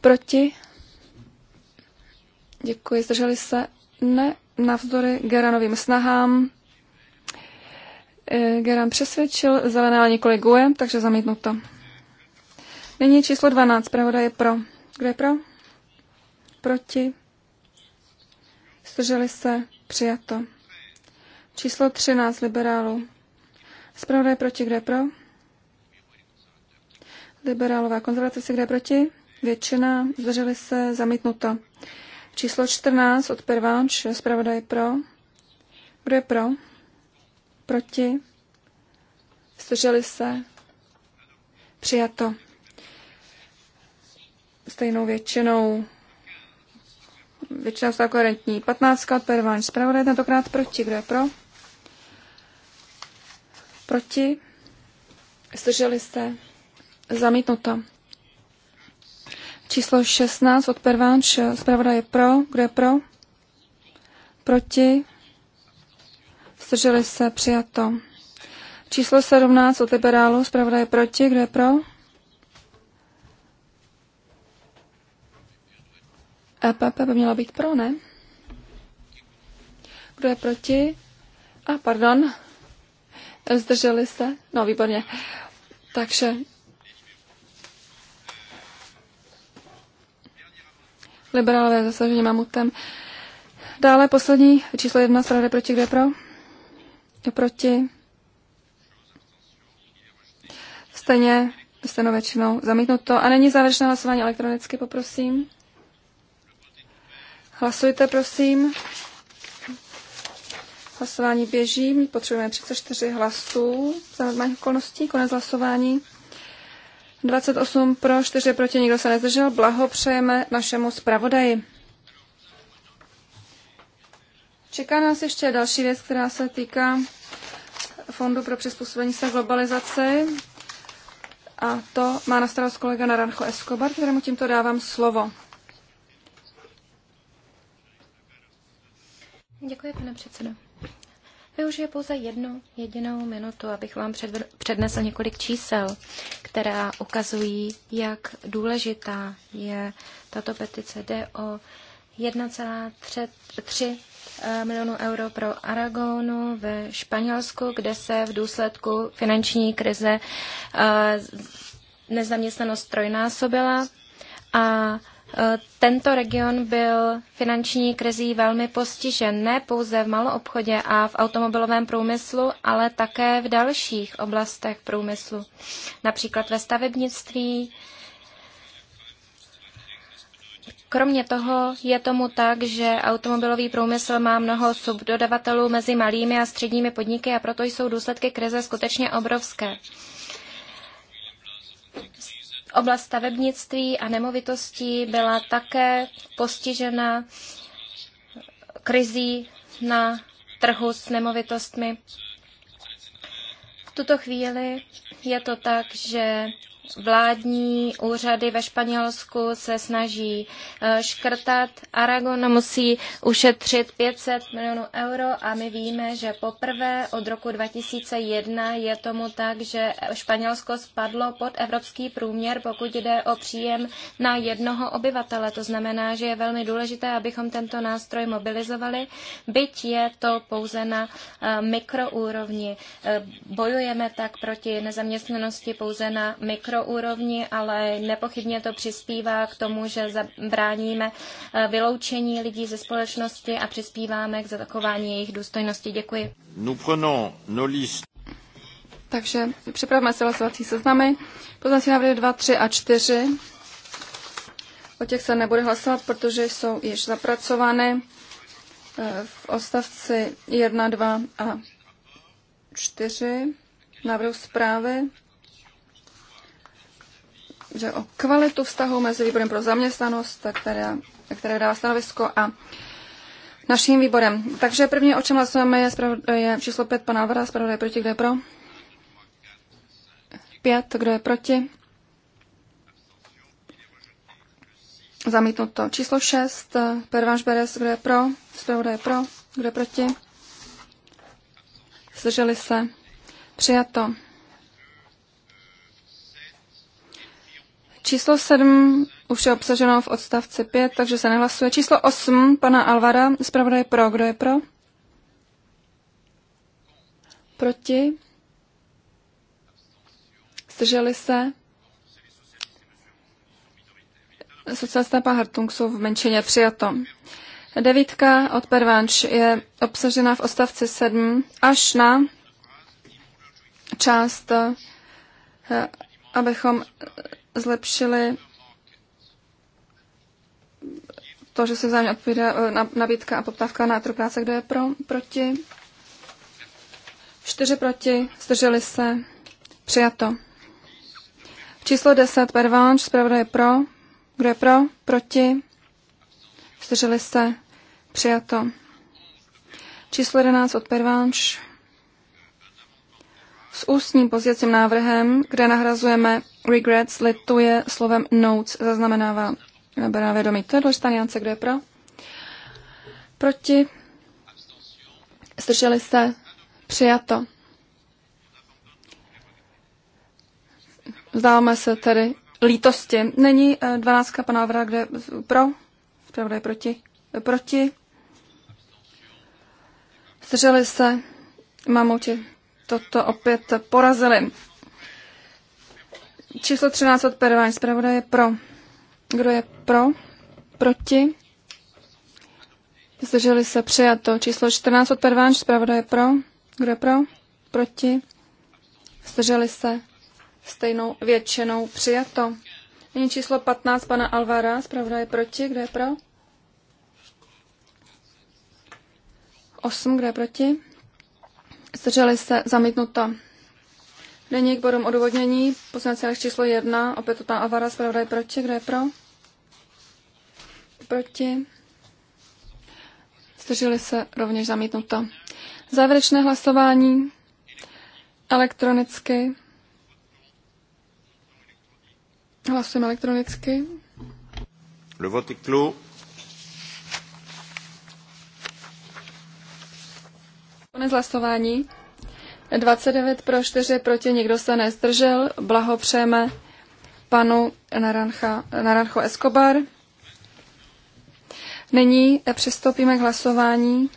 Proti? Děkuji. Zdrželi se? Ne. Navzdory Geranovým snahám. Eh, Geran přesvědčil zelená ale nikoli GUE, takže zamítnuto. Nyní číslo 12. pravda je pro. Kdo je pro? Proti? Zdrželi se? Přijato. Číslo 13 liberálu. Spravodaj proti, kde pro? Liberálová konzervativci, kde proti? Většina, zdrželi se, zamítnuto. Číslo 14 od Pervánč, zpravodaj pro. Kdo je pro? Proti? Zdrželi se? Přijato. Stejnou většinou. Většina jsou koherentní. 15 od Pervánč, zpravodaj tentokrát proti. Kdo je pro? Proti? Zdrželi se? Zamítnuto. Číslo 16 od Pervánč. Zpravodaj je pro. Kdo je pro? Proti? Zdrželi se? Přijato. Číslo 17 od Liberálu, Zpravodaj je proti. Kdo je pro? EPP by měla být pro, ne? Kdo je proti? A pardon, Zdrželi se? No, výborně. Takže liberálové zasažení mamutem. Dále poslední číslo jedna strany proti kde pro? Je proti. Stejně stejnou většinou to. A není závěrečné hlasování elektronicky, poprosím. Hlasujte, prosím. Hlasování běží, my potřebujeme 34 hlasů za normálních okolností, konec hlasování. 28 pro, 4 proti, nikdo se nezdržel. Blahopřejeme našemu zpravodaji. Čeká nás ještě další věc, která se týká Fondu pro přizpůsobení se globalizaci. A to má na starost kolega Naranjo Escobar, kterému tímto dávám slovo. Děkuji, pane předsedo. Využiju pouze jednu jedinou minutu, abych vám přednesl několik čísel, která ukazují, jak důležitá je tato petice. Jde o 1,3 eh, milionu euro pro Aragonu ve Španělsku, kde se v důsledku finanční krize eh, nezaměstnanost trojnásobila a Eh, tento region byl finanční krizí velmi postižen, ne pouze v maloobchodě a v automobilovém průmyslu, ale také v dalších oblastech průmyslu, například ve stavebnictví. Kromě toho je tomu tak, že automobilový průmysl má mnoho subdodavatelů mezi malými a středními podniky a proto jsou důsledky krize skutečně obrovské. Oblast stavebnictví a nemovitostí byla také postižena krizí na trhu s nemovitostmi. V tuto chvíli je to tak, že vládní úřady ve Španělsku se snaží eh, škrtat. Aragon musí ušetřit 500 milionů euro a my víme, že poprvé od roku 2001 je tomu tak, že Španělsko spadlo pod evropský průměr, pokud jde o příjem na jednoho obyvatele. To znamená, že je velmi důležité, abychom tento nástroj mobilizovali, byť je to pouze na eh, mikroúrovni. Eh, bojujeme tak proti nezaměstnanosti pouze na mikro makroúrovni, ale nepochybně to přispívá k tomu, že zabráníme eh, vyloučení lidí ze společnosti a přispíváme k zachování jejich důstojnosti. Děkuji. Takže připravme se hlasovací seznamy. Poznací návrhy 2, 3 a 4. O těch se nebude hlasovat, protože jsou již zapracovány eh, v odstavci 1, 2 a 4 návrhu zprávy že o kvalitu vztahu mezi výborem pro zaměstnanost, které, které dává stanovisko a naším výborem. Takže první, o čem hlasujeme, je, je číslo 5 pana Alvara, zpravodaj proti, kdo je pro? 5, kdo je proti? Zamítnuto. Číslo 6, Pervanš Beres, kdo je pro? Zpravodaj pro, kdo je proti? Zdrželi se. Přijato. Číslo 7 už je obsaženo v odstavci 5, takže se nehlasuje. Číslo 8 pana Alvara, zpravodaj pro. Kdo je pro? Proti? Zdrželi se? Socialista a Hartung jsou v menšině přijato. Devítka od Pervanč je obsažena v odstavci 7 až na část, eh, abychom zlepšili to, že se vzájemně odpovídá eh, nabídka a poptávka na trh práce, kdo je pro, proti. Čtyři proti, zdrželi se, přijato. Číslo 10, Pervanč, zpravda je pro. Kdo je pro, proti, zdrželi se, přijato. Číslo 11 od Pervanč s ústním pozděcím návrhem, kde nahrazujeme regrets, lituje slovem notes, zaznamenává, bere na vědomí. To je důležitá niance, kdo je pro. Proti. Zdrželi se. Přijato. Zdáme se tedy lítosti. Není eh, dvanáctka pana kde pro, pravda je proti, eh, proti. Zdrželi se mamouti toto opět porazili. Číslo 13 od Perváň. Zpravodaj je pro. Kdo je pro? Proti? Zdrželi se přijato. Číslo 14 od Perváň. Zpravodaj je pro. Kdo je pro? Proti? Zdrželi se stejnou většinou přijato. Nyní číslo 15 pana Alvara. Zpravodaj je proti. Kdo je pro? 8. Kdo je proti? Zdrželi se zamítnuto. Není k bodům odůvodnění. Poslanec číslo 1, opět tu Avara, zpravodaj proti. Kdo je pro? Proti. Zdrželi se rovněž zamítnuto. Závěrečné hlasování elektronicky. Hlasujeme elektronicky. Le vote est clos. Konec hlasování. 29 pro 4 proti, nikdo se nezdržel. Blahopřejeme panu Narancha, Narancho Escobar. Nyní přistoupíme k hlasování.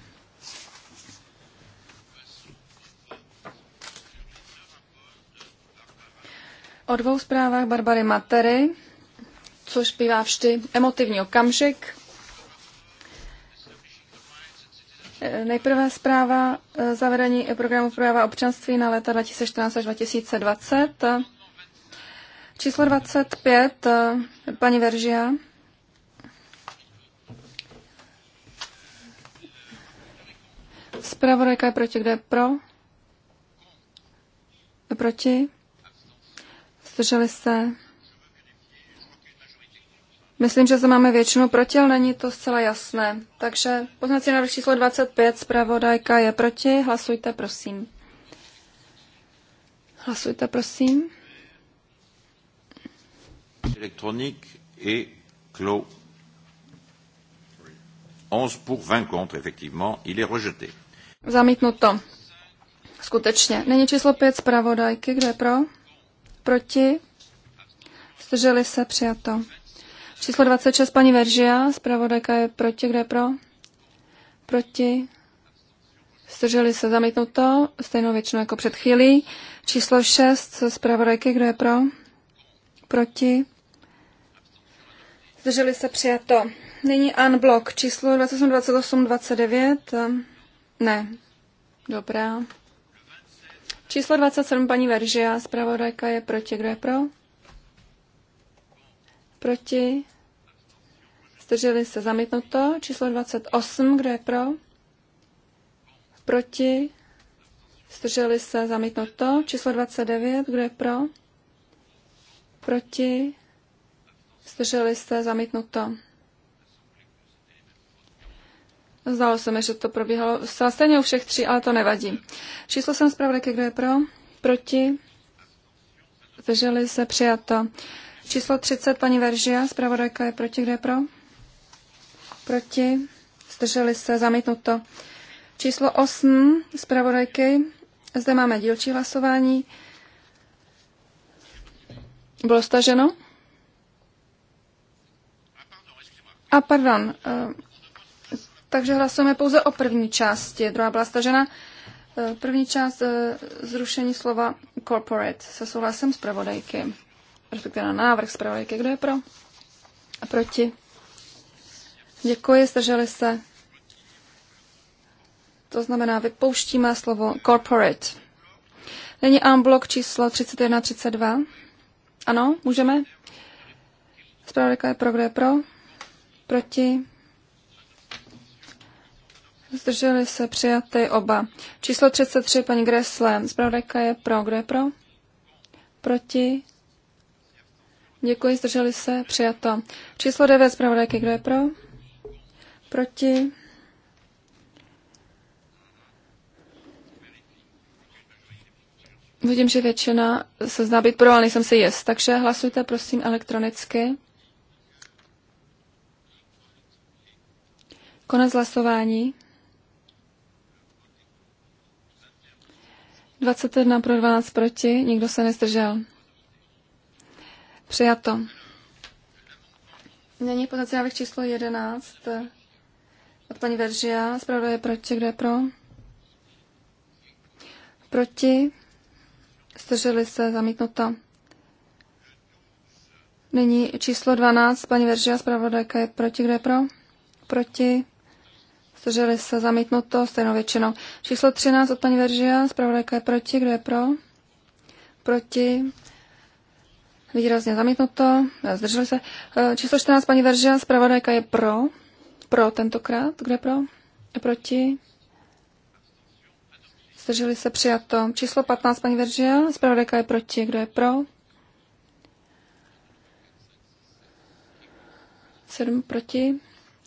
O dvou zprávách Barbary Matery, což bývá vždy emotivní okamžik. Nejprve zpráva eh, zavedení programu práva občanství na léta 2014 až 2020. Číslo 25, eh, paní Veržia. Zpravodajka je proti, kde je pro? Proti? Zdrželi se? Myslím, že se máme většinu proti, ale není to zcela jasné. Takže poznací návrh číslo 25, zpravodajka je proti, hlasujte prosím. Hlasujte prosím. Elektronik je clos. 11 pour 20 contre, effectivement, il est rejeté. Zamítnuto. Skutečně. Není číslo 5 zpravodajky, kde je pro? Proti? Zdrželi se, přijato. Číslo 26, paní Veržia, zpravodajka je proti, kde je pro? Proti. Strželi se zamítnuto, stejnou většinou jako před chvílí. Číslo 6, zpravodajky, kdo je pro? Proti. Zdrželi se přijato. Nyní unblock číslo 28, 28, 29. Ne. Dobrá. Číslo 27, paní Veržia, zpravodajka je proti, kdo je pro? Proti? Zdrželi se zamítnuto. Číslo 28. Kdo je pro? Proti? Zdrželi se zamítnuto. Číslo 29. Kdo je pro? Proti? Zdrželi se zamítnuto. Zdálo se mi, že to probíhalo stejně u všech tří, ale to nevadí. Číslo jsem zpravodajky, kdo je pro? Proti? Zdrželi se přijato. Číslo 30, paní Veržia, zpravodajka je proti, kde je pro? Proti, zdrželi se, zamítnuto. Číslo 8, zpravodajky, zde máme dílčí hlasování. Bylo staženo? A pardon, eh, takže hlasujeme pouze o první části. Druhá byla stažena. Eh, první část eh, zrušení slova corporate se souhlasem zpravodajky respektive na návrh zpravodajky. Kdo je pro? A proti? Děkuji, zdrželi se. To znamená, vypouštíme slovo corporate. Není unblock číslo 31 32? Ano, můžeme? Zpravodajka je pro, kdo je pro? Proti? Zdrželi se přijaty oba. Číslo 33, paní Gressle. Zpravodajka je pro. Kdo je pro? Proti? Děkuji, zdrželi se, přijato. Číslo 9, zpravodajky, kdo je pro? Proti? Vidím, že většina se zná být pro, ale nejsem si jist, takže hlasujte prosím elektronicky. Konec hlasování. 21 pro 12 proti, nikdo se nezdržel. Přijato. Není potenciálních číslo 11 eh, od paní Veržia. Zpravdu je proti, kdo je pro? Proti. Zdrželi se, zamítnuto. Nyní číslo 12, paní Veržia, zpravodajka je proti, kdo je pro? Proti. Zdrželi se, zamítnuto, stejnou většinou. Číslo 13 od paní Veržia, zpravodajka je proti, kdo je pro? Proti. Výrazně zamítnuto. Zdrželi se. E, číslo 14, paní Veržina, zpravodajka je pro. Pro tentokrát. Kde pro? Je proti. Zdrželi se přijato. Číslo 15, paní Veržina, zpravodajka je proti. Kdo je pro? 7 proti.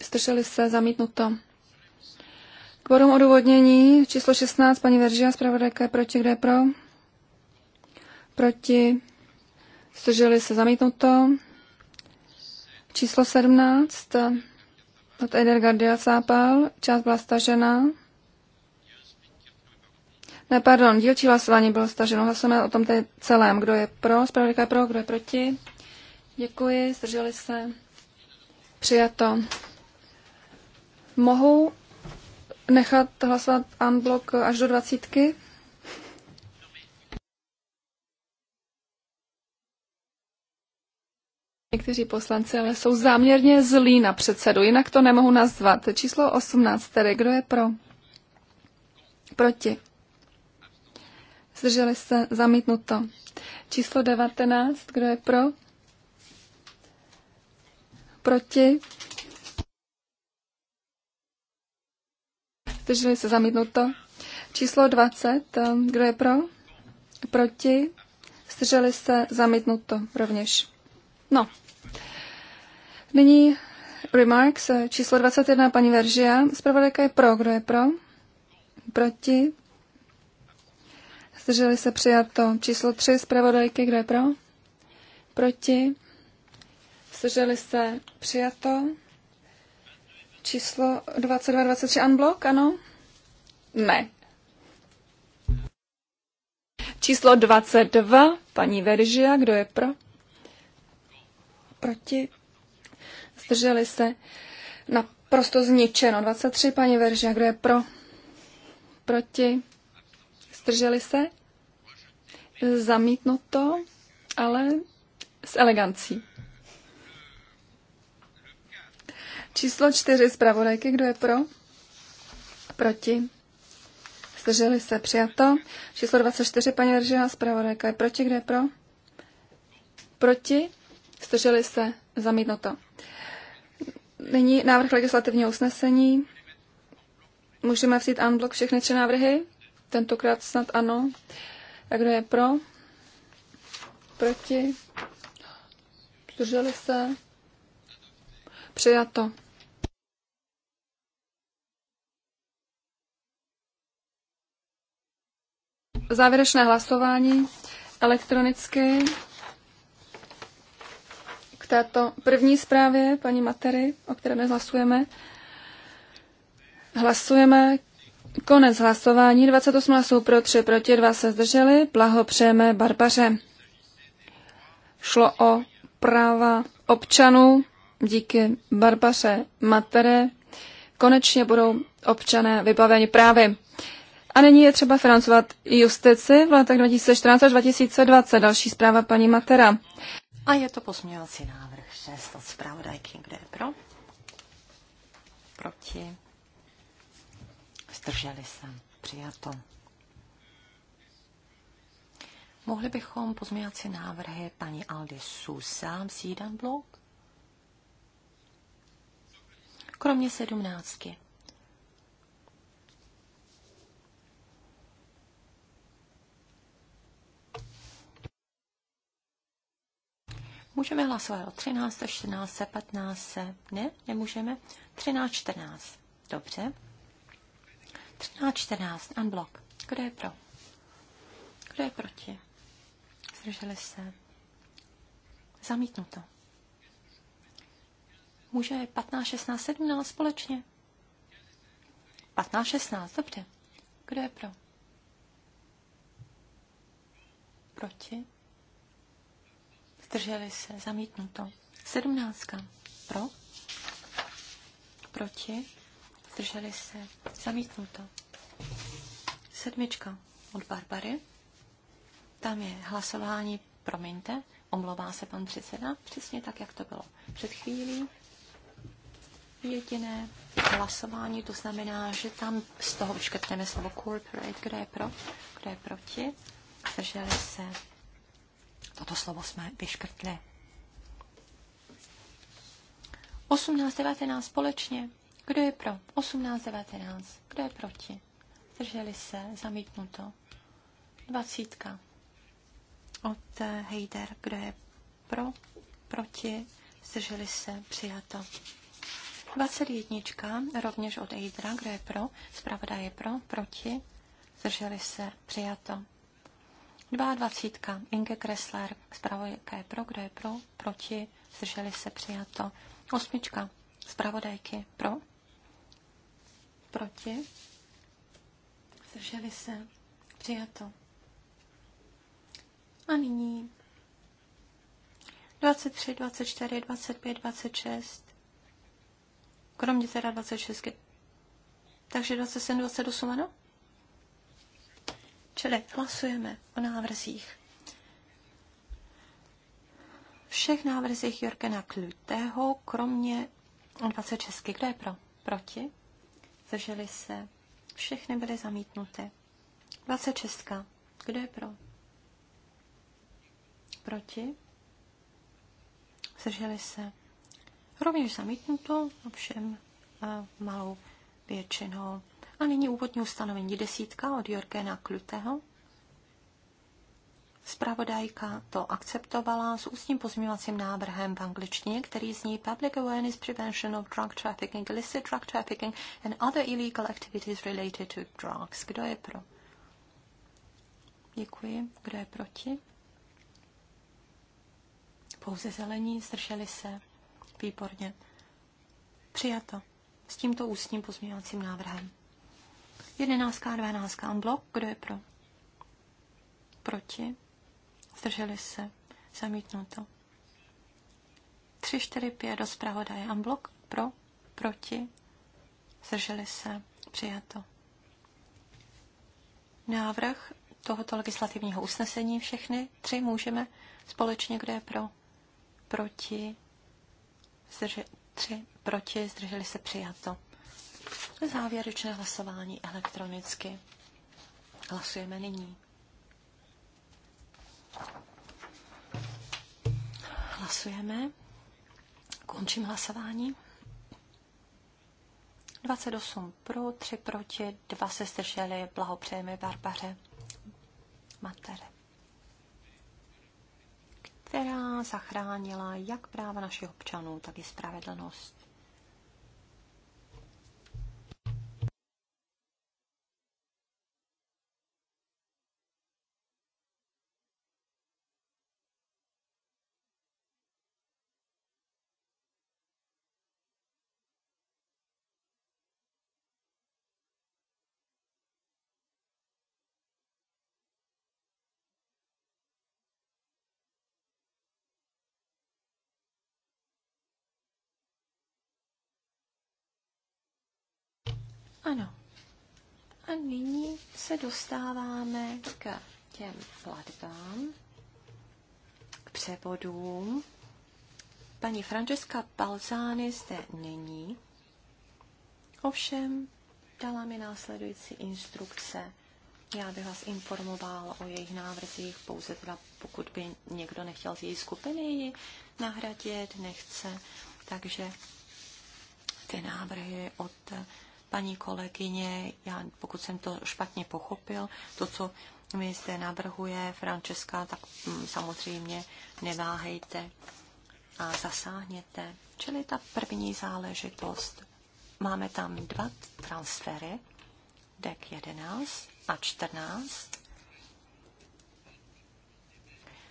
Zdrželi se zamítnuto. Kvorum odůvodnění. Číslo 16, paní Veržina, zpravodajka je proti. Kdo je pro? Proti Zdrželi se zamítnuto. Číslo 17 od Edergardia Sápal, Část byla stažena. Ne, pardon, dílčí hlasování bylo staženo. Hlasujeme o tom tady celém. Kdo je pro, zpravodajka je pro, kdo je proti. Děkuji, zdrželi se. Přijato. Mohu nechat hlasovat unblock až do dvacítky? Někteří poslanci ale jsou záměrně zlí na předsedu, jinak to nemohu nazvat. Číslo 18, tedy kdo je pro? Proti. Zdrželi se, zamítnuto. Číslo 19, kdo je pro? Proti. Zdrželi se, zamítnuto. Číslo 20, kdo je pro? Proti. Zdrželi se, zamítnuto rovněž. No, nyní remarks eh, číslo 21 paní Veržia. Zpravodajka je pro. Kdo je pro? Proti? Zdrželi se přijato. Číslo 3 zpravodajky. Kdo je pro? Proti? Zdrželi se přijato. Číslo 22, 23 unblock, ano? Ne. Číslo 22, paní Veržia, kdo je pro? proti, zdrželi se, naprosto zničeno. 23, paní Veržia, kdo je pro, proti, zdrželi se, to, ale s elegancí. Číslo čtyři zpravodajky, kdo je pro? Proti. Zdrželi se, přijato. Číslo 24, paní Veržina, zpravodajka je proti, kdo je pro? Proti. Zdrželi se? Zamítnuto. Nyní návrh legislativního usnesení. Můžeme vzít unblock všechny tři návrhy? Tentokrát snad ano. A kdo je pro? Proti? Zdrželi se? Přijato. Závěrečné hlasování elektronicky této první zprávě paní Matery, o které dnes hlasujeme. Hlasujeme konec hlasování. 28 hlasů pro, 3 proti, 2 se zdrželi. Blahopřejeme Barbaře. Šlo o práva občanů díky Barbaře Matere. Konečně budou občané vybaveni právy. A nyní je třeba financovat justici v letech 2014 až 2020. Další zpráva paní Matera. A je to pozměňovací návrh 6 od zpravodajky, kde je pro, proti, zdrželi se, přijato. Mohli bychom pozměňovací návrhy paní Aldy Susa Jídan blok? Kromě sedmnáctky. Můžeme hlasovat o 13, 14, 15, ne, nemůžeme. 13, 14, dobře. 13, 14, unblock. Kdo je pro? Kdo je proti? Zdrželi se. Zamítnuto. Může 15, 16, 17 společně? 15, 16, dobře. Kdo je pro? Proti? zdrželi se, zamítnuto. Sedmnáctka pro, proti, zdrželi se, zamítnuto. Sedmička od Barbary. Tam je hlasování, promiňte, omlouvá se pan předseda, přesně tak, jak to bylo před chvílí. Jediné hlasování, to znamená, že tam z toho vyškrtneme slovo corporate, kde je pro, kde je proti, zdrželi se, Toto slovo jsme vyškrtli. 18.19 společně. Kdo je pro? 18.19. Kdo je proti? Zdrželi se. Zamítnuto. 20. Od eh, Heider. Kdo je pro? Proti? Zdrželi se. Přijato. 21. Rovněž od Heidera. Kdo je pro? Zpravda je pro. Proti? Zdrželi se. Přijato. 22. Inge Kressler, zpravodajka je pro, kdo je pro, proti, zdrželi se přijato. Osmička, zpravodajky pro, proti, zdrželi se přijato. A nyní 23, 24, 25, 26, kromě teda 26. Takže 27, 28, ano? Čili hlasujeme o návrzích. Všech návrzích Jorgena Klutého, kromě 26. Kdo je pro? Proti? Zdrželi se. Všechny byly zamítnuty. 26. Kdo je pro? Proti? Zdrželi se. Rovněž zamítnuto, ovšem malou většinou. A nyní úvodní ustanovení desítka od Jorgena Kluteho. Spravodajka to akceptovala s ústním pozměňovacím návrhem v angličtině, který zní Public Awareness Prevention of Drug Trafficking, Illicit Drug Trafficking and Other Illegal Activities Related to Drugs. Kdo je pro? Děkuji. Kdo je proti? Pouze zelení, zdrželi se. Výborně. Přijato. S tímto ústním pozměňovacím návrhem. Jedenáctka a dvanáctka blok. Kdo je pro? Proti? Zdrželi se. Zamítnuto. 3, 4, 5 do zpravodaje. blok. Pro? Proti? Zdrželi se. Přijato. Návrh tohoto legislativního usnesení všechny tři můžeme společně, kde je pro, proti, zdrži, tři proti, zdrželi se přijato. Závěrečné hlasování elektronicky. Hlasujeme nyní. Hlasujeme. Končím hlasování. 28 pro, 3 proti, 2 se zdrželi. Blahopřejeme Barbaře Matere, která zachránila jak práva našich občanů, tak i spravedlnost. Ano. A nyní se dostáváme k těm platbám, k převodům. Paní Francesca Balzány zde není, ovšem dala mi následující instrukce. Já bych vás informoval o jejich návrzích, pouze teda pokud by někdo nechtěl z její skupiny ji nahradit, nechce. Takže ty návrhy od paní kolegyně, já, pokud jsem to špatně pochopil, to, co mi zde navrhuje Francesca, tak mm, samozřejmě neváhejte a zasáhněte. Čili ta první záležitost. Máme tam dva transfery, dek 11 a 14,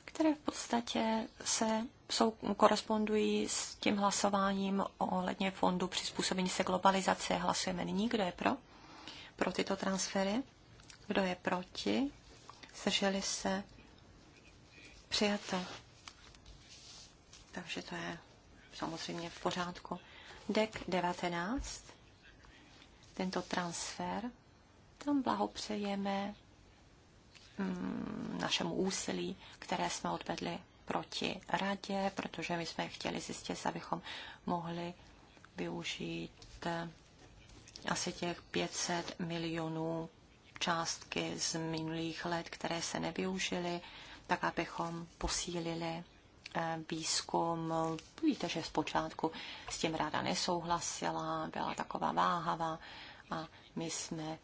které v podstatě se jsou, korespondují s tím hlasováním ohledně fondu přizpůsobení se globalizace. Hlasujeme nyní, kdo je pro, pro tyto transfery, kdo je proti, zdrželi se, přijato. Takže to je samozřejmě v pořádku. DEC 19, tento transfer, tam blahopřejeme mm, našemu úsilí, které jsme odvedli proti radě, protože my jsme chtěli zjistit, abychom mohli využít eh, asi těch 500 milionů částky z minulých let, které se nevyužily, tak abychom posílili eh, výzkum. Víte, že zpočátku s tím ráda nesouhlasila, byla taková váhavá a my jsme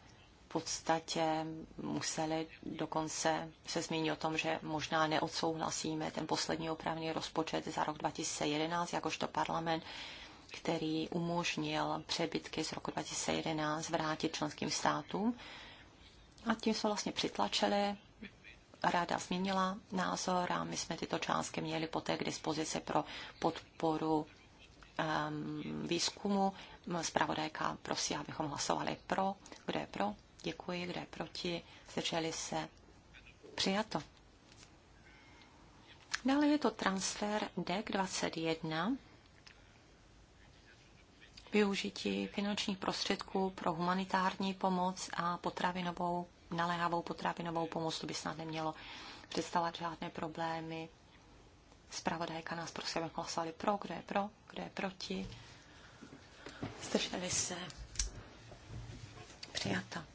podstatě museli dokonce se zmínit o tom, že možná neodsouhlasíme ten poslední opravný rozpočet za rok 2011, jakožto parlament, který umožnil přebytky z roku 2011 vrátit členským státům. A tím jsme vlastně přitlačili. Ráda změnila názor a my jsme tyto částky měli poté k dispozici pro podporu um, výzkumu. Zpravodajka prosí, abychom hlasovali pro. Kdo je pro? Děkuji. Kdo je proti? Zdrželi se? Přijato. Dále je to transfer DEC21, využití finančních prostředků pro humanitární pomoc a potravinovou, naléhavou potravinovou pomoc. To by snad nemělo představovat žádné problémy. Zpravodajka nás prosím, aby hlasovali pro, kdo je pro, kdo je proti. Zdrželi se. Přijata.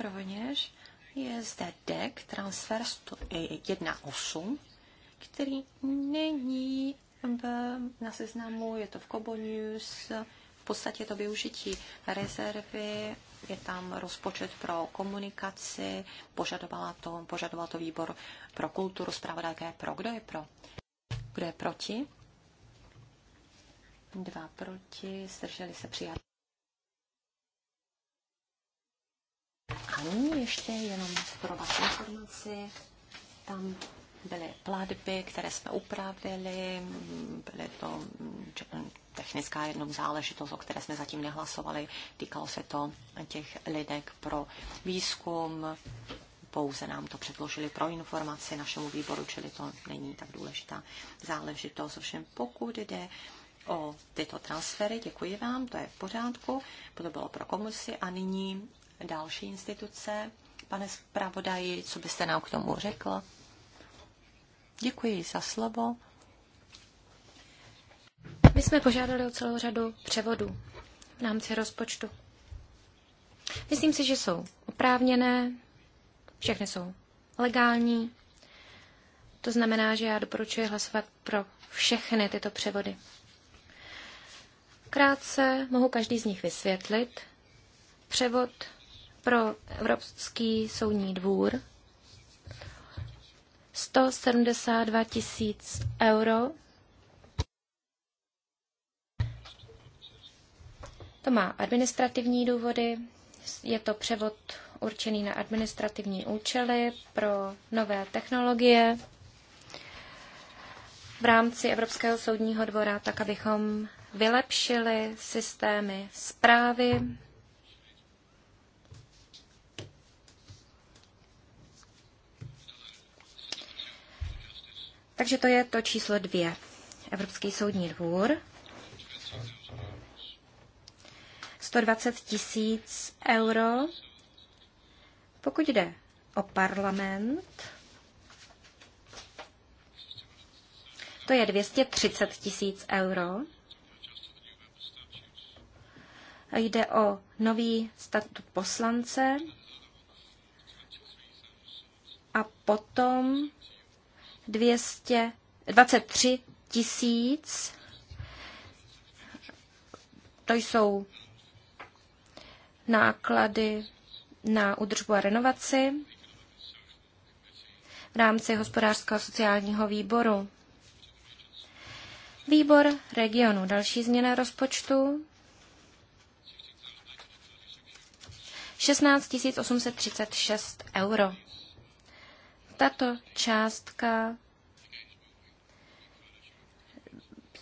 Rovněž je zde deck transfer 1.8, eh, který není v, na seznamu, je to v Kobo News, v podstatě to využití rezervy, je tam rozpočet pro komunikaci, požadovala to, požadoval to výbor pro kulturu, zpráva je pro. Kdo je pro? Kdo je proti? Dva proti, zdrželi se přijat. nyní ještě jenom pro vás informaci, tam byly platby, které jsme upravili, byly to mm, technická jednou záležitost, o které jsme zatím nehlasovali. Týkalo se to těch lidek pro výzkum, pouze nám to předložili pro informaci našemu výboru, čili to není tak důležitá záležitost. Ovšem pokud jde o tyto transfery, děkuji vám, to je v pořádku, to bylo pro komisi a nyní další instituce. Pane zpravodaji, co byste nám k tomu řekl? Děkuji za slovo. My jsme požádali o celou řadu převodů v rámci rozpočtu. Myslím si, že jsou oprávněné, všechny jsou legální. To znamená, že já doporučuji hlasovat pro všechny tyto převody. Krátce mohu každý z nich vysvětlit. Převod pro Evropský soudní dvůr 172 tisíc euro. To má administrativní důvody, je to převod určený na administrativní účely pro nové technologie v rámci Evropského soudního dvora, tak abychom vylepšili systémy zprávy Takže to je to číslo dvě. Evropský soudní dvůr. 120 tisíc euro. Pokud jde o parlament, to je 230 tisíc euro. Jde o nový statut poslance a potom 200, 23 tisíc. To jsou náklady na údržbu a renovaci v rámci hospodářského sociálního výboru. Výbor regionu. Další změna rozpočtu. 16 836 euro tato částka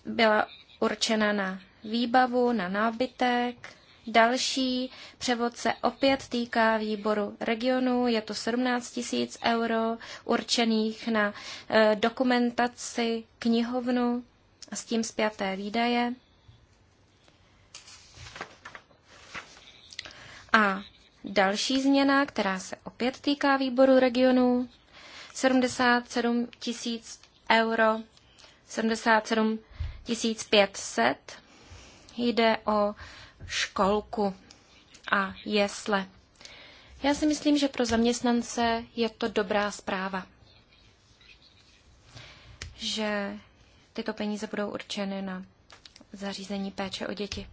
byla určena na výbavu, na nábytek. Další převod se opět týká výboru regionu, je to 17 tisíc euro určených na e, dokumentaci knihovnu a s tím zpěté výdaje. A další změna, která se opět týká výboru regionu, 77 tisíc euro, 77 500. Jde o školku a jesle. Já si myslím, že pro zaměstnance je to dobrá zpráva, že tyto peníze budou určeny na zařízení péče o děti.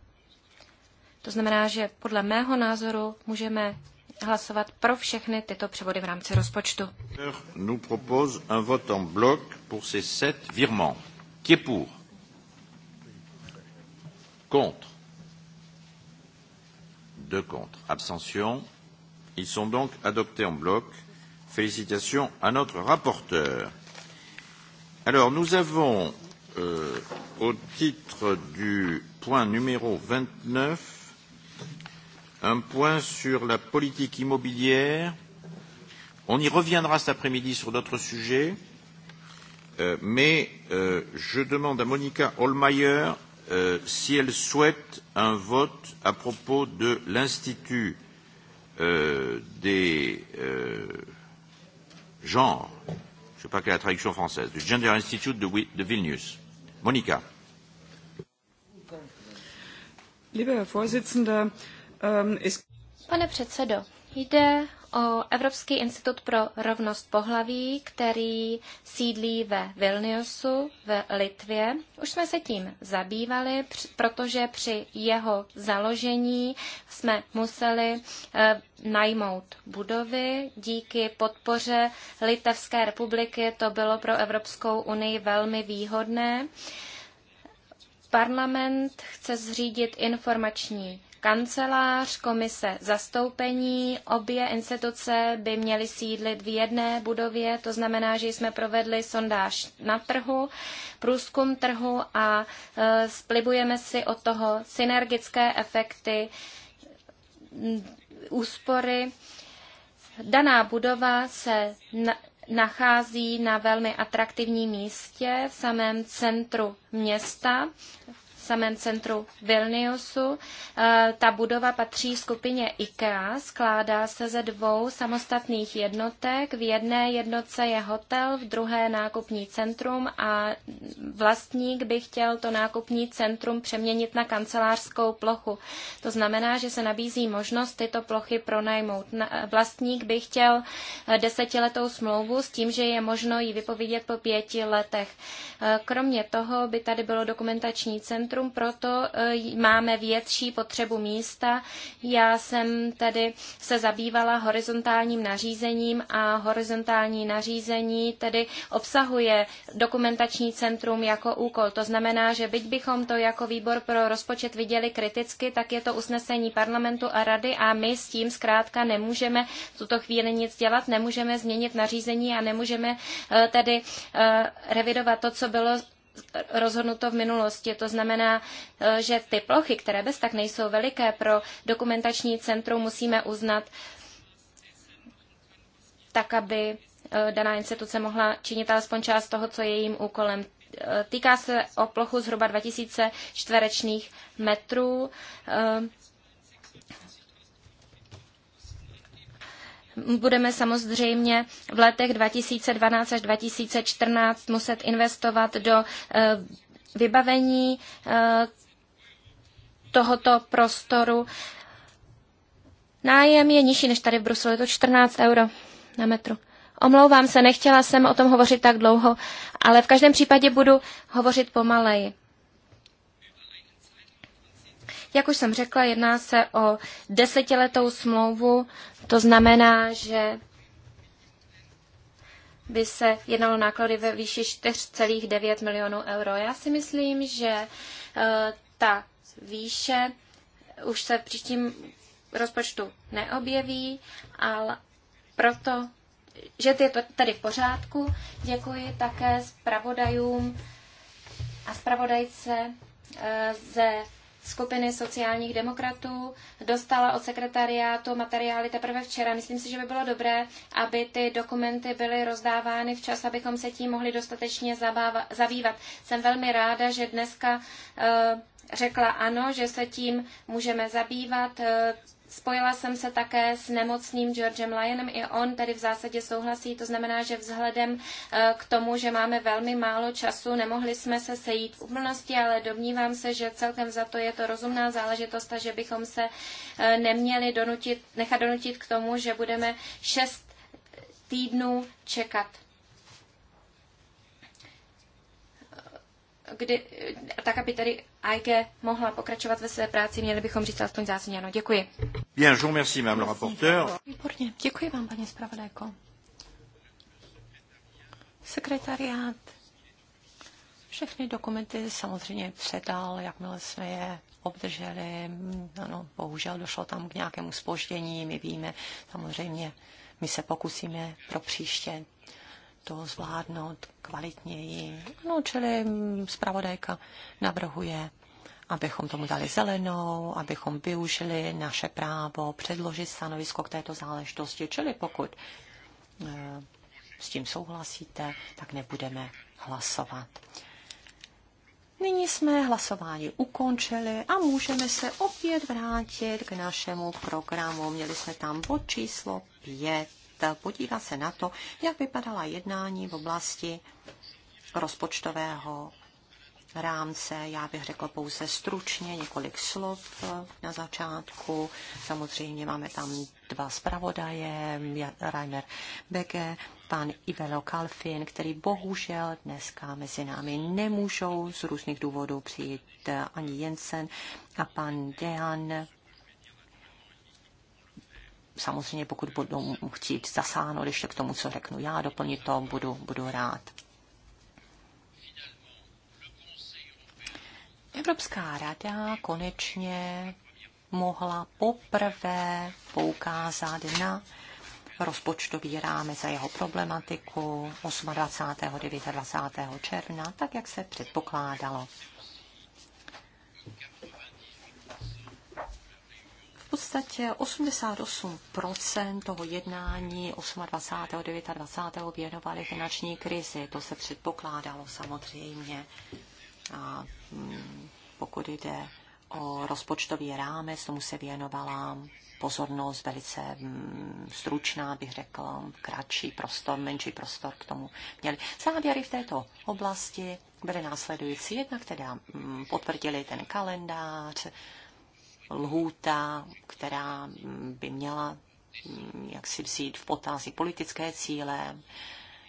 To znamená, že podle mého názoru můžeme hlasovat pro všechny tyto převody v rámci rozpočtu. Nous propose un vote en bloc pour ces sept virements. Qui est pour? Contre? Deux contre. Abstention. Ils sont donc adoptés en bloc. Félicitations à notre rapporteur. Alors, nous avons, euh, au titre du point numéro 29, un point sur la politique immobilière. On y reviendra cet après-midi sur d'autres sujets, euh, mais euh, je demande à Monica Holmeyer euh, si elle souhaite un vote à propos de l'Institut euh, des euh, genres, je ne sais pas quelle est la traduction française, du Gender Institute de, de Vilnius. Monica. Lieber Herr Vorsitzender, um, is... Pane předsedo, jde o Evropský institut pro rovnost pohlaví, který sídlí ve Vilniusu v Litvě. Už jsme se tím zabývali, protože při jeho založení jsme museli eh, najmout budovy. Díky podpoře Litevské republiky to bylo pro Evropskou unii velmi výhodné. Parlament chce zřídit informační kancelář, komise zastoupení. Obě instituce by měly sídlit v jedné budově, to znamená, že jsme provedli sondáž na trhu, průzkum trhu a e, splibujeme si od toho synergické efekty, úspory. Daná budova se na, nachází na velmi atraktivním místě v samém centru města, samém centru Vilniusu. Eh, ta budova patří skupině IKEA, skládá se ze dvou samostatných jednotek. V jedné jednotce je hotel, v druhé nákupní centrum a vlastník by chtěl to nákupní centrum přeměnit na kancelářskou plochu. To znamená, že se nabízí možnost tyto plochy pronajmout. Eh, vlastník by chtěl eh, desetiletou smlouvu s tím, že je možno ji vypovědět po pěti letech. Kromě toho by tady bylo dokumentační centrum, centrum, proto e, máme větší potřebu místa. Já jsem tedy se zabývala horizontálním nařízením a horizontální nařízení tedy obsahuje dokumentační centrum jako úkol. To znamená, že byť bychom to jako výbor pro rozpočet viděli kriticky, tak je to usnesení parlamentu a rady a my s tím zkrátka nemůžeme v tuto chvíli nic dělat, nemůžeme změnit nařízení a nemůžeme e, tedy e, revidovat to, co bylo rozhodnuto v minulosti. To znamená, e, že ty plochy, které bez tak nejsou veliké pro dokumentační centrum, musíme uznat tak, aby e, daná instituce mohla činit alespoň část toho, co je jejím úkolem. E, týká se o plochu zhruba 2000 čtverečných metrů. budeme samozřejmě v letech 2012 až 2014 muset investovat do eh, vybavení eh, tohoto prostoru. Nájem je nižší než tady v Bruselu, je to 14 euro na metru. Omlouvám se, nechtěla jsem o tom hovořit tak dlouho, ale v každém případě budu hovořit pomaleji. Jak už jsem řekla, jedná se o desetiletou smlouvu, to znamená, že by se jednalo náklady ve výši 4,9 milionů euro. Já si myslím, že eh, ta výše už se v příštím rozpočtu neobjeví, ale proto, že je to tady v pořádku, děkuji také zpravodajům a zpravodajce eh, ze skupiny sociálních demokratů dostala od sekretariátu materiály teprve včera. Myslím si, že by bylo dobré, aby ty dokumenty byly rozdávány včas, abychom se tím mohli dostatečně zabáva- zabývat. Jsem velmi ráda, že dneska eh, řekla ano, že se tím můžeme zabývat. Eh, Spojila jsem se také s nemocným Georgem Lyonem, i on tedy v zásadě souhlasí, to znamená, že vzhledem e, k tomu, že máme velmi málo času, nemohli jsme se sejít v úplnosti, ale domnívám se, že celkem za to je to rozumná záležitost a že bychom se e, neměli donutit, nechat donutit k tomu, že budeme šest týdnů čekat. kdy, tak aby tady AIG mohla pokračovat ve své práci, měli bychom říct alespoň zásadně ano. Děkuji. Bien, je vous remercie, madame le rapporteur. Výborně, děkuji vám, paní zpravodajko. Sekretariát všechny dokumenty samozřejmě předal, jakmile jsme je obdrželi. Ano, bohužel došlo tam k nějakému spoždění, my víme, samozřejmě, my se pokusíme pro příště to zvládnout kvalitněji. No, čili zpravodajka navrhuje abychom tomu dali zelenou, abychom využili naše právo předložit stanovisko k této záležitosti. Čili pokud eh, s tím souhlasíte, tak nebudeme hlasovat. Nyní jsme hlasování ukončili a můžeme se opět vrátit k našemu programu. Měli jsme tam bod číslo 5 podívat se na to, jak vypadala jednání v oblasti rozpočtového rámce. Já bych řekl pouze stručně několik slov na začátku. Samozřejmě máme tam dva zpravodaje, Rainer Bege, pan Ivelo Kalfin, který bohužel dneska mezi námi nemůžou z různých důvodů přijít ani Jensen a pan Dejan samozřejmě pokud budou chtít zasáhnout ještě k tomu, co řeknu já, doplnit to, budu, budu rád. Evropská rada konečně mohla poprvé poukázat na rozpočtový rámec za jeho problematiku 28. 29. června, tak jak se předpokládalo. podstatě 88% toho jednání 28. a 29. věnovali finanční krizi. To se předpokládalo samozřejmě. A mm, pokud jde o rozpočtový rámec, tomu se věnovala pozornost velice mm, stručná, bych řekl, kratší prostor, menší prostor k tomu měli. Závěry v této oblasti byly následující. Jednak teda mm, potvrdili ten kalendář, lhůta, která by měla mm, jak si vzít v potaz i politické cíle.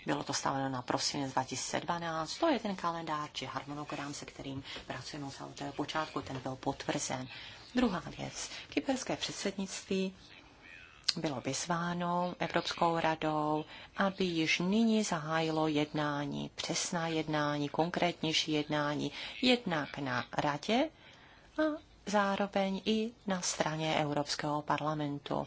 Bylo to staveno na prosinec 2012. To je ten kalendář či harmonogram, se kterým pracujeme od toho počátku. Ten byl potvrzen. Druhá věc. Kyperské předsednictví bylo vyzváno Evropskou radou, aby již nyní zahájilo jednání, přesná jednání, konkrétnější jednání, jednak na radě a zároveň i na straně Evropského parlamentu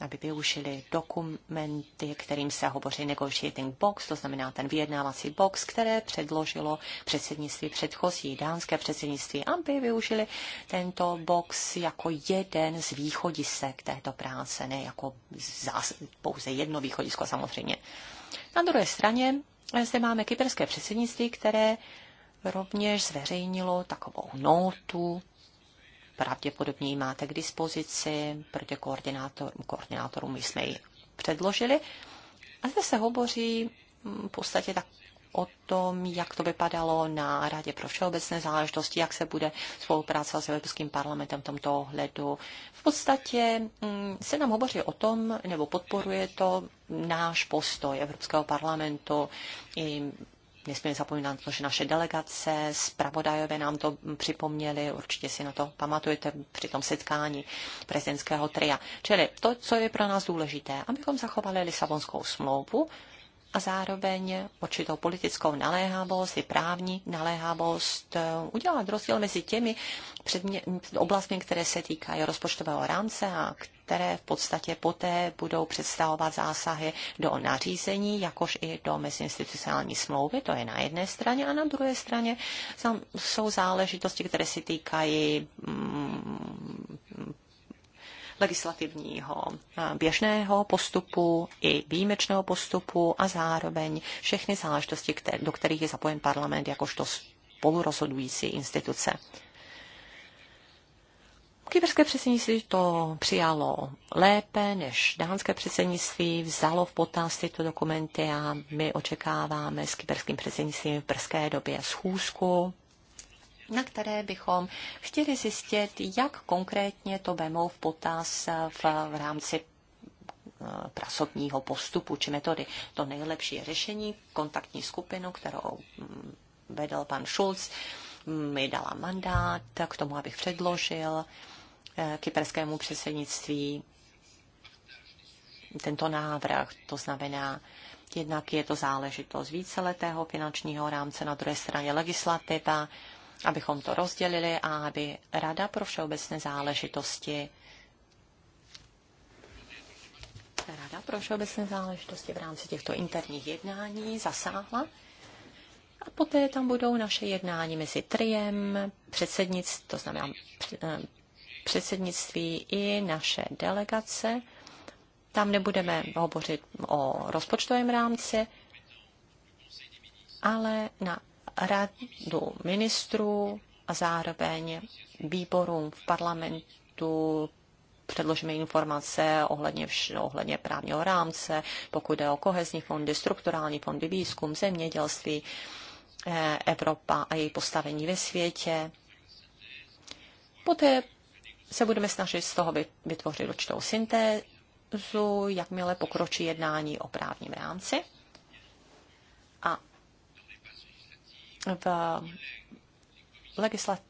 aby využili dokumenty, kterým se hovoří negotiating box, to znamená ten vyjednávací box, které předložilo předsednictví předchozí, dánské předsednictví, aby využili tento box jako jeden z východisek této práce, ne jako zás, pouze jedno východisko samozřejmě. Na druhé straně eh, zde máme kyperské předsednictví, které rovněž zveřejnilo takovou notu, pravděpodobně ji máte k dispozici, protože koordinátor, koordinátorům jsme ji předložili. A zde se hovoří mm, v podstatě tak o tom, jak to vypadalo na Radě pro všeobecné záležitosti, jak se bude spolupráce s Evropským parlamentem v tomto ohledu. V podstatě mm, se nám hovoří o tom, nebo podporuje to náš postoj Evropského parlamentu i Nesmíme zapomínat na to, že naše delegace, zpravodajové nám to připomněli, určitě si na to pamatujete při tom setkání prezidentského tria. Čili to, co je pro nás důležité, abychom zachovali Lisabonskou smlouvu, a zároveň určitou politickou naléhavost i právní naléhavost eh, udělat rozdíl mezi těmi předmě- oblastmi, které se týkají rozpočtového rámce a které v podstatě poté budou představovat zásahy do nařízení, jakož i do meziinstitucionální smlouvy, to je na jedné straně, a na druhé straně jsou záležitosti, které se týkají mm, legislativního eh, běžného postupu i výjimečného postupu a zároveň všechny záležitosti, do kterých je zapojen parlament jakožto spolurozhodující instituce. Kyberské předsednictví to přijalo lépe než dánské předsednictví, vzalo v potaz tyto dokumenty a my očekáváme s kyperským předsednictvím v brzké době schůzku na které bychom chtěli zjistit, jak konkrétně to vemou v potaz v, v rámci eh, pracovního postupu či metody. To nejlepší řešení, kontaktní skupinu, kterou mm, vedl pan Schulz, mm, mi dala mandát k tomu, abych předložil eh, kyperskému předsednictví tento návrh. To znamená, jednak je to záležitost víceletého finančního rámce, na druhé straně legislativa, abychom to rozdělili a aby Rada pro všeobecné záležitosti Rada pro všeobecné záležitosti v rámci těchto interních jednání zasáhla a poté tam budou naše jednání mezi triem, předsednictví, to znamená eh, předsednictví i naše delegace. Tam nebudeme hovořit o rozpočtovém rámci, ale na radu ministrů a zároveň výborům v parlamentu předložíme informace ohledně, vš- ohledně právního rámce, pokud jde o kohezní fondy, strukturální fondy, výzkum, zemědělství, eh, Evropa a její postavení ve světě. Poté se budeme snažit z toho vytvořit určitou syntézu, jakmile pokročí jednání o právním rámci. v legislat-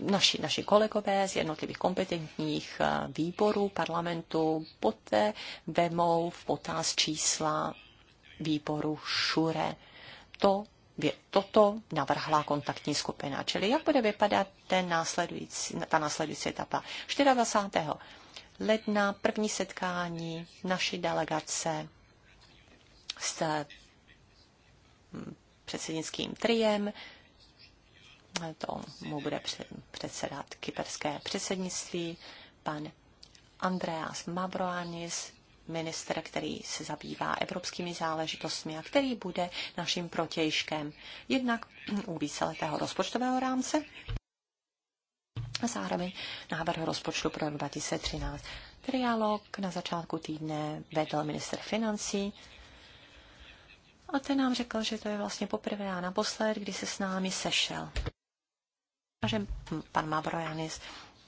naši, naši kolegové z jednotlivých kompetentních eh, výborů parlamentu poté vemou v potaz čísla výboru ŠURE. To je, toto navrhla kontaktní skupina. Čili jak bude vypadat ten následující, ta následující etapa? 24. ledna první setkání naší delegace s hm, předsednickým triem. To mu bude předsedat kyperské předsednictví pan Andreas Mavroanis, minister, který se zabývá evropskými záležitostmi a který bude naším protějškem jednak u víceletého rozpočtového rámce a zároveň návrh rozpočtu pro rok 2013. Trialog na začátku týdne vedl minister financí a ten nám řekl, že to je vlastně poprvé a naposled, kdy se s námi sešel. A že pan Mavrojanis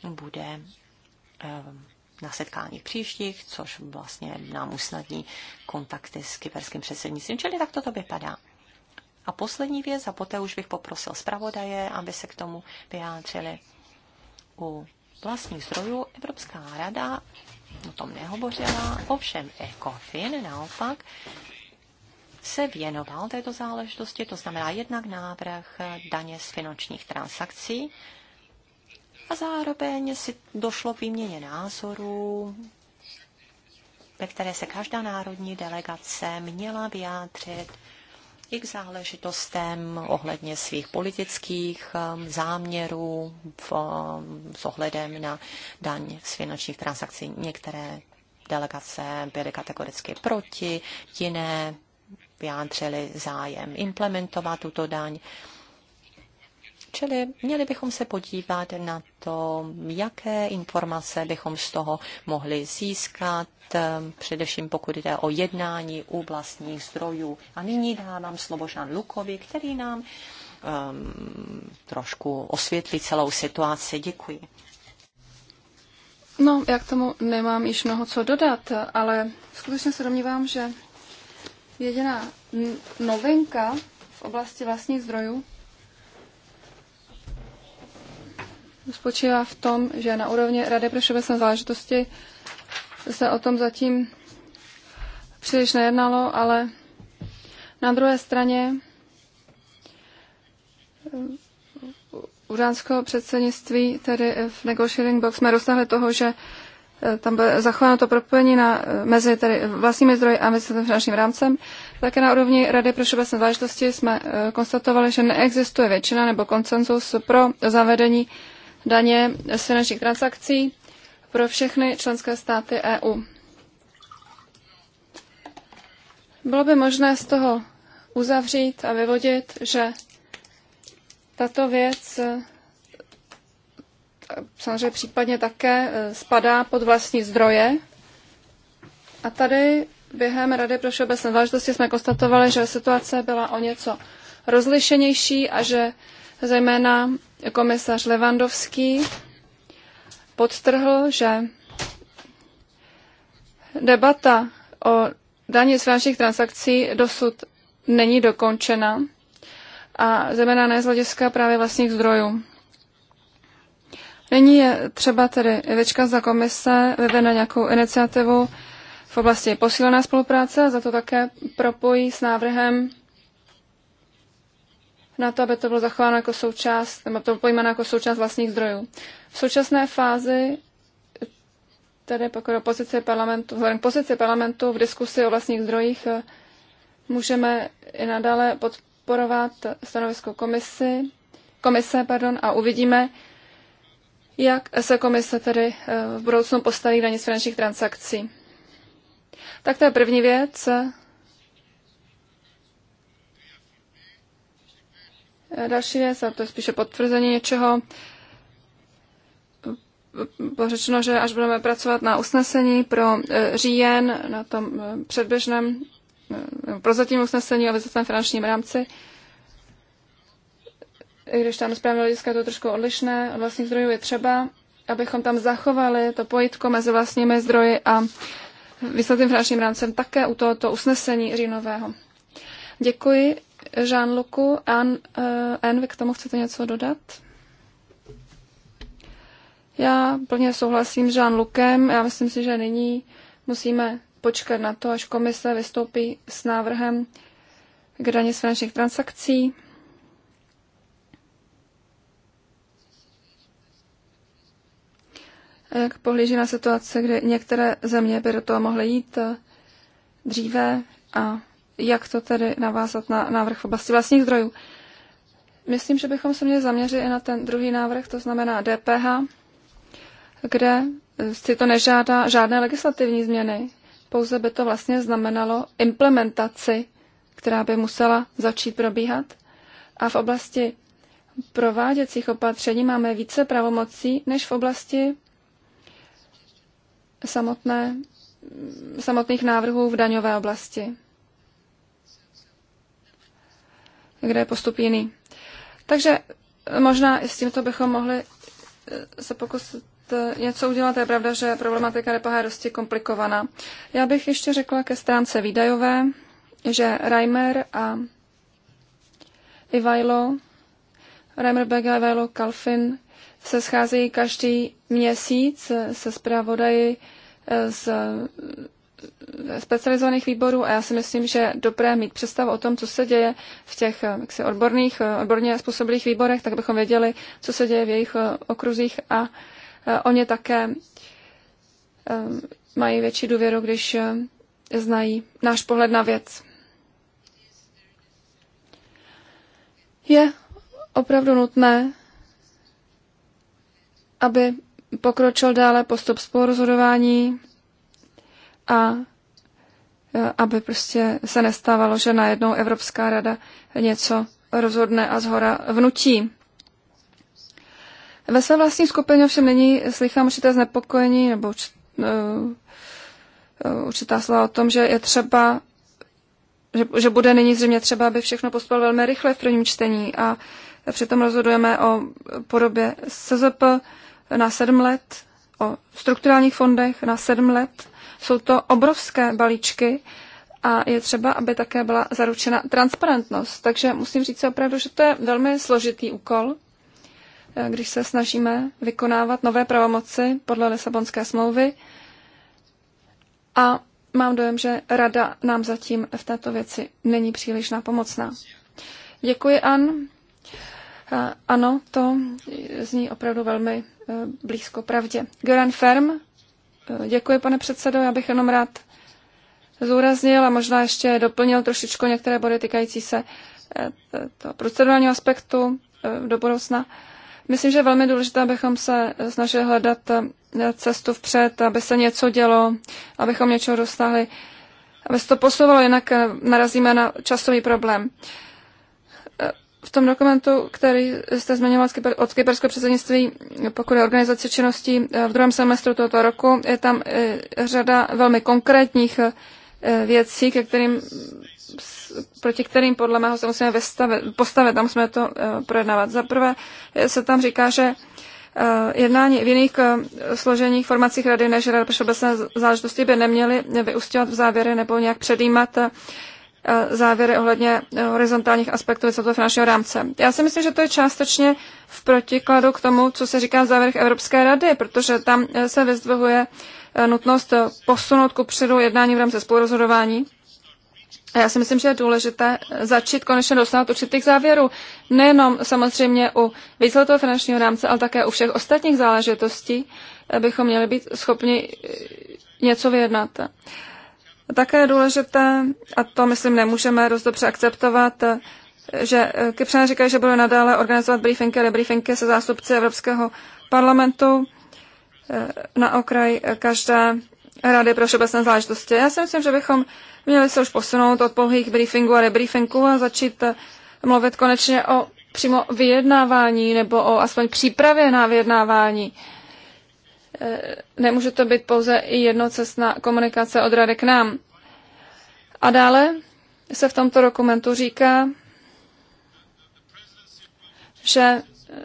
bude ehm, na setkání příštích, což vlastně nám usnadní kontakty s kyperským předsednictvím, čili tak toto vypadá. A poslední věc, a poté už bych poprosil zpravodaje, aby se k tomu vyjádřili. U vlastních zdrojů Evropská rada o tom nehovořila, ovšem ECOFIN naopak se věnoval této záležitosti, to znamená jednak návrh daně z finančních transakcí a zároveň si došlo k výměně názorů, ve které se každá národní delegace měla vyjádřit i k záležitostem ohledně svých politických um, záměrů v, um, s ohledem na daň z finančních transakcí. Některé delegace byly kategoricky proti, jiné vyjádřili zájem implementovat tuto daň. Čili měli bychom se podívat na to, jaké informace bychom z toho mohli získat, ehm, především pokud jde o jednání u vlastních zdrojů. A nyní dávám slovo Žan Lukovi, který nám um, trošku osvětlí celou situaci. Děkuji. No, já k tomu nemám již mnoho co dodat, ale skutečně se domnívám, že Jediná novinka v oblasti vlastních zdrojů spočívá v tom, že na úrovni Rady pro všeobecné záležitosti se o tom zatím příliš nejednalo, ale na druhé straně uránského předsednictví, tedy v negotiating box, jsme dosáhli toho, že Eh, tam bude zachováno to propojení na, eh, mezi tedy vlastními zdroji a mezi finančním rámcem. Také na úrovni Rady pro všeobecné záležitosti jsme eh, konstatovali, že neexistuje většina nebo konsenzus pro zavedení daně z finančních transakcí pro všechny členské státy EU. Bylo by možné z toho uzavřít a vyvodit, že tato věc samozřejmě případně také eh, spadá pod vlastní zdroje. A tady během Rady pro všeobecné záležitosti jsme konstatovali, že situace byla o něco rozlišenější a že zejména komisař Levandovský podtrhl, že debata o daní z finančních transakcí dosud není dokončena a zejména ne z hlediska právě vlastních zdrojů. Nyní je třeba tedy Ivečka za komise vyvine nějakou iniciativu v oblasti posílené spolupráce a za to také propojí s návrhem na to, aby to bylo zachováno jako součást, nebo to pojmeno jako součást vlastních zdrojů. V současné fázi tedy pokud do pozici parlamentu, vzhledem k pozici parlamentu v diskusi o vlastních zdrojích můžeme i nadále podporovat stanovisko komisi, komise pardon, a uvidíme, jak se komise tedy eh, v budoucnu postaví daně z finančních transakcí? Tak to je první věc. Eh, další věc, a to je spíše potvrzení něčeho, bylo řečeno, že až budeme pracovat na usnesení pro eh, říjen, na tom předběžném, prozatím usnesení o vyzvatém finančním rámci, i když tam správně hlediska je to trošku odlišné od vlastních zdrojů, je třeba, abychom tam zachovali to pojitko mezi vlastními zdroji a výsledným finančním rámcem také u tohoto usnesení říjnového. Děkuji Jean-Lucu. Anne, eh, Anne, vy k tomu chcete něco dodat? Já plně souhlasím s Jean-Lucem. Já myslím si, že nyní musíme počkat na to, až komise vystoupí s návrhem k daně z finančních transakcí. jak eh, pohlíží na situace, kdy některé země by do toho mohly jít eh, dříve a jak to tedy navázat na návrh v oblasti vlastních zdrojů. Myslím, že bychom se měli zaměřit i na ten druhý návrh, to znamená DPH, kde eh, si to nežádá žádné legislativní změny. Pouze by to vlastně znamenalo implementaci, která by musela začít probíhat. A v oblasti prováděcích opatření máme více pravomocí než v oblasti samotné, samotných návrhů v daňové oblasti, kde je postup jiný. Takže možná i s tímto bychom mohli eh, se pokusit eh, něco udělat. Je pravda, že problematika DPH je dosti komplikovaná. Já bych ještě řekla ke stránce výdajové, že Reimer a Ivajlo, Reimer Bega, Ivajlo, Kalfin se scházejí každý měsíc eh, se zpravodaji z specializovaných výborů a já si myslím, že dobré mít představu o tom, co se děje v těch eh, jaksi, odborných, eh, odborně způsobilých výborech, tak bychom věděli, co se děje v jejich eh, okruzích a oni také mají větší důvěru, když znají náš pohled na věc. Je opravdu nutné, aby pokročil dále postup spolurozhodování a e, aby prostě se nestávalo, že najednou Evropská rada něco rozhodne a zhora vnutí. Ve své vlastní skupině ovšem není slychám určité znepokojení nebo e, e, určitá slova o tom, že je třeba, že, že bude nyní zřejmě třeba, aby všechno postupovalo velmi rychle v prvním čtení a přitom rozhodujeme o podobě SZP, na sedm let, o strukturálních fondech na sedm let. Jsou to obrovské balíčky a je třeba, aby také byla zaručena transparentnost. Takže musím říct opravdu, že to je velmi složitý úkol, eh, když se snažíme vykonávat nové pravomoci podle Lisabonské smlouvy. A mám dojem, že rada nám zatím v této věci není příliš napomocná. Děkuji, An. Eh, ano, to zní opravdu velmi Eh, blízko pravdě. Göran Ferm, eh, děkuji pane předsedo, já bych jenom rád zúraznil a možná ještě doplnil trošičku některé body týkající se eh, toho procedurálního aspektu do budoucna. Myslím, že je velmi důležité, abychom se snažili hledat cestu vpřed, aby se něco dělo, abychom něčeho dostali, aby se to posouvalo, jinak narazíme na časový problém v tom dokumentu, který jste zmiňoval od kyperského předsednictví, pokud je organizace činností eh, v druhém semestru tohoto roku, je tam eh, řada velmi konkrétních eh, věcí, ke kterým, proti kterým podle mého se musíme vystavit, postavit, tam musíme to projednávat. Za prvé se tam říká, že jednání v jiných složených formacích rady než Rada pro všeobecné záležitosti by neměly vyústěvat v závěry nebo nějak předjímat Eh, závěry ohledně eh, horizontálních aspektů vysvětlého finančního rámce. Já si myslím, že to je částečně v protikladu k tomu, co se říká v závěrech Evropské rady, protože tam eh, se vyzdvihuje nutnost posunout ku předu jednání v rámci spolurozhodování. A já si myslím, že je důležité začít konečně dosáhnout určitých závěrů. Nejenom samozřejmě u výsledného finančního rámce, ale také u všech ostatních záležitostí bychom měli být schopni něco vyjednat. Také je důležité, a to myslím nemůžeme dost dobře akceptovat, že Kypřané říkají, že budou nadále organizovat briefinky a debriefinky se zástupci Evropského parlamentu eh, na okraj každé rady pro všeobecné záležitosti. Já si myslím, že bychom měli se už posunout od pouhých briefingů a debriefingů a začít eh, mluvit konečně o přímo vyjednávání nebo o aspoň přípravě na vyjednávání. Eh, nemůže to být pouze i jednocestná komunikace od rady k nám. A dále se v tomto dokumentu říká, že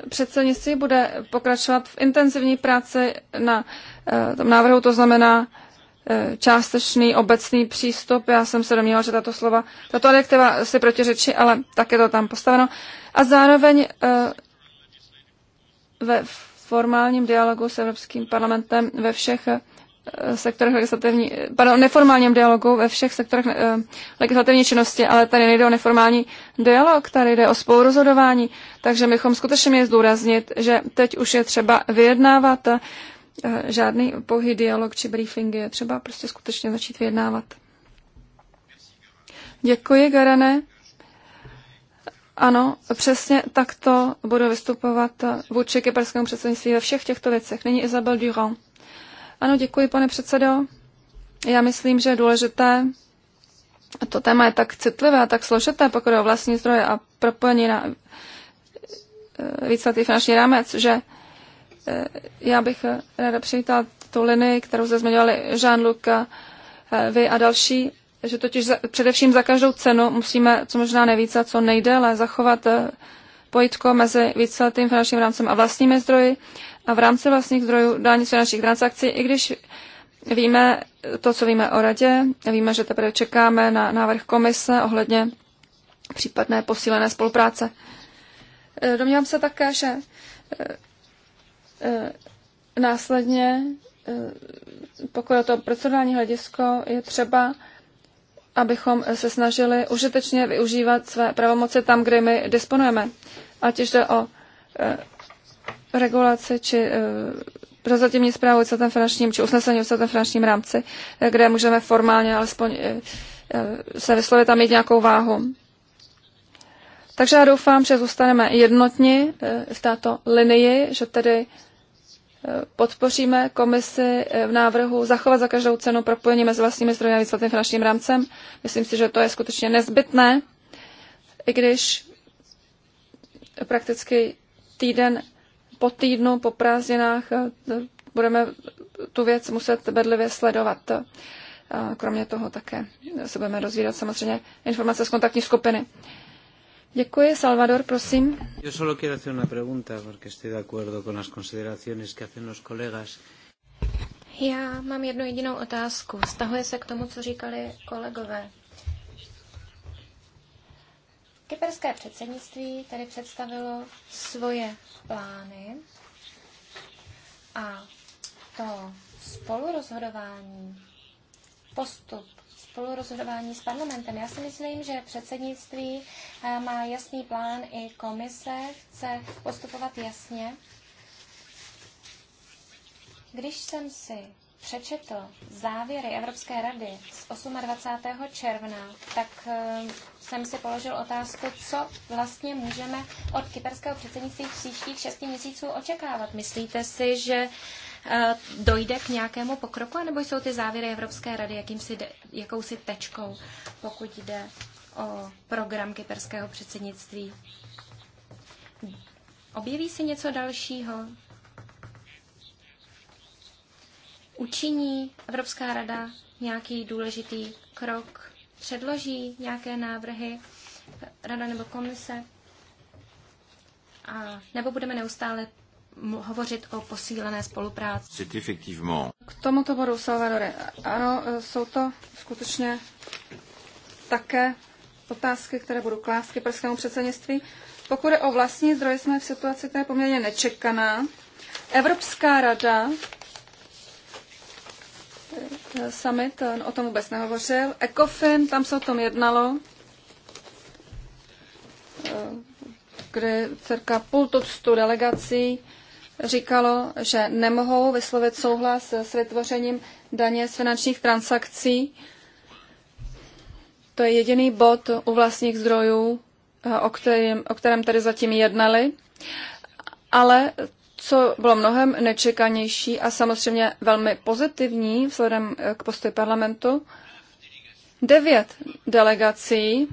předsednictví bude pokračovat v intenzivní práci na eh, tom návrhu, to znamená eh, částečný obecný přístup. Já jsem se domnívala, že tato slova, tato adjektiva si protiřečí, ale tak je to tam postaveno. A zároveň ve, formálním dialogu s Evropským parlamentem ve všech eh, sektorech legislativní, pardon, neformálním dialogu ve všech sektorech eh, legislativní činnosti, ale tady nejde o neformální dialog, tady jde o spolurozhodování, takže bychom skutečně měli zdůraznit, že teď už je třeba vyjednávat eh, žádný pouhý dialog či briefing je třeba prostě skutečně začít vyjednávat. Děkuji, Garane. Ano, přesně takto budu vystupovat vůči kyperskému předsednictví ve všech těchto věcech. Není Isabel Durand. Ano, děkuji, pane předsedo. Já myslím, že je důležité, to téma je tak citlivé a tak složité, pokud je o vlastní zdroje a propojení na eh, výsledky finanční rámec, že eh, já bych ráda přivítala tu linii, kterou zde zmiňovali Jean-Luc, eh, vy a další, že totiž za, především za každou cenu musíme co možná nejvíce a co nejdéle zachovat eh, pojitko mezi víceletým finančním rámcem a vlastními zdroji a v rámci vlastních zdrojů dání z finančních transakcí, i když víme to, co víme o radě, víme, že teprve čekáme na návrh komise ohledně případné posílené spolupráce. Eh, domnívám se také, že eh, následně, pokud je to procedurální hledisko, je třeba abychom se snažili užitečně využívat své pravomoci tam, kde my disponujeme. Ať už jde o e, regulaci či e, prozatímní zprávu o ten finančním, či usnesení o finančním rámci, e, kde můžeme formálně alespoň e, e se vyslovit tam mít nějakou váhu. Takže já doufám, že zůstaneme jednotní e, v této linii, že tedy podpoříme komisi v návrhu zachovat za každou cenu propojení mezi vlastními zdroji a výsledným finančním rámcem. Myslím si, že to je skutečně nezbytné, i když prakticky týden po týdnu, po prázdninách eh, budeme tu věc muset bedlivě sledovat. Kromě toho také se budeme rozvídat samozřejmě informace z kontaktní skupiny. Děkuji. Salvador, prosím. Yo solo quiero hacer una pregunta, porque estoy de acuerdo con las consideraciones que hacen los colegas. Já mám jednu jedinou otázku. Stahuje se k tomu, co říkali kolegové. Kyperské předsednictví tady představilo svoje plány a to spolurozhodování, postup spolurozhodování s parlamentem. Já si myslím, že předsednictví eh, má jasný plán, i komise chce postupovat jasně. Když jsem si přečetl závěry Evropské rady z 28. června, tak eh, jsem si položil otázku, co vlastně můžeme od kyperského předsednictví v příštích šesti měsíců očekávat. Myslíte si, že Eh, dojde k nějakému pokroku, anebo jsou ty závěry Evropské rady jakýmsi de, jakousi tečkou, pokud jde o program kyperského předsednictví? Objeví se něco dalšího? Učiní Evropská rada nějaký důležitý krok? Předloží nějaké návrhy rada nebo komise? A nebo budeme neustále hovořit o posílené spolupráci. K tomuto bodu, Salvadore, ano, jsou to skutečně také otázky, které budu klást prskému předsednictví. Pokud je o vlastní zdroje, jsme v situaci, která je poměrně nečekaná. Evropská rada, eh, summit, o tom vůbec nehovořil. ECOFIN, tam se o tom jednalo eh, kde cirka půl tuctu delegací říkalo, že nemohou vyslovit souhlas s vytvořením daně z finančních transakcí. To je jediný bod u vlastních zdrojů, eh, o kterém, o kterém tady zatím jednali. Ale co bylo mnohem nečekanější a samozřejmě velmi pozitivní vzhledem eh, k postoji parlamentu, devět delegací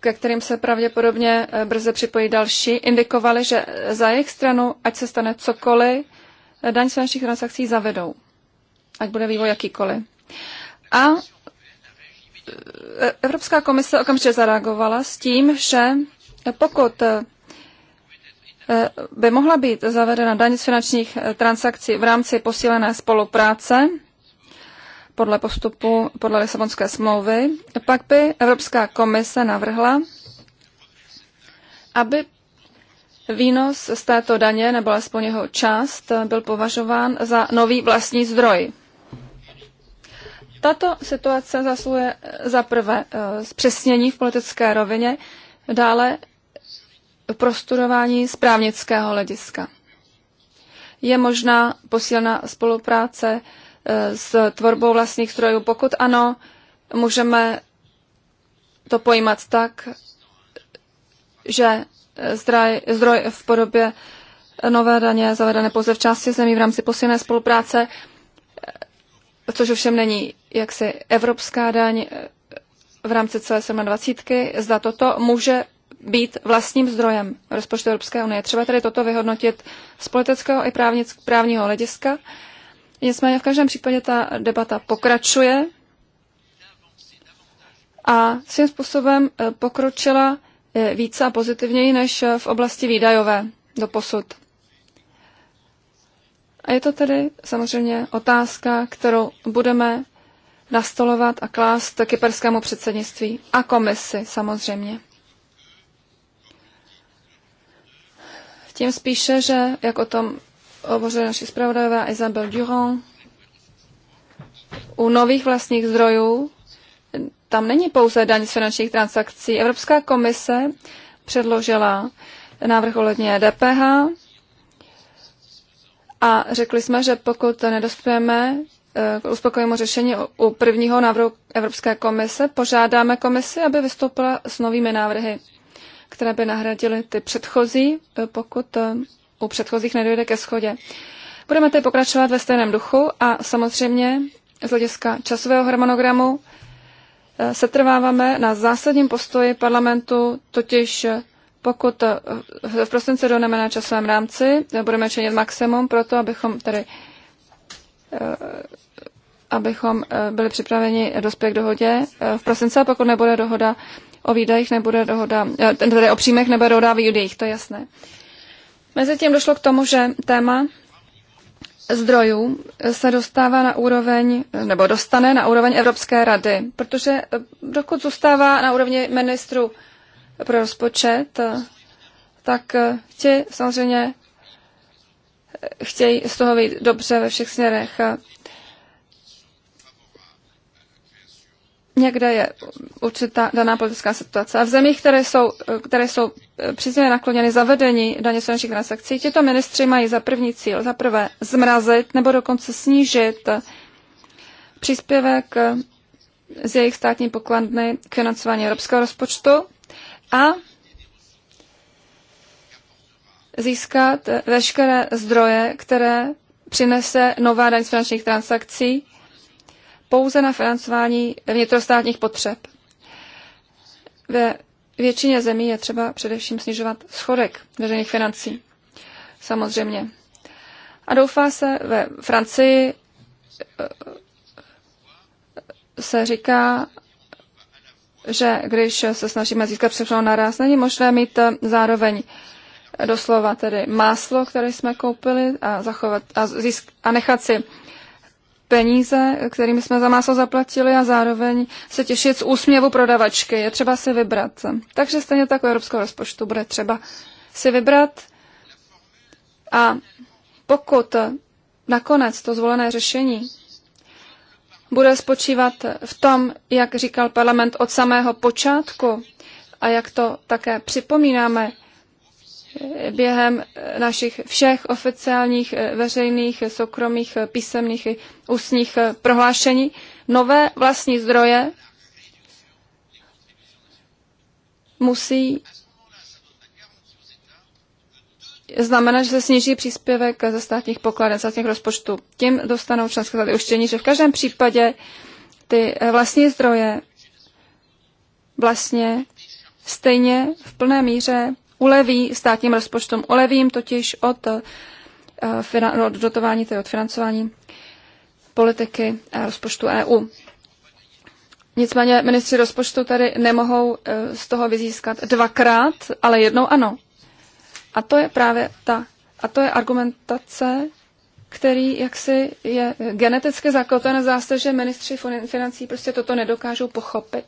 ke kterým se pravděpodobně eh, brze připojí další, indikovali, že eh, za jejich stranu, ať se stane cokoliv, eh, daň z finančních transakcí zavedou. Ať bude vývoj jakýkoliv. A Evropská komise okamžitě zareagovala s tím, že pokud by mohla být zavedena daň z finančních transakcí v rámci posílené spolupráce, podle postupu podle Lisabonské smlouvy, pak by Evropská komise navrhla, aby výnos z této daně, nebo alespoň jeho část, byl považován za nový vlastní zdroj. Tato situace zasluje eh, za prvé eh, zpřesnění v politické rovině, dále prostudování z právnického hlediska. Je možná posílená spolupráce E, s tvorbou vlastních zdrojů? Pokud ano, můžeme to pojímat tak, že zdroj, zdroj v podobě nové daně zavedené pouze v části zemí v rámci posílené spolupráce, e, což ovšem není jaksi evropská daň e, v rámci celé 27. Zda toto může být vlastním zdrojem rozpočtu Evropské unie. Třeba tedy toto vyhodnotit z politického i právnic, právního hlediska Nicméně v každém případě ta debata pokračuje a svým způsobem eh, pokročila eh, více a pozitivněji než eh, v oblasti výdajové do posud. A je to tedy samozřejmě otázka, kterou budeme nastolovat a klást kyperskému předsednictví a komisi samozřejmě. Tím spíše, že, jak o tom hovořili naši zpravodajová Isabel Durand. U nových vlastních zdrojů tam není pouze daň z finančních transakcí. Evropská komise předložila návrh ohledně DPH a řekli jsme, že pokud nedospějeme eh, k uspokojivému řešení u prvního návrhu Evropské komise, požádáme komisi, aby vystoupila s novými návrhy, které by nahradily ty předchozí, eh, pokud eh, u předchozích nedojde ke schodě. Budeme tedy pokračovat ve stejném duchu a samozřejmě z hlediska časového harmonogramu eh, setrváváme na zásadním postoji parlamentu, totiž pokud eh, v prosince dojdeme na časovém rámci, eh, budeme činit maximum pro to, abychom tedy abychom byli připraveni dospět k dohodě v prosince, pokud nebude dohoda o výdajích, nebude dohoda, tedy o příjmech, nebude dohoda o výdajích, to je jasné. Mezitím došlo k tomu, že téma zdrojů se dostává na úroveň, nebo dostane na úroveň Evropské rady, protože eh, dokud zůstává na úrovni ministru pro rozpočet, eh, tak eh, ti samozřejmě chtějí z toho být dobře ve všech směrech. někde je určitá daná politická situace. A v zemích, které jsou, které jsou eh, příznivě nakloněny zavedení daně z transakcí, tito ministři mají za první cíl, za prvé zmrazit nebo dokonce snížit příspěvek z jejich státní pokladny k financování evropského rozpočtu a získat veškeré zdroje, které přinese nová daň z finančních transakcí pouze na financování vnitrostátních potřeb. Ve většině zemí je třeba především snižovat schodek veřejných financí. Samozřejmě. A doufá se ve Francii eh, se říká, že když se snažíme získat přepřenou naraz, není možné mít eh, zároveň doslova tedy máslo, které jsme koupili a, zachovat, a, získ, a nechat si peníze, kterými jsme za máso zaplatili a zároveň se těšit z úsměvu prodavačky. Je třeba si vybrat. Takže stejně tak u evropského rozpočtu bude třeba si vybrat. A pokud nakonec to zvolené řešení bude spočívat v tom, jak říkal parlament od samého počátku a jak to také připomínáme během našich všech oficiálních eh, veřejných, eh, soukromých, eh, písemných i ústních prohlášení nové vlastní zdroje musí znamená, že se sníží příspěvek ze státních pokladen, ze státních rozpočtů. Tím dostanou členské státy uštění, že v každém případě ty vlastní zdroje vlastně stejně v plné míře uleví státním rozpočtům, ulevím totiž od, eh, od dotování, tedy od financování politiky eh, rozpočtu EU. Nicméně ministři rozpočtu tady nemohou eh, z toho vyzískat dvakrát, ale jednou ano. A to je právě ta, a to je argumentace, který jaksi je geneticky zakotven zásta, že ministři financí prostě toto nedokážou pochopit.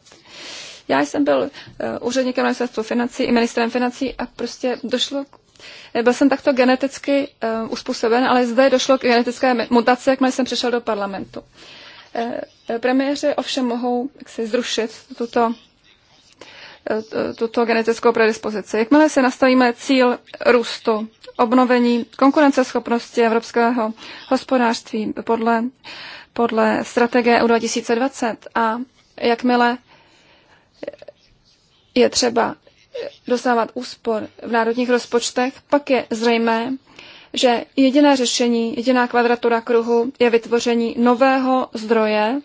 Já jsem byl eh, úředníkem ministerstva financí i ministrem financí a prostě došlo k eh, byl jsem takto geneticky uh, uspůsoben, ale zde došlo k genetické mutaci, jakmile jsem přišel do parlamentu. Uh, premiéři ovšem mohou jaksi, zrušit tuto, uh, tuto genetickou predispozici. Jakmile si nastavíme cíl růstu, obnovení konkurenceschopnosti evropského hospodářství podle, podle strategie EU 2020 a jakmile je třeba dosávat úspor v národních rozpočtech, pak je zřejmé, že jediné řešení, jediná kvadratura kruhu je vytvoření nového zdroje,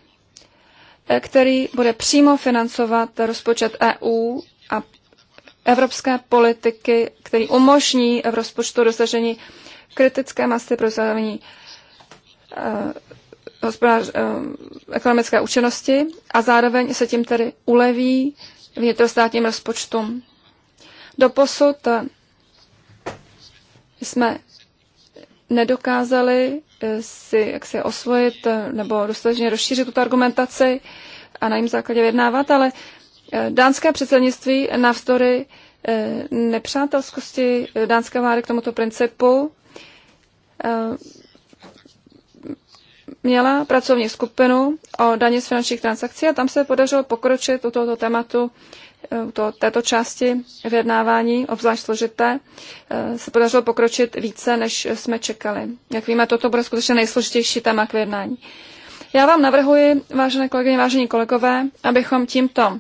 eh, který bude přímo financovat rozpočet EU a evropské politiky, který umožní v rozpočtu dosažení kritické masy pro dosažení eh, hospodář, eh, ekonomické účinnosti a zároveň se tím tedy uleví vnitrostátním rozpočtům. Doposud jsme nedokázali eh, si, jak se osvojit eh, nebo dostatečně rozšířit tuto argumentaci a na jejím základě vyjednávat, ale eh, dánské předsednictví navzdory nepřátelskosti dánské vlády k tomuto principu měla pracovní skupinu o daně z finančních transakcí a tam se podařilo pokročit u tohoto tématu, eh, to, této části vyjednávání, obzvlášť složité, eh, se podařilo pokročit více, než jsme čekali. Jak víme, toto bude skutečně nejsložitější téma k vyjednání. Já vám navrhuji, vážené kolegyně, vážení kolegové, abychom tímto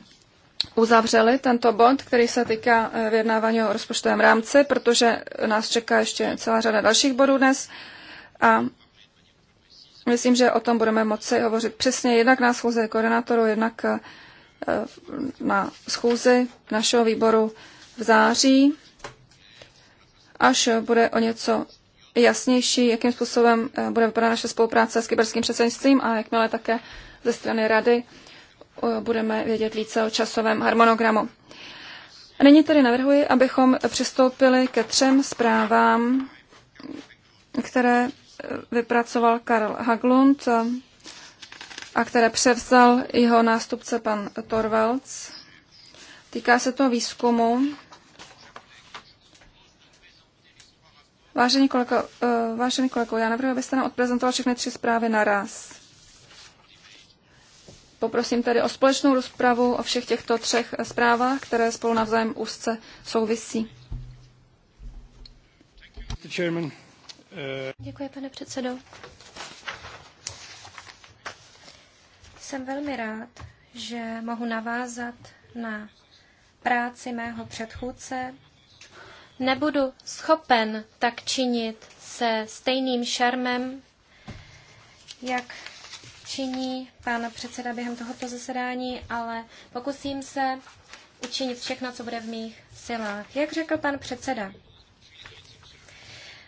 uzavřeli tento bod, který se týká eh, vyjednávání o rozpočtovém rámci, protože nás čeká ještě celá řada dalších bodů dnes a Myslím, že o tom budeme moci hovořit přesně jednak na schůzi koordinátorů, jednak eh, na schůzi našeho výboru v září, až bude o něco jasnější, jakým způsobem eh, bude vypadat naše spolupráce s kyberským předsednictvím a jakmile také ze strany rady eh, budeme vědět více o časovém harmonogramu. Nyní tedy navrhuji, abychom přistoupili ke třem zprávám, které vypracoval Karl Haglund a které převzal jeho nástupce pan Torvalds. Týká se to výzkumu. Vážení kolego, eh, vážení kolego, já navrhuji, abyste nám odprezentoval všechny tři zprávy naraz. Poprosím tedy o společnou rozpravu o všech těchto třech zprávách, které spolu navzájem úzce souvisí. Mr. Děkuji, pane předsedo. Jsem velmi rád, že mohu navázat na práci mého předchůdce. Nebudu schopen tak činit se stejným šarmem, jak činí pan předseda během tohoto zasedání, ale pokusím se učinit všechno, co bude v mých silách. Jak řekl pan předseda,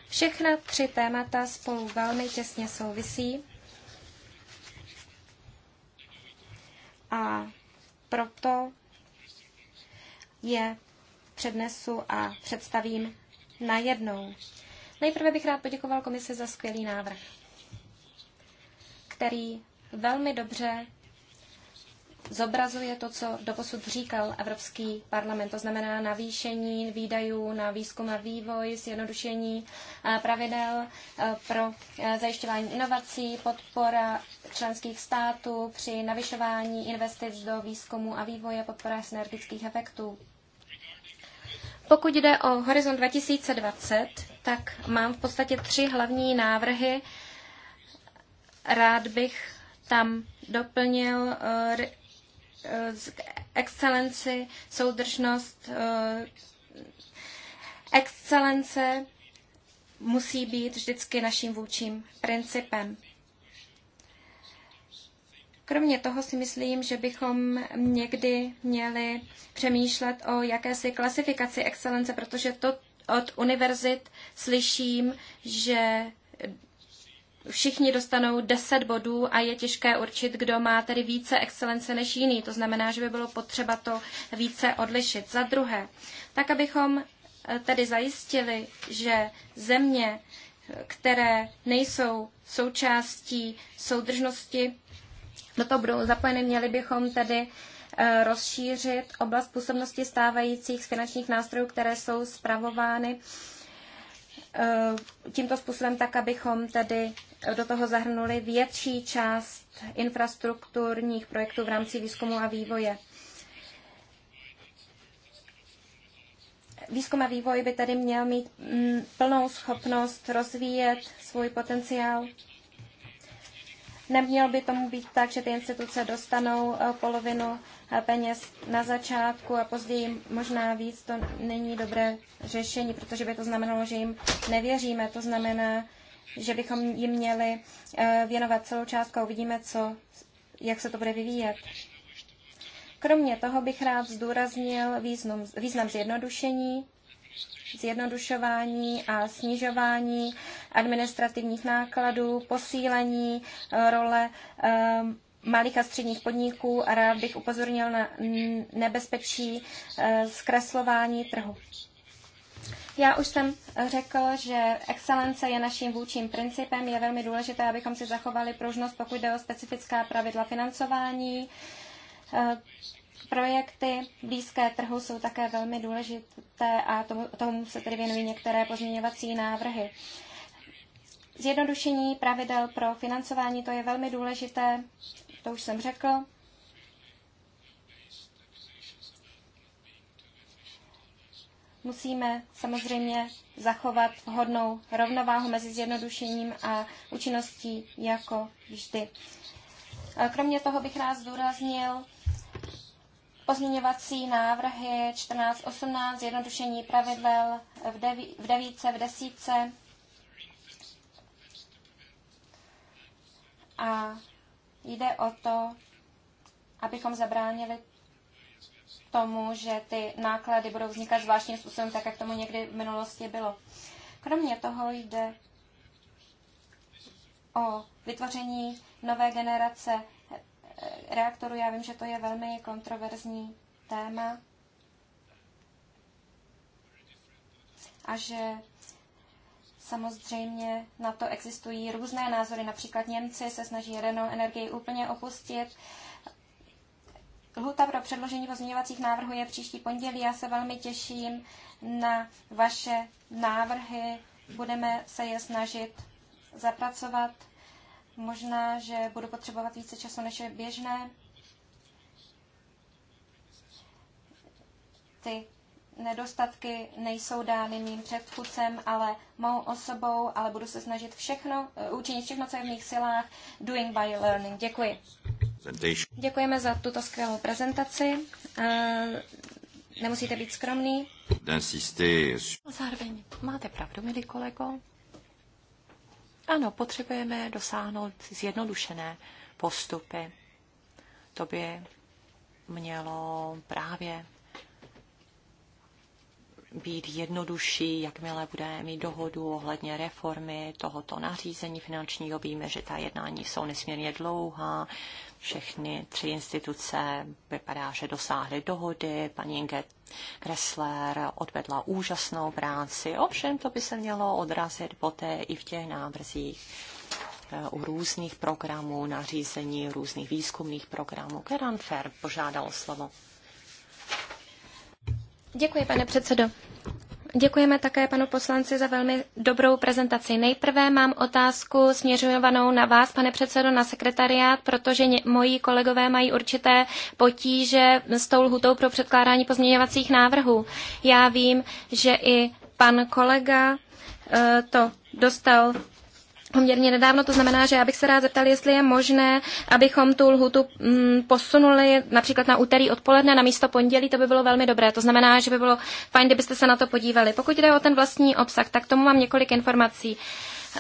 Všechna tři témata spolu velmi těsně souvisí a proto je přednesu a představím najednou. Nejprve bych rád poděkoval komisi za skvělý návrh, který velmi dobře zobrazuje to, co doposud říkal Evropský parlament, to znamená navýšení výdajů na výzkum a vývoj, zjednodušení eh, pravidel eh, pro eh, zajišťování inovací, podpora členských států při navyšování investic do výzkumu a vývoje, podpora synergických efektů. Pokud jde o Horizon 2020, tak mám v podstatě tři hlavní návrhy. Rád bych tam doplnil excelenci, soudržnost, eh, excelence musí být vždycky naším vůčím principem. Kromě toho si myslím, že bychom někdy měli přemýšlet o jakési klasifikaci excelence, protože to od univerzit slyším, že všichni dostanou 10 bodů a je těžké určit, kdo má tedy více excelence než jiný. To znamená, že by bylo potřeba to více odlišit. Za druhé, tak abychom eh, tedy zajistili, že země, eh, které nejsou součástí soudržnosti, do toho budou zapojeny, měli bychom tedy eh, rozšířit oblast působnosti stávajících finančních nástrojů, které jsou spravovány Eh, tímto způsobem tak, abychom tedy do toho zahrnuli větší část infrastrukturních projektů v rámci výzkumu a vývoje. Výzkum a vývoj by tedy měl mít mm, plnou schopnost rozvíjet svůj potenciál Neměl by tomu být tak, že ty instituce dostanou eh, polovinu eh, peněz na začátku a později možná víc. To není dobré řešení, protože by to znamenalo, že jim nevěříme. To znamená, že bychom jim měli eh, věnovat celou částku a uvidíme, co, jak se to bude vyvíjet. Kromě toho bych rád zdůraznil význam, význam zjednodušení zjednodušování a snižování administrativních nákladů, posílení eh, role eh, malých a středních podniků a rád bych upozornil na nebezpečí eh, zkreslování trhu. Já už jsem řekl, že excelence je naším vůčím principem. Je velmi důležité, abychom si zachovali pružnost, pokud jde o specifická pravidla financování. Projekty blízké trhu jsou také velmi důležité a tomu, tomu se tedy věnují některé pozměňovací návrhy. Zjednodušení pravidel pro financování, to je velmi důležité, to už jsem řekl. Musíme samozřejmě zachovat vhodnou rovnováhu mezi zjednodušením a účinností jako vždy. Kromě toho bych rád zdůraznil Pozměňovací návrhy 14.18, zjednodušení pravidel v, deví, v devíce, v desíce. A jde o to, abychom zabránili tomu, že ty náklady budou vznikat zvláštním způsobem, tak jak tomu někdy v minulosti bylo. Kromě toho jde o vytvoření nové generace reaktoru. Já vím, že to je velmi kontroverzní téma a že Samozřejmě na to existují různé názory. Například Němci se snaží jadernou energii úplně opustit. Lhuta pro předložení pozměňovacích návrhů je příští pondělí. Já se velmi těším na vaše návrhy. Budeme se je snažit zapracovat Možná, že budu potřebovat více času, než je běžné. Ty nedostatky nejsou dány mým předchůdcem, ale mou osobou, ale budu se snažit všechno, eh, učinit všechno, co je v mých silách, doing by learning. Děkuji. Děkujeme za tuto skvělou prezentaci. Eh, nemusíte být skromný. Zároveň máte pravdu, milý kolego. Ano, potřebujeme dosáhnout zjednodušené postupy. To by mělo právě být jednodušší, jakmile budeme mít dohodu ohledně reformy tohoto nařízení finančního. Víme, že ta jednání jsou nesmírně dlouhá. Všechny tři instituce vypadá, že dosáhly dohody. Paní Inge Kressler odvedla úžasnou práci. Ovšem, to by se mělo odrazit poté i v těch návrzích eh, u různých programů, nařízení různých výzkumných programů. Keran Fer požádal slovo. Děkuji, pane předsedo. Děkujeme také panu poslanci za velmi dobrou prezentaci. Nejprve mám otázku směřovanou na vás, pane předsedo, na sekretariát, protože moji kolegové mají určité potíže s tou lhutou pro předkládání pozměňovacích návrhů. Já vím, že i pan kolega eh, to dostal poměrně nedávno, to znamená, že já bych se rád zeptal, jestli je možné, abychom tu lhutu mm, posunuli například na úterý odpoledne na místo pondělí, to by bylo velmi dobré. To znamená, že by bylo fajn, kdybyste se na to podívali. Pokud jde o ten vlastní obsah, tak tomu mám několik informací.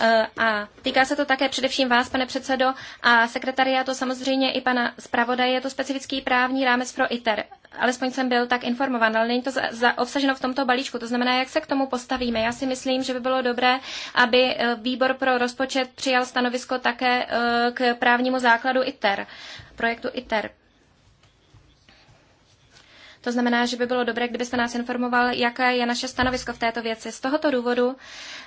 Eh, a týká se to také především vás, pane předsedo, a sekretariátu samozřejmě i pana zpravodaje. Je to specifický právní rámec pro ITER alespoň jsem byl tak informován, ale není to za, za, obsaženo v tomto balíčku. To znamená, jak se k tomu postavíme. Já si myslím, že by bylo dobré, aby eh, výbor pro rozpočet přijal stanovisko také eh, k právnímu základu ITER, projektu ITER. To znamená, že by bylo dobré, kdybyste nás informoval, jaké je naše stanovisko v této věci. Z tohoto důvodu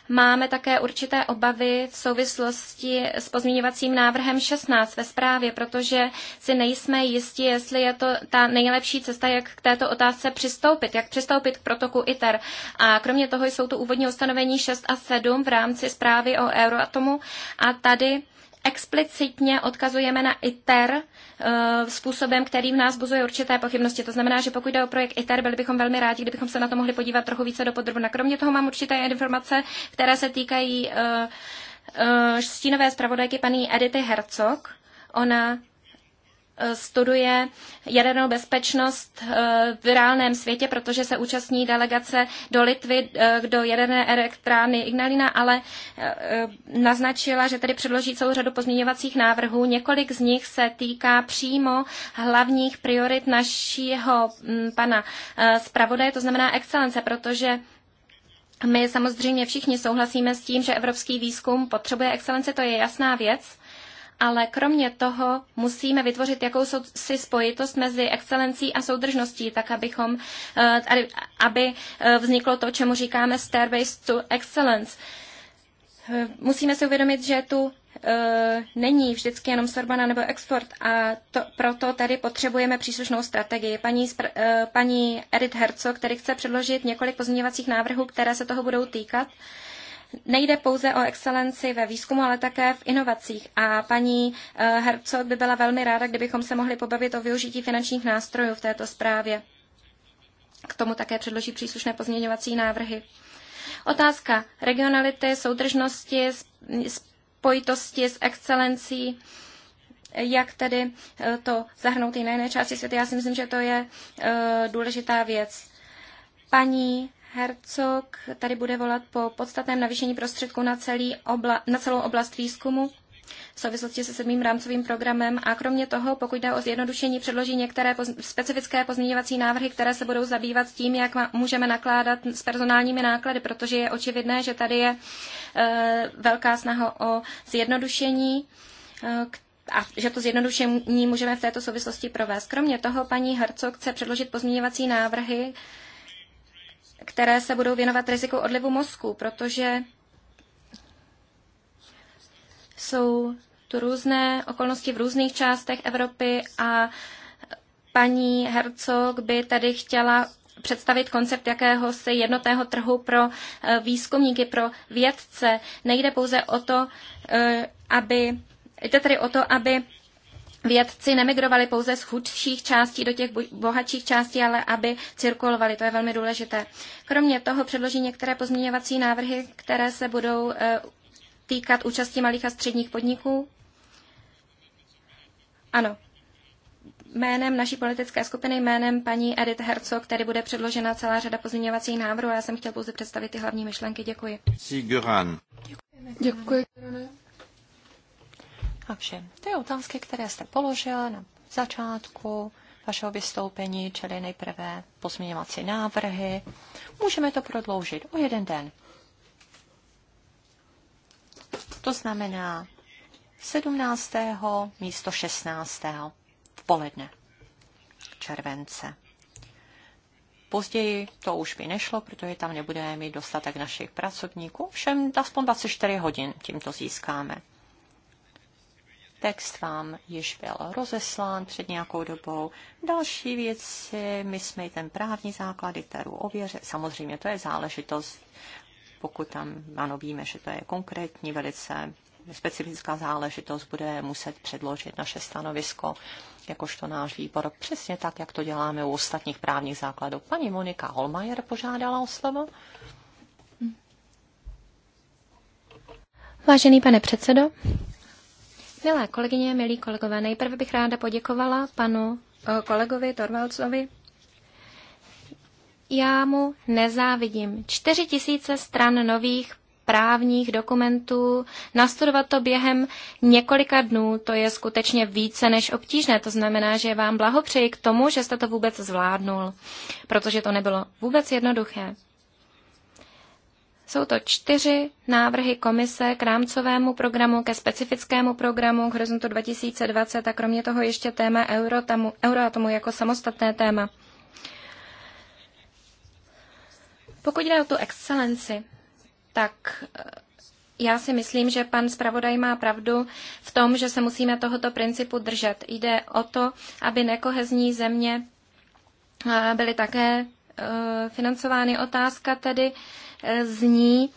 máme také určité obavy v souvislosti s pozměňovacím návrhem 16 ve zprávě, protože si nejsme jistí, jestli je to ta nejlepší cesta, jak k této otázce přistoupit, jak přistoupit k protoku ITER. A kromě toho jsou tu úvodní ustanovení 6 a 7 v rámci zprávy o Euroatomu a tady explicitně odkazujeme na ITER eh, způsobem, který v nás buzuje určité pochybnosti. To znamená, že pokud jde o projekt ITER, byli bychom velmi rádi, kdybychom se na to mohli podívat trochu více do podrobna. Kromě toho mám určité informace, které se týkají eh, eh, stínové zpravodajky paní Edity Herzog. Ona Eh, studuje jadernou bezpečnost eh, v reálném světě, protože se účastní delegace do Litvy eh, do jaderné elektrárny Ignalina, ale naznačila, že tedy předloží celou řadu pozměňovacích návrhů. Několik z nich se týká přímo hlavních priorit našího mm, pana zpravodaje, to znamená excelence, protože my samozřejmě všichni souhlasíme s tím, že evropský výzkum potřebuje excelence, to je jasná věc ale kromě toho musíme vytvořit jakousi spojitost mezi excelencí a soudržností, tak abychom, eh, aby eh, vzniklo to, čemu říkáme Stairways to Excellence. Eh, musíme si uvědomit, že tu není vždycky jenom Sorbana nebo export a to, proto tady potřebujeme příslušnou strategii. Paní, paní Edith Herzog, který chce předložit několik pozměňovacích návrhů, které se toho budou týkat nejde pouze o excelenci ve výzkumu, ale také v inovacích. A paní eh, Herzog by byla velmi ráda, kdybychom se mohli pobavit o využití finančních nástrojů v této zprávě. K tomu také předloží příslušné pozměňovací návrhy. Otázka regionality, soudržnosti, spojitosti s excelencí, jak tedy eh, to zahrnout i na jiné části světa. Já si myslím, že to je eh, důležitá věc. Paní Herzog tady bude volat po podstatném navýšení prostředků na, celý obla, na celou oblast výzkumu v souvislosti se sedmým rámcovým programem a kromě toho, pokud jde o zjednodušení, předloží některé poz, specifické pozměňovací návrhy, které se budou zabývat tím, jak ma, můžeme nakládat s personálními náklady, protože je očividné, že tady je e, velká snaha o zjednodušení, e, a že to zjednodušení můžeme v této souvislosti provést. Kromě toho paní Hercog chce předložit pozměňovací návrhy, které se budou věnovat riziku odlivu mozku, protože jsou tu různé okolnosti v různých částech Evropy a paní Hercog by tady chtěla představit koncept jakéhosi jednotného trhu pro e, výzkumníky, pro vědce. Nejde pouze o to, e, aby, jde tedy o to, aby vědci nemigrovali pouze z chudších částí do těch bohatších částí, ale aby cirkulovali. To je velmi důležité. Kromě toho předloží některé pozměňovací návrhy, které se budou eh, týkat účasti malých a středních podniků. Ano, jménem naší politické skupiny, jménem paní Edith Herco, který bude předložena celá řada pozměňovacích návrhů já jsem chtěl pouze představit ty hlavní myšlenky. Děkuji. Děkuji. Děkuji. Takže ty otázky, které jste položil na začátku vašeho vystoupení, čili nejprve pozměňovací návrhy, můžeme to prodloužit o jeden den. To znamená 17. místo 16. v poledne července. Později to už by nešlo, protože tam nebudeme mít dostatek našich pracovníků, všem aspoň 24 hodin tímto získáme. Text vám již byl rozeslán před nějakou dobou. Další věci, my jsme i ten právní základ, kterou ověře, samozřejmě to je záležitost, pokud tam, ano, víme, že to je konkrétní, velice specifická záležitost, bude muset předložit naše stanovisko jakožto náš výbor, přesně tak, jak to děláme u ostatních právních základů. Paní Monika Holmajer požádala o slovo. Vážený pane předsedo, Milé kolegyně, milí kolegové, nejprve bych ráda poděkovala panu eh, kolegovi Torvalcovi. Já mu nezávidím. Čtyři tisíce stran nových právních dokumentů, nastudovat to během několika dnů, to je skutečně více než obtížné. To znamená, že vám blahopřeji k tomu, že jste to vůbec zvládnul, protože to nebylo vůbec jednoduché. Jsou to čtyři návrhy komise k rámcovému programu, ke specifickému programu k horizontu 2020 a kromě toho ještě téma Euroatomu, Euroatomu jako samostatné téma. Pokud jde o tu excelenci, tak eh, já si myslím, že pan zpravodaj má pravdu v tom, že se musíme tohoto principu držet. Jde o to, aby nekohezní země eh, byly také eh, financovány. Otázka tedy zní,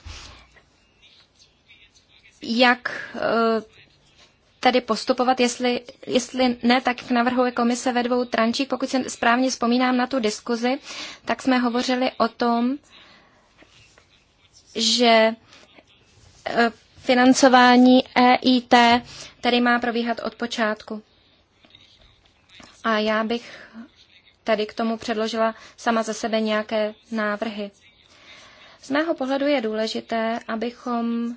jak eh, tady postupovat, jestli, jestli ne, tak navrhuje komise ve dvou trančích. Pokud se správně vzpomínám na tu diskuzi, tak jsme hovořili o tom, že eh, financování EIT tady má probíhat od počátku. A já bych tady k tomu předložila sama za sebe nějaké návrhy. Z mého pohledu je důležité, abychom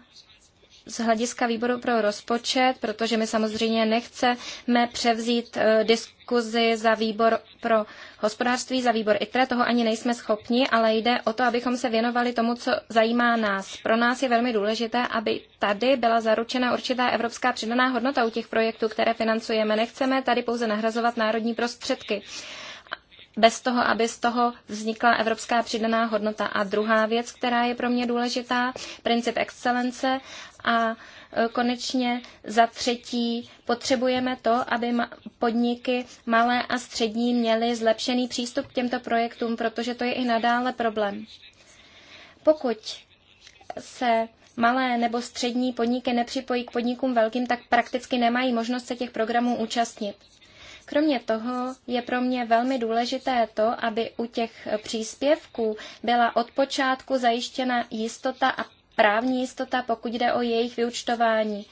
z hlediska výboru pro rozpočet, protože my samozřejmě nechceme převzít eh, diskuzi za výbor pro hospodářství, za výbor ITRE, toho ani nejsme schopni, ale jde o to, abychom se věnovali tomu, co zajímá nás. Pro nás je velmi důležité, aby tady byla zaručena určitá evropská přidaná hodnota u těch projektů, které financujeme. Nechceme tady pouze nahrazovat národní prostředky bez toho, aby z toho vznikla evropská přidaná hodnota. A druhá věc, která je pro mě důležitá, princip excelence a e, konečně za třetí potřebujeme to, aby podniky malé a střední měly zlepšený přístup k těmto projektům, protože to je i nadále problém. Pokud se malé nebo střední podniky nepřipojí k podnikům velkým, tak prakticky nemají možnost se těch programů účastnit. Kromě toho je pro mě velmi důležité to, aby u těch příspěvků byla od počátku zajištěna jistota a právní jistota, pokud jde o jejich vyučtování.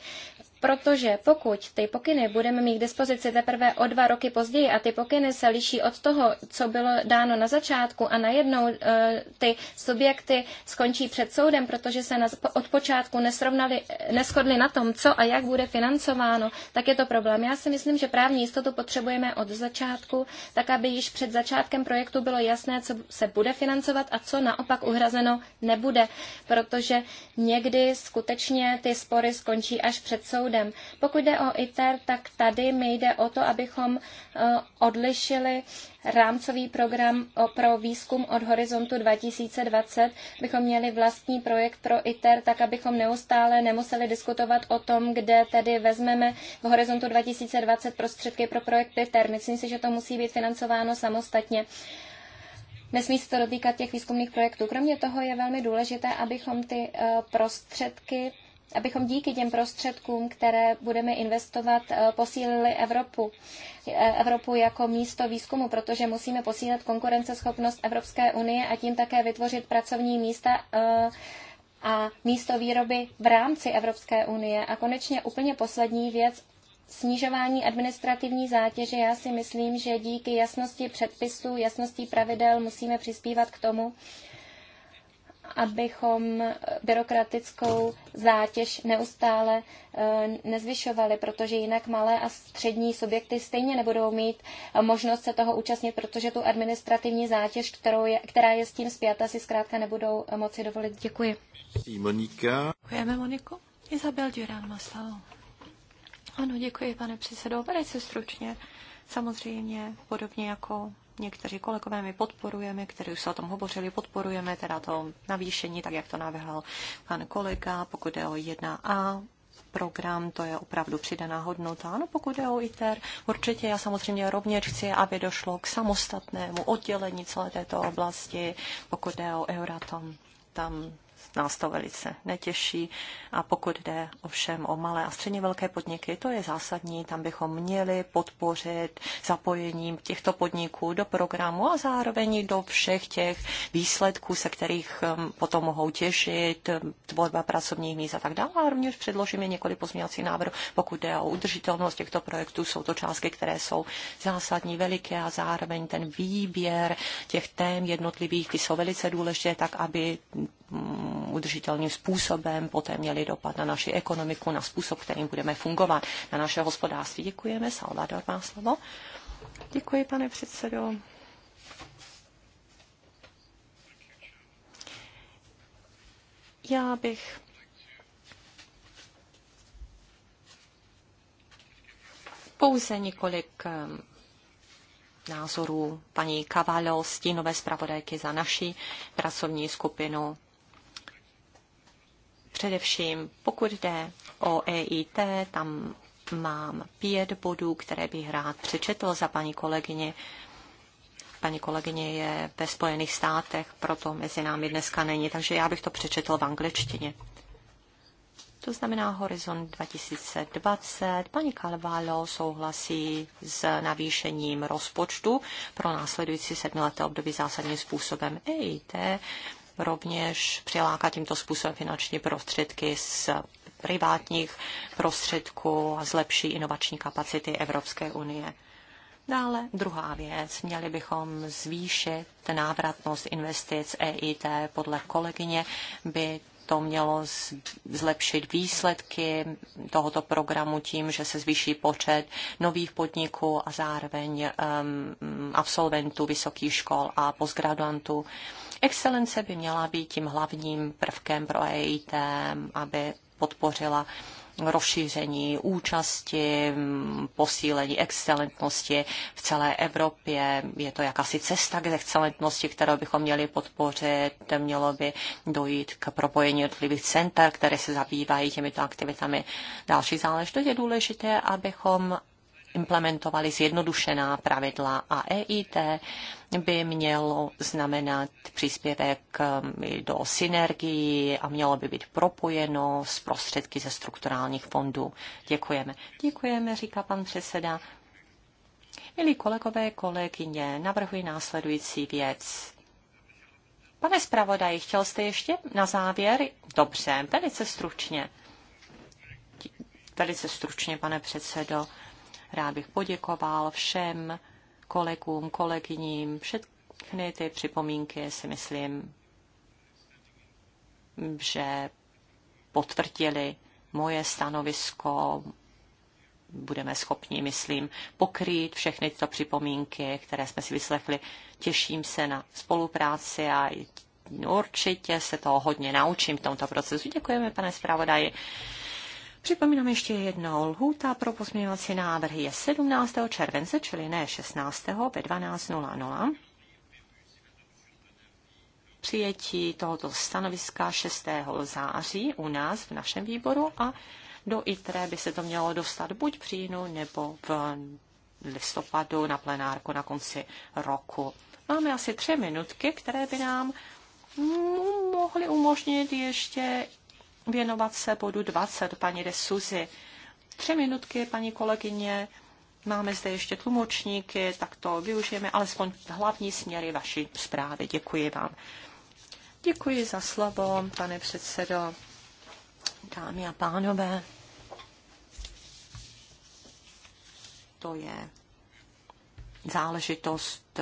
Protože pokud ty pokyny budeme mít k dispozici teprve o dva roky později a ty pokyny se liší od toho, co bylo dáno na začátku a najednou e, ty subjekty skončí před soudem, protože se na, od počátku nesrovnali, neschodli na tom, co a jak bude financováno, tak je to problém. Já si myslím, že právní jistotu potřebujeme od začátku, tak aby již před začátkem projektu bylo jasné, co se bude financovat a co naopak uhrazeno nebude, protože někdy skutečně ty spory skončí až před soudem soudem. Pokud jde o ITER, tak tady mi jde o to, abychom eh, odlišili rámcový program pro výzkum od horizontu 2020, bychom měli vlastní projekt pro ITER, tak abychom neustále nemuseli diskutovat o tom, kde tedy vezmeme v horizontu 2020 prostředky pro projekt ITER. Myslím si, že to musí být financováno samostatně. Nesmí se to dotýkat těch výzkumných projektů. Kromě toho je velmi důležité, abychom ty eh, prostředky abychom díky těm prostředkům, které budeme investovat, eh, posílili Evropu. Eh, Evropu jako místo výzkumu, protože musíme posílit konkurenceschopnost Evropské unie a tím také vytvořit pracovní místa eh, a místo výroby v rámci Evropské unie. A konečně úplně poslední věc, snižování administrativní zátěže. Já si myslím, že díky jasnosti předpisů, jasnosti pravidel musíme přispívat k tomu, abychom byrokratickou zátěž neustále eh, nezvyšovali, protože jinak malé a střední subjekty stejně nebudou mít eh, možnost se toho účastnit, protože tu administrativní zátěž, kterou je, která je s tím zpěta, si zkrátka nebudou eh, moci dovolit. Děkuji. Monika. Děkujeme, Moniku. Izabel Durán má slovo. Ano, děkuji, pane předsedo. Velice stručně. Samozřejmě, podobně jako Někteří kolegové my podporujeme, kteří už se o tom hovořili, podporujeme teda to navýšení, tak jak to navrhl pan kolega, pokud je o 1A, program, to je opravdu přidaná hodnota. Ano, pokud jde o ITER, určitě já samozřejmě rovněž chci, aby došlo k samostatnému oddělení celé této oblasti, pokud jde o Euratom. Tam nás to velice netěší. A pokud jde ovšem o malé a středně velké podniky, to je zásadní. Tam bychom měli podpořit zapojením těchto podniků do programu a zároveň do všech těch výsledků, se kterých um, potom mohou těžit, um, tvorba pracovních míst a tak dále. A rovněž předložíme několik pozměňovacích návrhů, pokud jde o udržitelnost těchto projektů. Jsou to částky, které jsou zásadní, veliké a zároveň ten výběr těch tém jednotlivých, ty jsou velice důležité, tak aby Mm, udržitelným způsobem poté měly dopad na naši ekonomiku, na způsob, kterým budeme fungovat, na naše hospodářství. Děkujeme. Salvador má slovo. Děkuji, pane předsedo. Já bych pouze několik názorů paní Kavalo, stínové zpravodajky za naši pracovní skupinu Především pokud jde o EIT, tam mám pět bodů, které bych rád přečetl za paní kolegyně. Paní kolegyně je ve Spojených státech, proto mezi námi dneska není, takže já bych to přečetl v angličtině. To znamená Horizont 2020. Paní Calvalo souhlasí s navýšením rozpočtu pro následující sedmileté období zásadním způsobem EIT rovněž přilákat tímto způsobem finanční prostředky z privátních prostředků a zlepší inovační kapacity Evropské unie. Dále druhá věc, měli bychom zvýšit návratnost investic EIT. Podle kolegyně by to mělo zlepšit výsledky tohoto programu tím, že se zvýší počet nových podniků a zároveň um, absolventů vysokých škol a postgraduantů. Excelence by měla být tím hlavním prvkem pro EIT, aby podpořila rozšíření účasti, posílení excelentnosti v celé Evropě. Je to jakási cesta k excelentnosti, kterou bychom měli podpořit. Mělo by dojít k propojení jednotlivých center, které se zabývají těmito aktivitami. Další záležitost je důležité, abychom implementovali zjednodušená pravidla a EIT by mělo znamenat příspěvek um, do synergii a mělo by být propojeno s prostředky ze strukturálních fondů. Děkujeme. Děkujeme, říká pan předseda. Milí kolegové, kolegyně, navrhuji následující věc. Pane zpravodaji, chtěl jste ještě na závěr? Dobře, velice stručně. Velice stručně, pane předsedo. Rád bych poděkoval všem kolegům, kolegyním. Všechny ty připomínky si myslím, že potvrdili moje stanovisko, budeme schopni, myslím, pokrýt všechny tyto připomínky, které jsme si vyslechli. Těším se na spolupráci a určitě se toho hodně naučím v tomto procesu. Děkujeme, pane zpravodaji. Připomínám ještě jednou, lhůta pro pozměňovací návrhy je 17. července, čili ne 16. ve 12.00. Přijetí tohoto stanoviska 6. září u nás v našem výboru a do ITRE by se to mělo dostat buď v říjnu nebo v listopadu na plenárku na konci roku. Máme asi tři minutky, které by nám mohly umožnit ještě věnovat se bodu 20, paní de Suzy. Tři minutky, paní kolegyně, máme zde ještě tlumočníky, tak to využijeme, alespoň hlavní směry vaší zprávy. Děkuji vám. Děkuji za slovo, pane předsedo, dámy a pánové. To je záležitost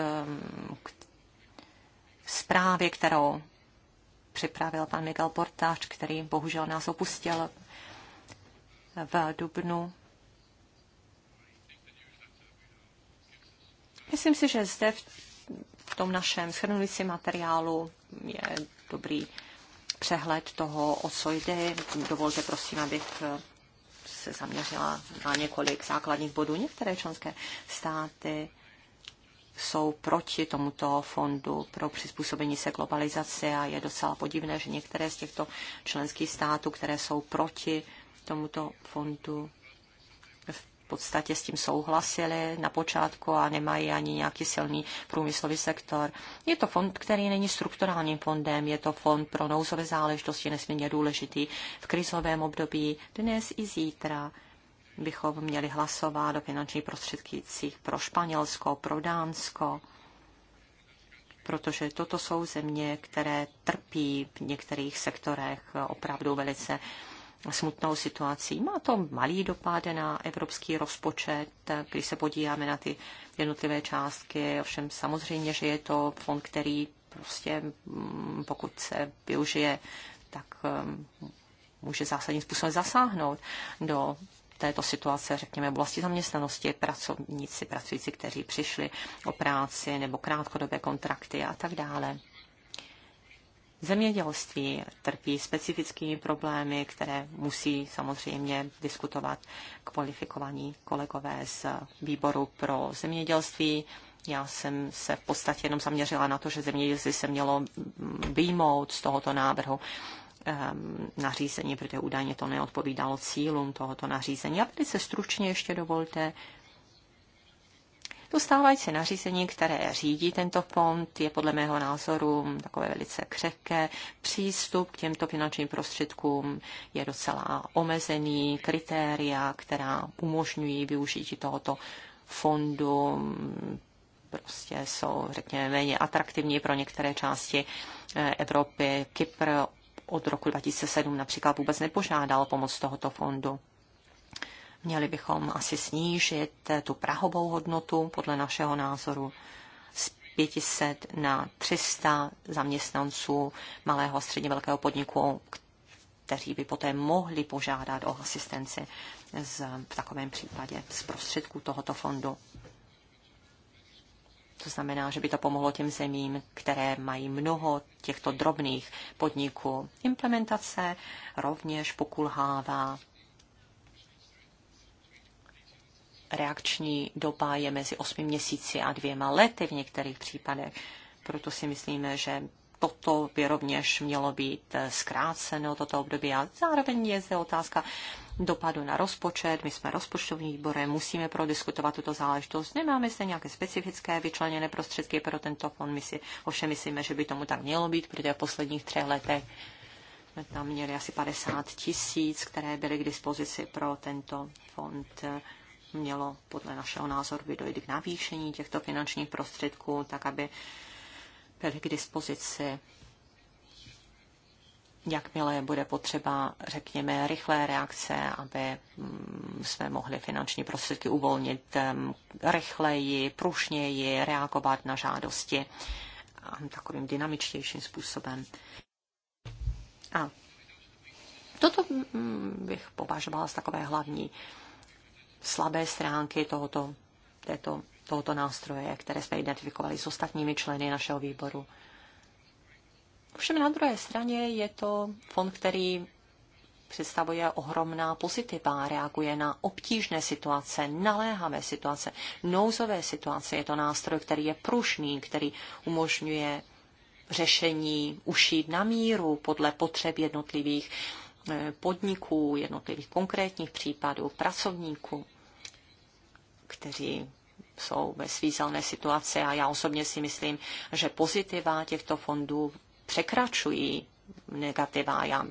um, zprávy, kterou připravil pan Miguel Portáč, který bohužel nás opustil v Dubnu. Myslím si, že zde v tom našem shrnujícím materiálu je dobrý přehled toho, o co jde. Dovolte prosím, abych se zaměřila na několik základních bodů. Některé členské státy jsou proti tomuto fondu pro přizpůsobení se globalizaci a je docela podivné, že některé z těchto členských států, které jsou proti tomuto fondu, v podstatě s tím souhlasili na počátku a nemají ani nějaký silný průmyslový sektor. Je to fond, který není strukturálním fondem, je to fond pro nouzové záležitosti nesmírně důležitý v krizovém období dnes i zítra bychom měli hlasovat o finančních prostředkících pro Španělsko, pro Dánsko, protože toto jsou země, které trpí v některých sektorech opravdu velice smutnou situací. Má to malý dopad na evropský rozpočet, když se podíváme na ty jednotlivé částky. Ovšem samozřejmě, že je to fond, který prostě mm, pokud se využije, tak mm, může zásadním způsobem zasáhnout do této situace, řekněme, v oblasti zaměstnanosti, pracovníci, pracující, kteří přišli o práci nebo krátkodobé kontrakty a tak dále. Zemědělství trpí specifickými problémy, které musí samozřejmě diskutovat kvalifikovaní kolegové z výboru pro zemědělství. Já jsem se v podstatě jenom zaměřila na to, že zemědělství se mělo výjmout z tohoto návrhu. Ehm, nařízení, protože údajně to neodpovídalo cílům tohoto nařízení. A se stručně ještě dovolte to stávající nařízení, které řídí tento fond, je podle mého názoru takové velice křehké. Přístup k těmto finančním prostředkům je docela omezený. Kritéria, která umožňují využití tohoto fondu, prostě jsou, řekněme, méně atraktivní pro některé části eh, Evropy. Kypr od roku 2007 například vůbec nepožádal pomoc tohoto fondu. Měli bychom asi snížit tu prahovou hodnotu podle našeho názoru z 500 na 300 zaměstnanců malého a středně velkého podniku, kteří by poté mohli požádat o asistenci z, v takovém případě z prostředků tohoto fondu. To znamená, že by to pomohlo těm zemím, které mají mnoho těchto drobných podniků. Implementace rovněž pokulhává. Reakční doba je mezi 8 měsíci a dvěma lety v některých případech. Proto si myslíme, že toto by rovněž mělo být zkráceno, toto období. A zároveň je zde otázka dopadu na rozpočet. My jsme rozpočtovní výborem, musíme prodiskutovat tuto záležitost. Nemáme se nějaké specifické vyčleněné prostředky pro tento fond. My si ovšem myslíme, že by tomu tak mělo být, protože v posledních třech letech jsme tam měli asi 50 tisíc, které byly k dispozici pro tento fond mělo podle našeho názoru by dojít k navýšení těchto finančních prostředků, tak aby byly k dispozici jakmile bude potřeba, řekněme, rychlé reakce, aby mm, jsme mohli finanční prostředky uvolnit rychleji, pružněji, reagovat na žádosti takovým dynamičtějším způsobem. A toto mm, bych považovala z takové hlavní slabé stránky tohoto, této, tohoto nástroje, které jsme identifikovali s ostatními členy našeho výboru. Ovšem na druhé straně je to fond, který představuje ohromná pozitiva, reaguje na obtížné situace, naléhavé situace, nouzové situace. Je to nástroj, který je pružný, který umožňuje řešení ušít na míru podle potřeb jednotlivých eh, podniků, jednotlivých konkrétních případů, pracovníků, kteří jsou ve svízelné situace. a já osobně si myslím, že pozitiva těchto fondů překračují negativa. Já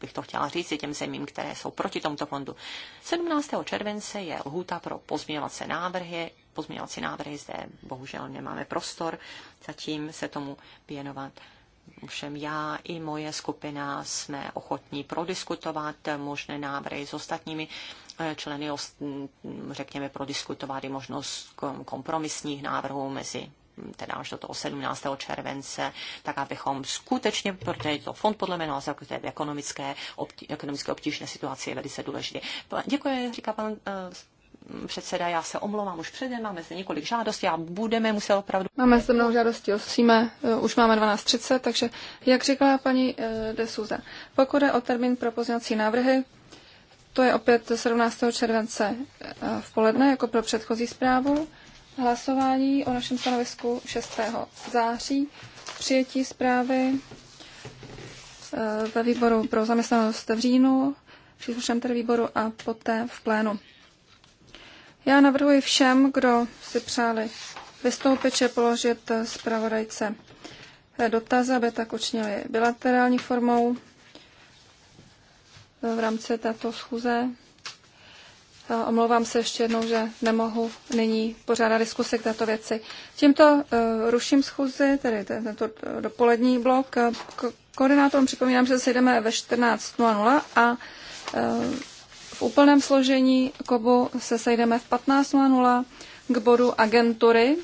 bych to chtěla říct těm zemím, které jsou proti tomuto fondu. 17. července je lhůta pro pozměňovací návrhy. Pozměňovací návrhy zde bohužel nemáme prostor, zatím se tomu věnovat. Všem já i moje skupina jsme ochotní prodiskutovat možné návrhy s ostatními eh, členy, řekněme, prodiskutovat i možnost kompromisních návrhů mezi teda až do toho 17. července, tak abychom skutečně, protože je to fond podle mě no, jako je v ekonomické, obtí, ekonomické obtížné situaci je velice důležité. Děkuji, říká pan uh, předseda, já se omlouvám už předem, máme zde několik žádostí a budeme muset opravdu... Máme zde mnoho žádostí, ostříme, eh, už máme 12.30, takže jak říkala paní eh, de Souza, pokud je o termín pro pozněcí návrhy, to je opět 17. července v poledne, jako pro předchozí zprávu hlasování o našem stanovisku 6. září, přijetí zprávy eh, ve výboru pro zaměstnanost v říjnu, příslušném tedy výboru a poté v plénu. Já navrhuji všem, kdo si přáli vystoupit že položit zpravodajce dotazy, aby tak učinili bilaterální formou v rámci této schůze Omlouvám se ještě jednou, že nemohu nyní pořádat diskusy k této věci. Tímto e, ruším schůzi, tedy tento e, dopolední blok. E, k koordinátorům připomínám, že se jdeme ve 14.00 a v úplném složení KOBu se sejdeme v 15.00 k bodu agentury,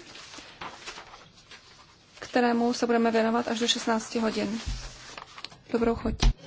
kterému se budeme věnovat až do 16 hodin. Dobrou chuť.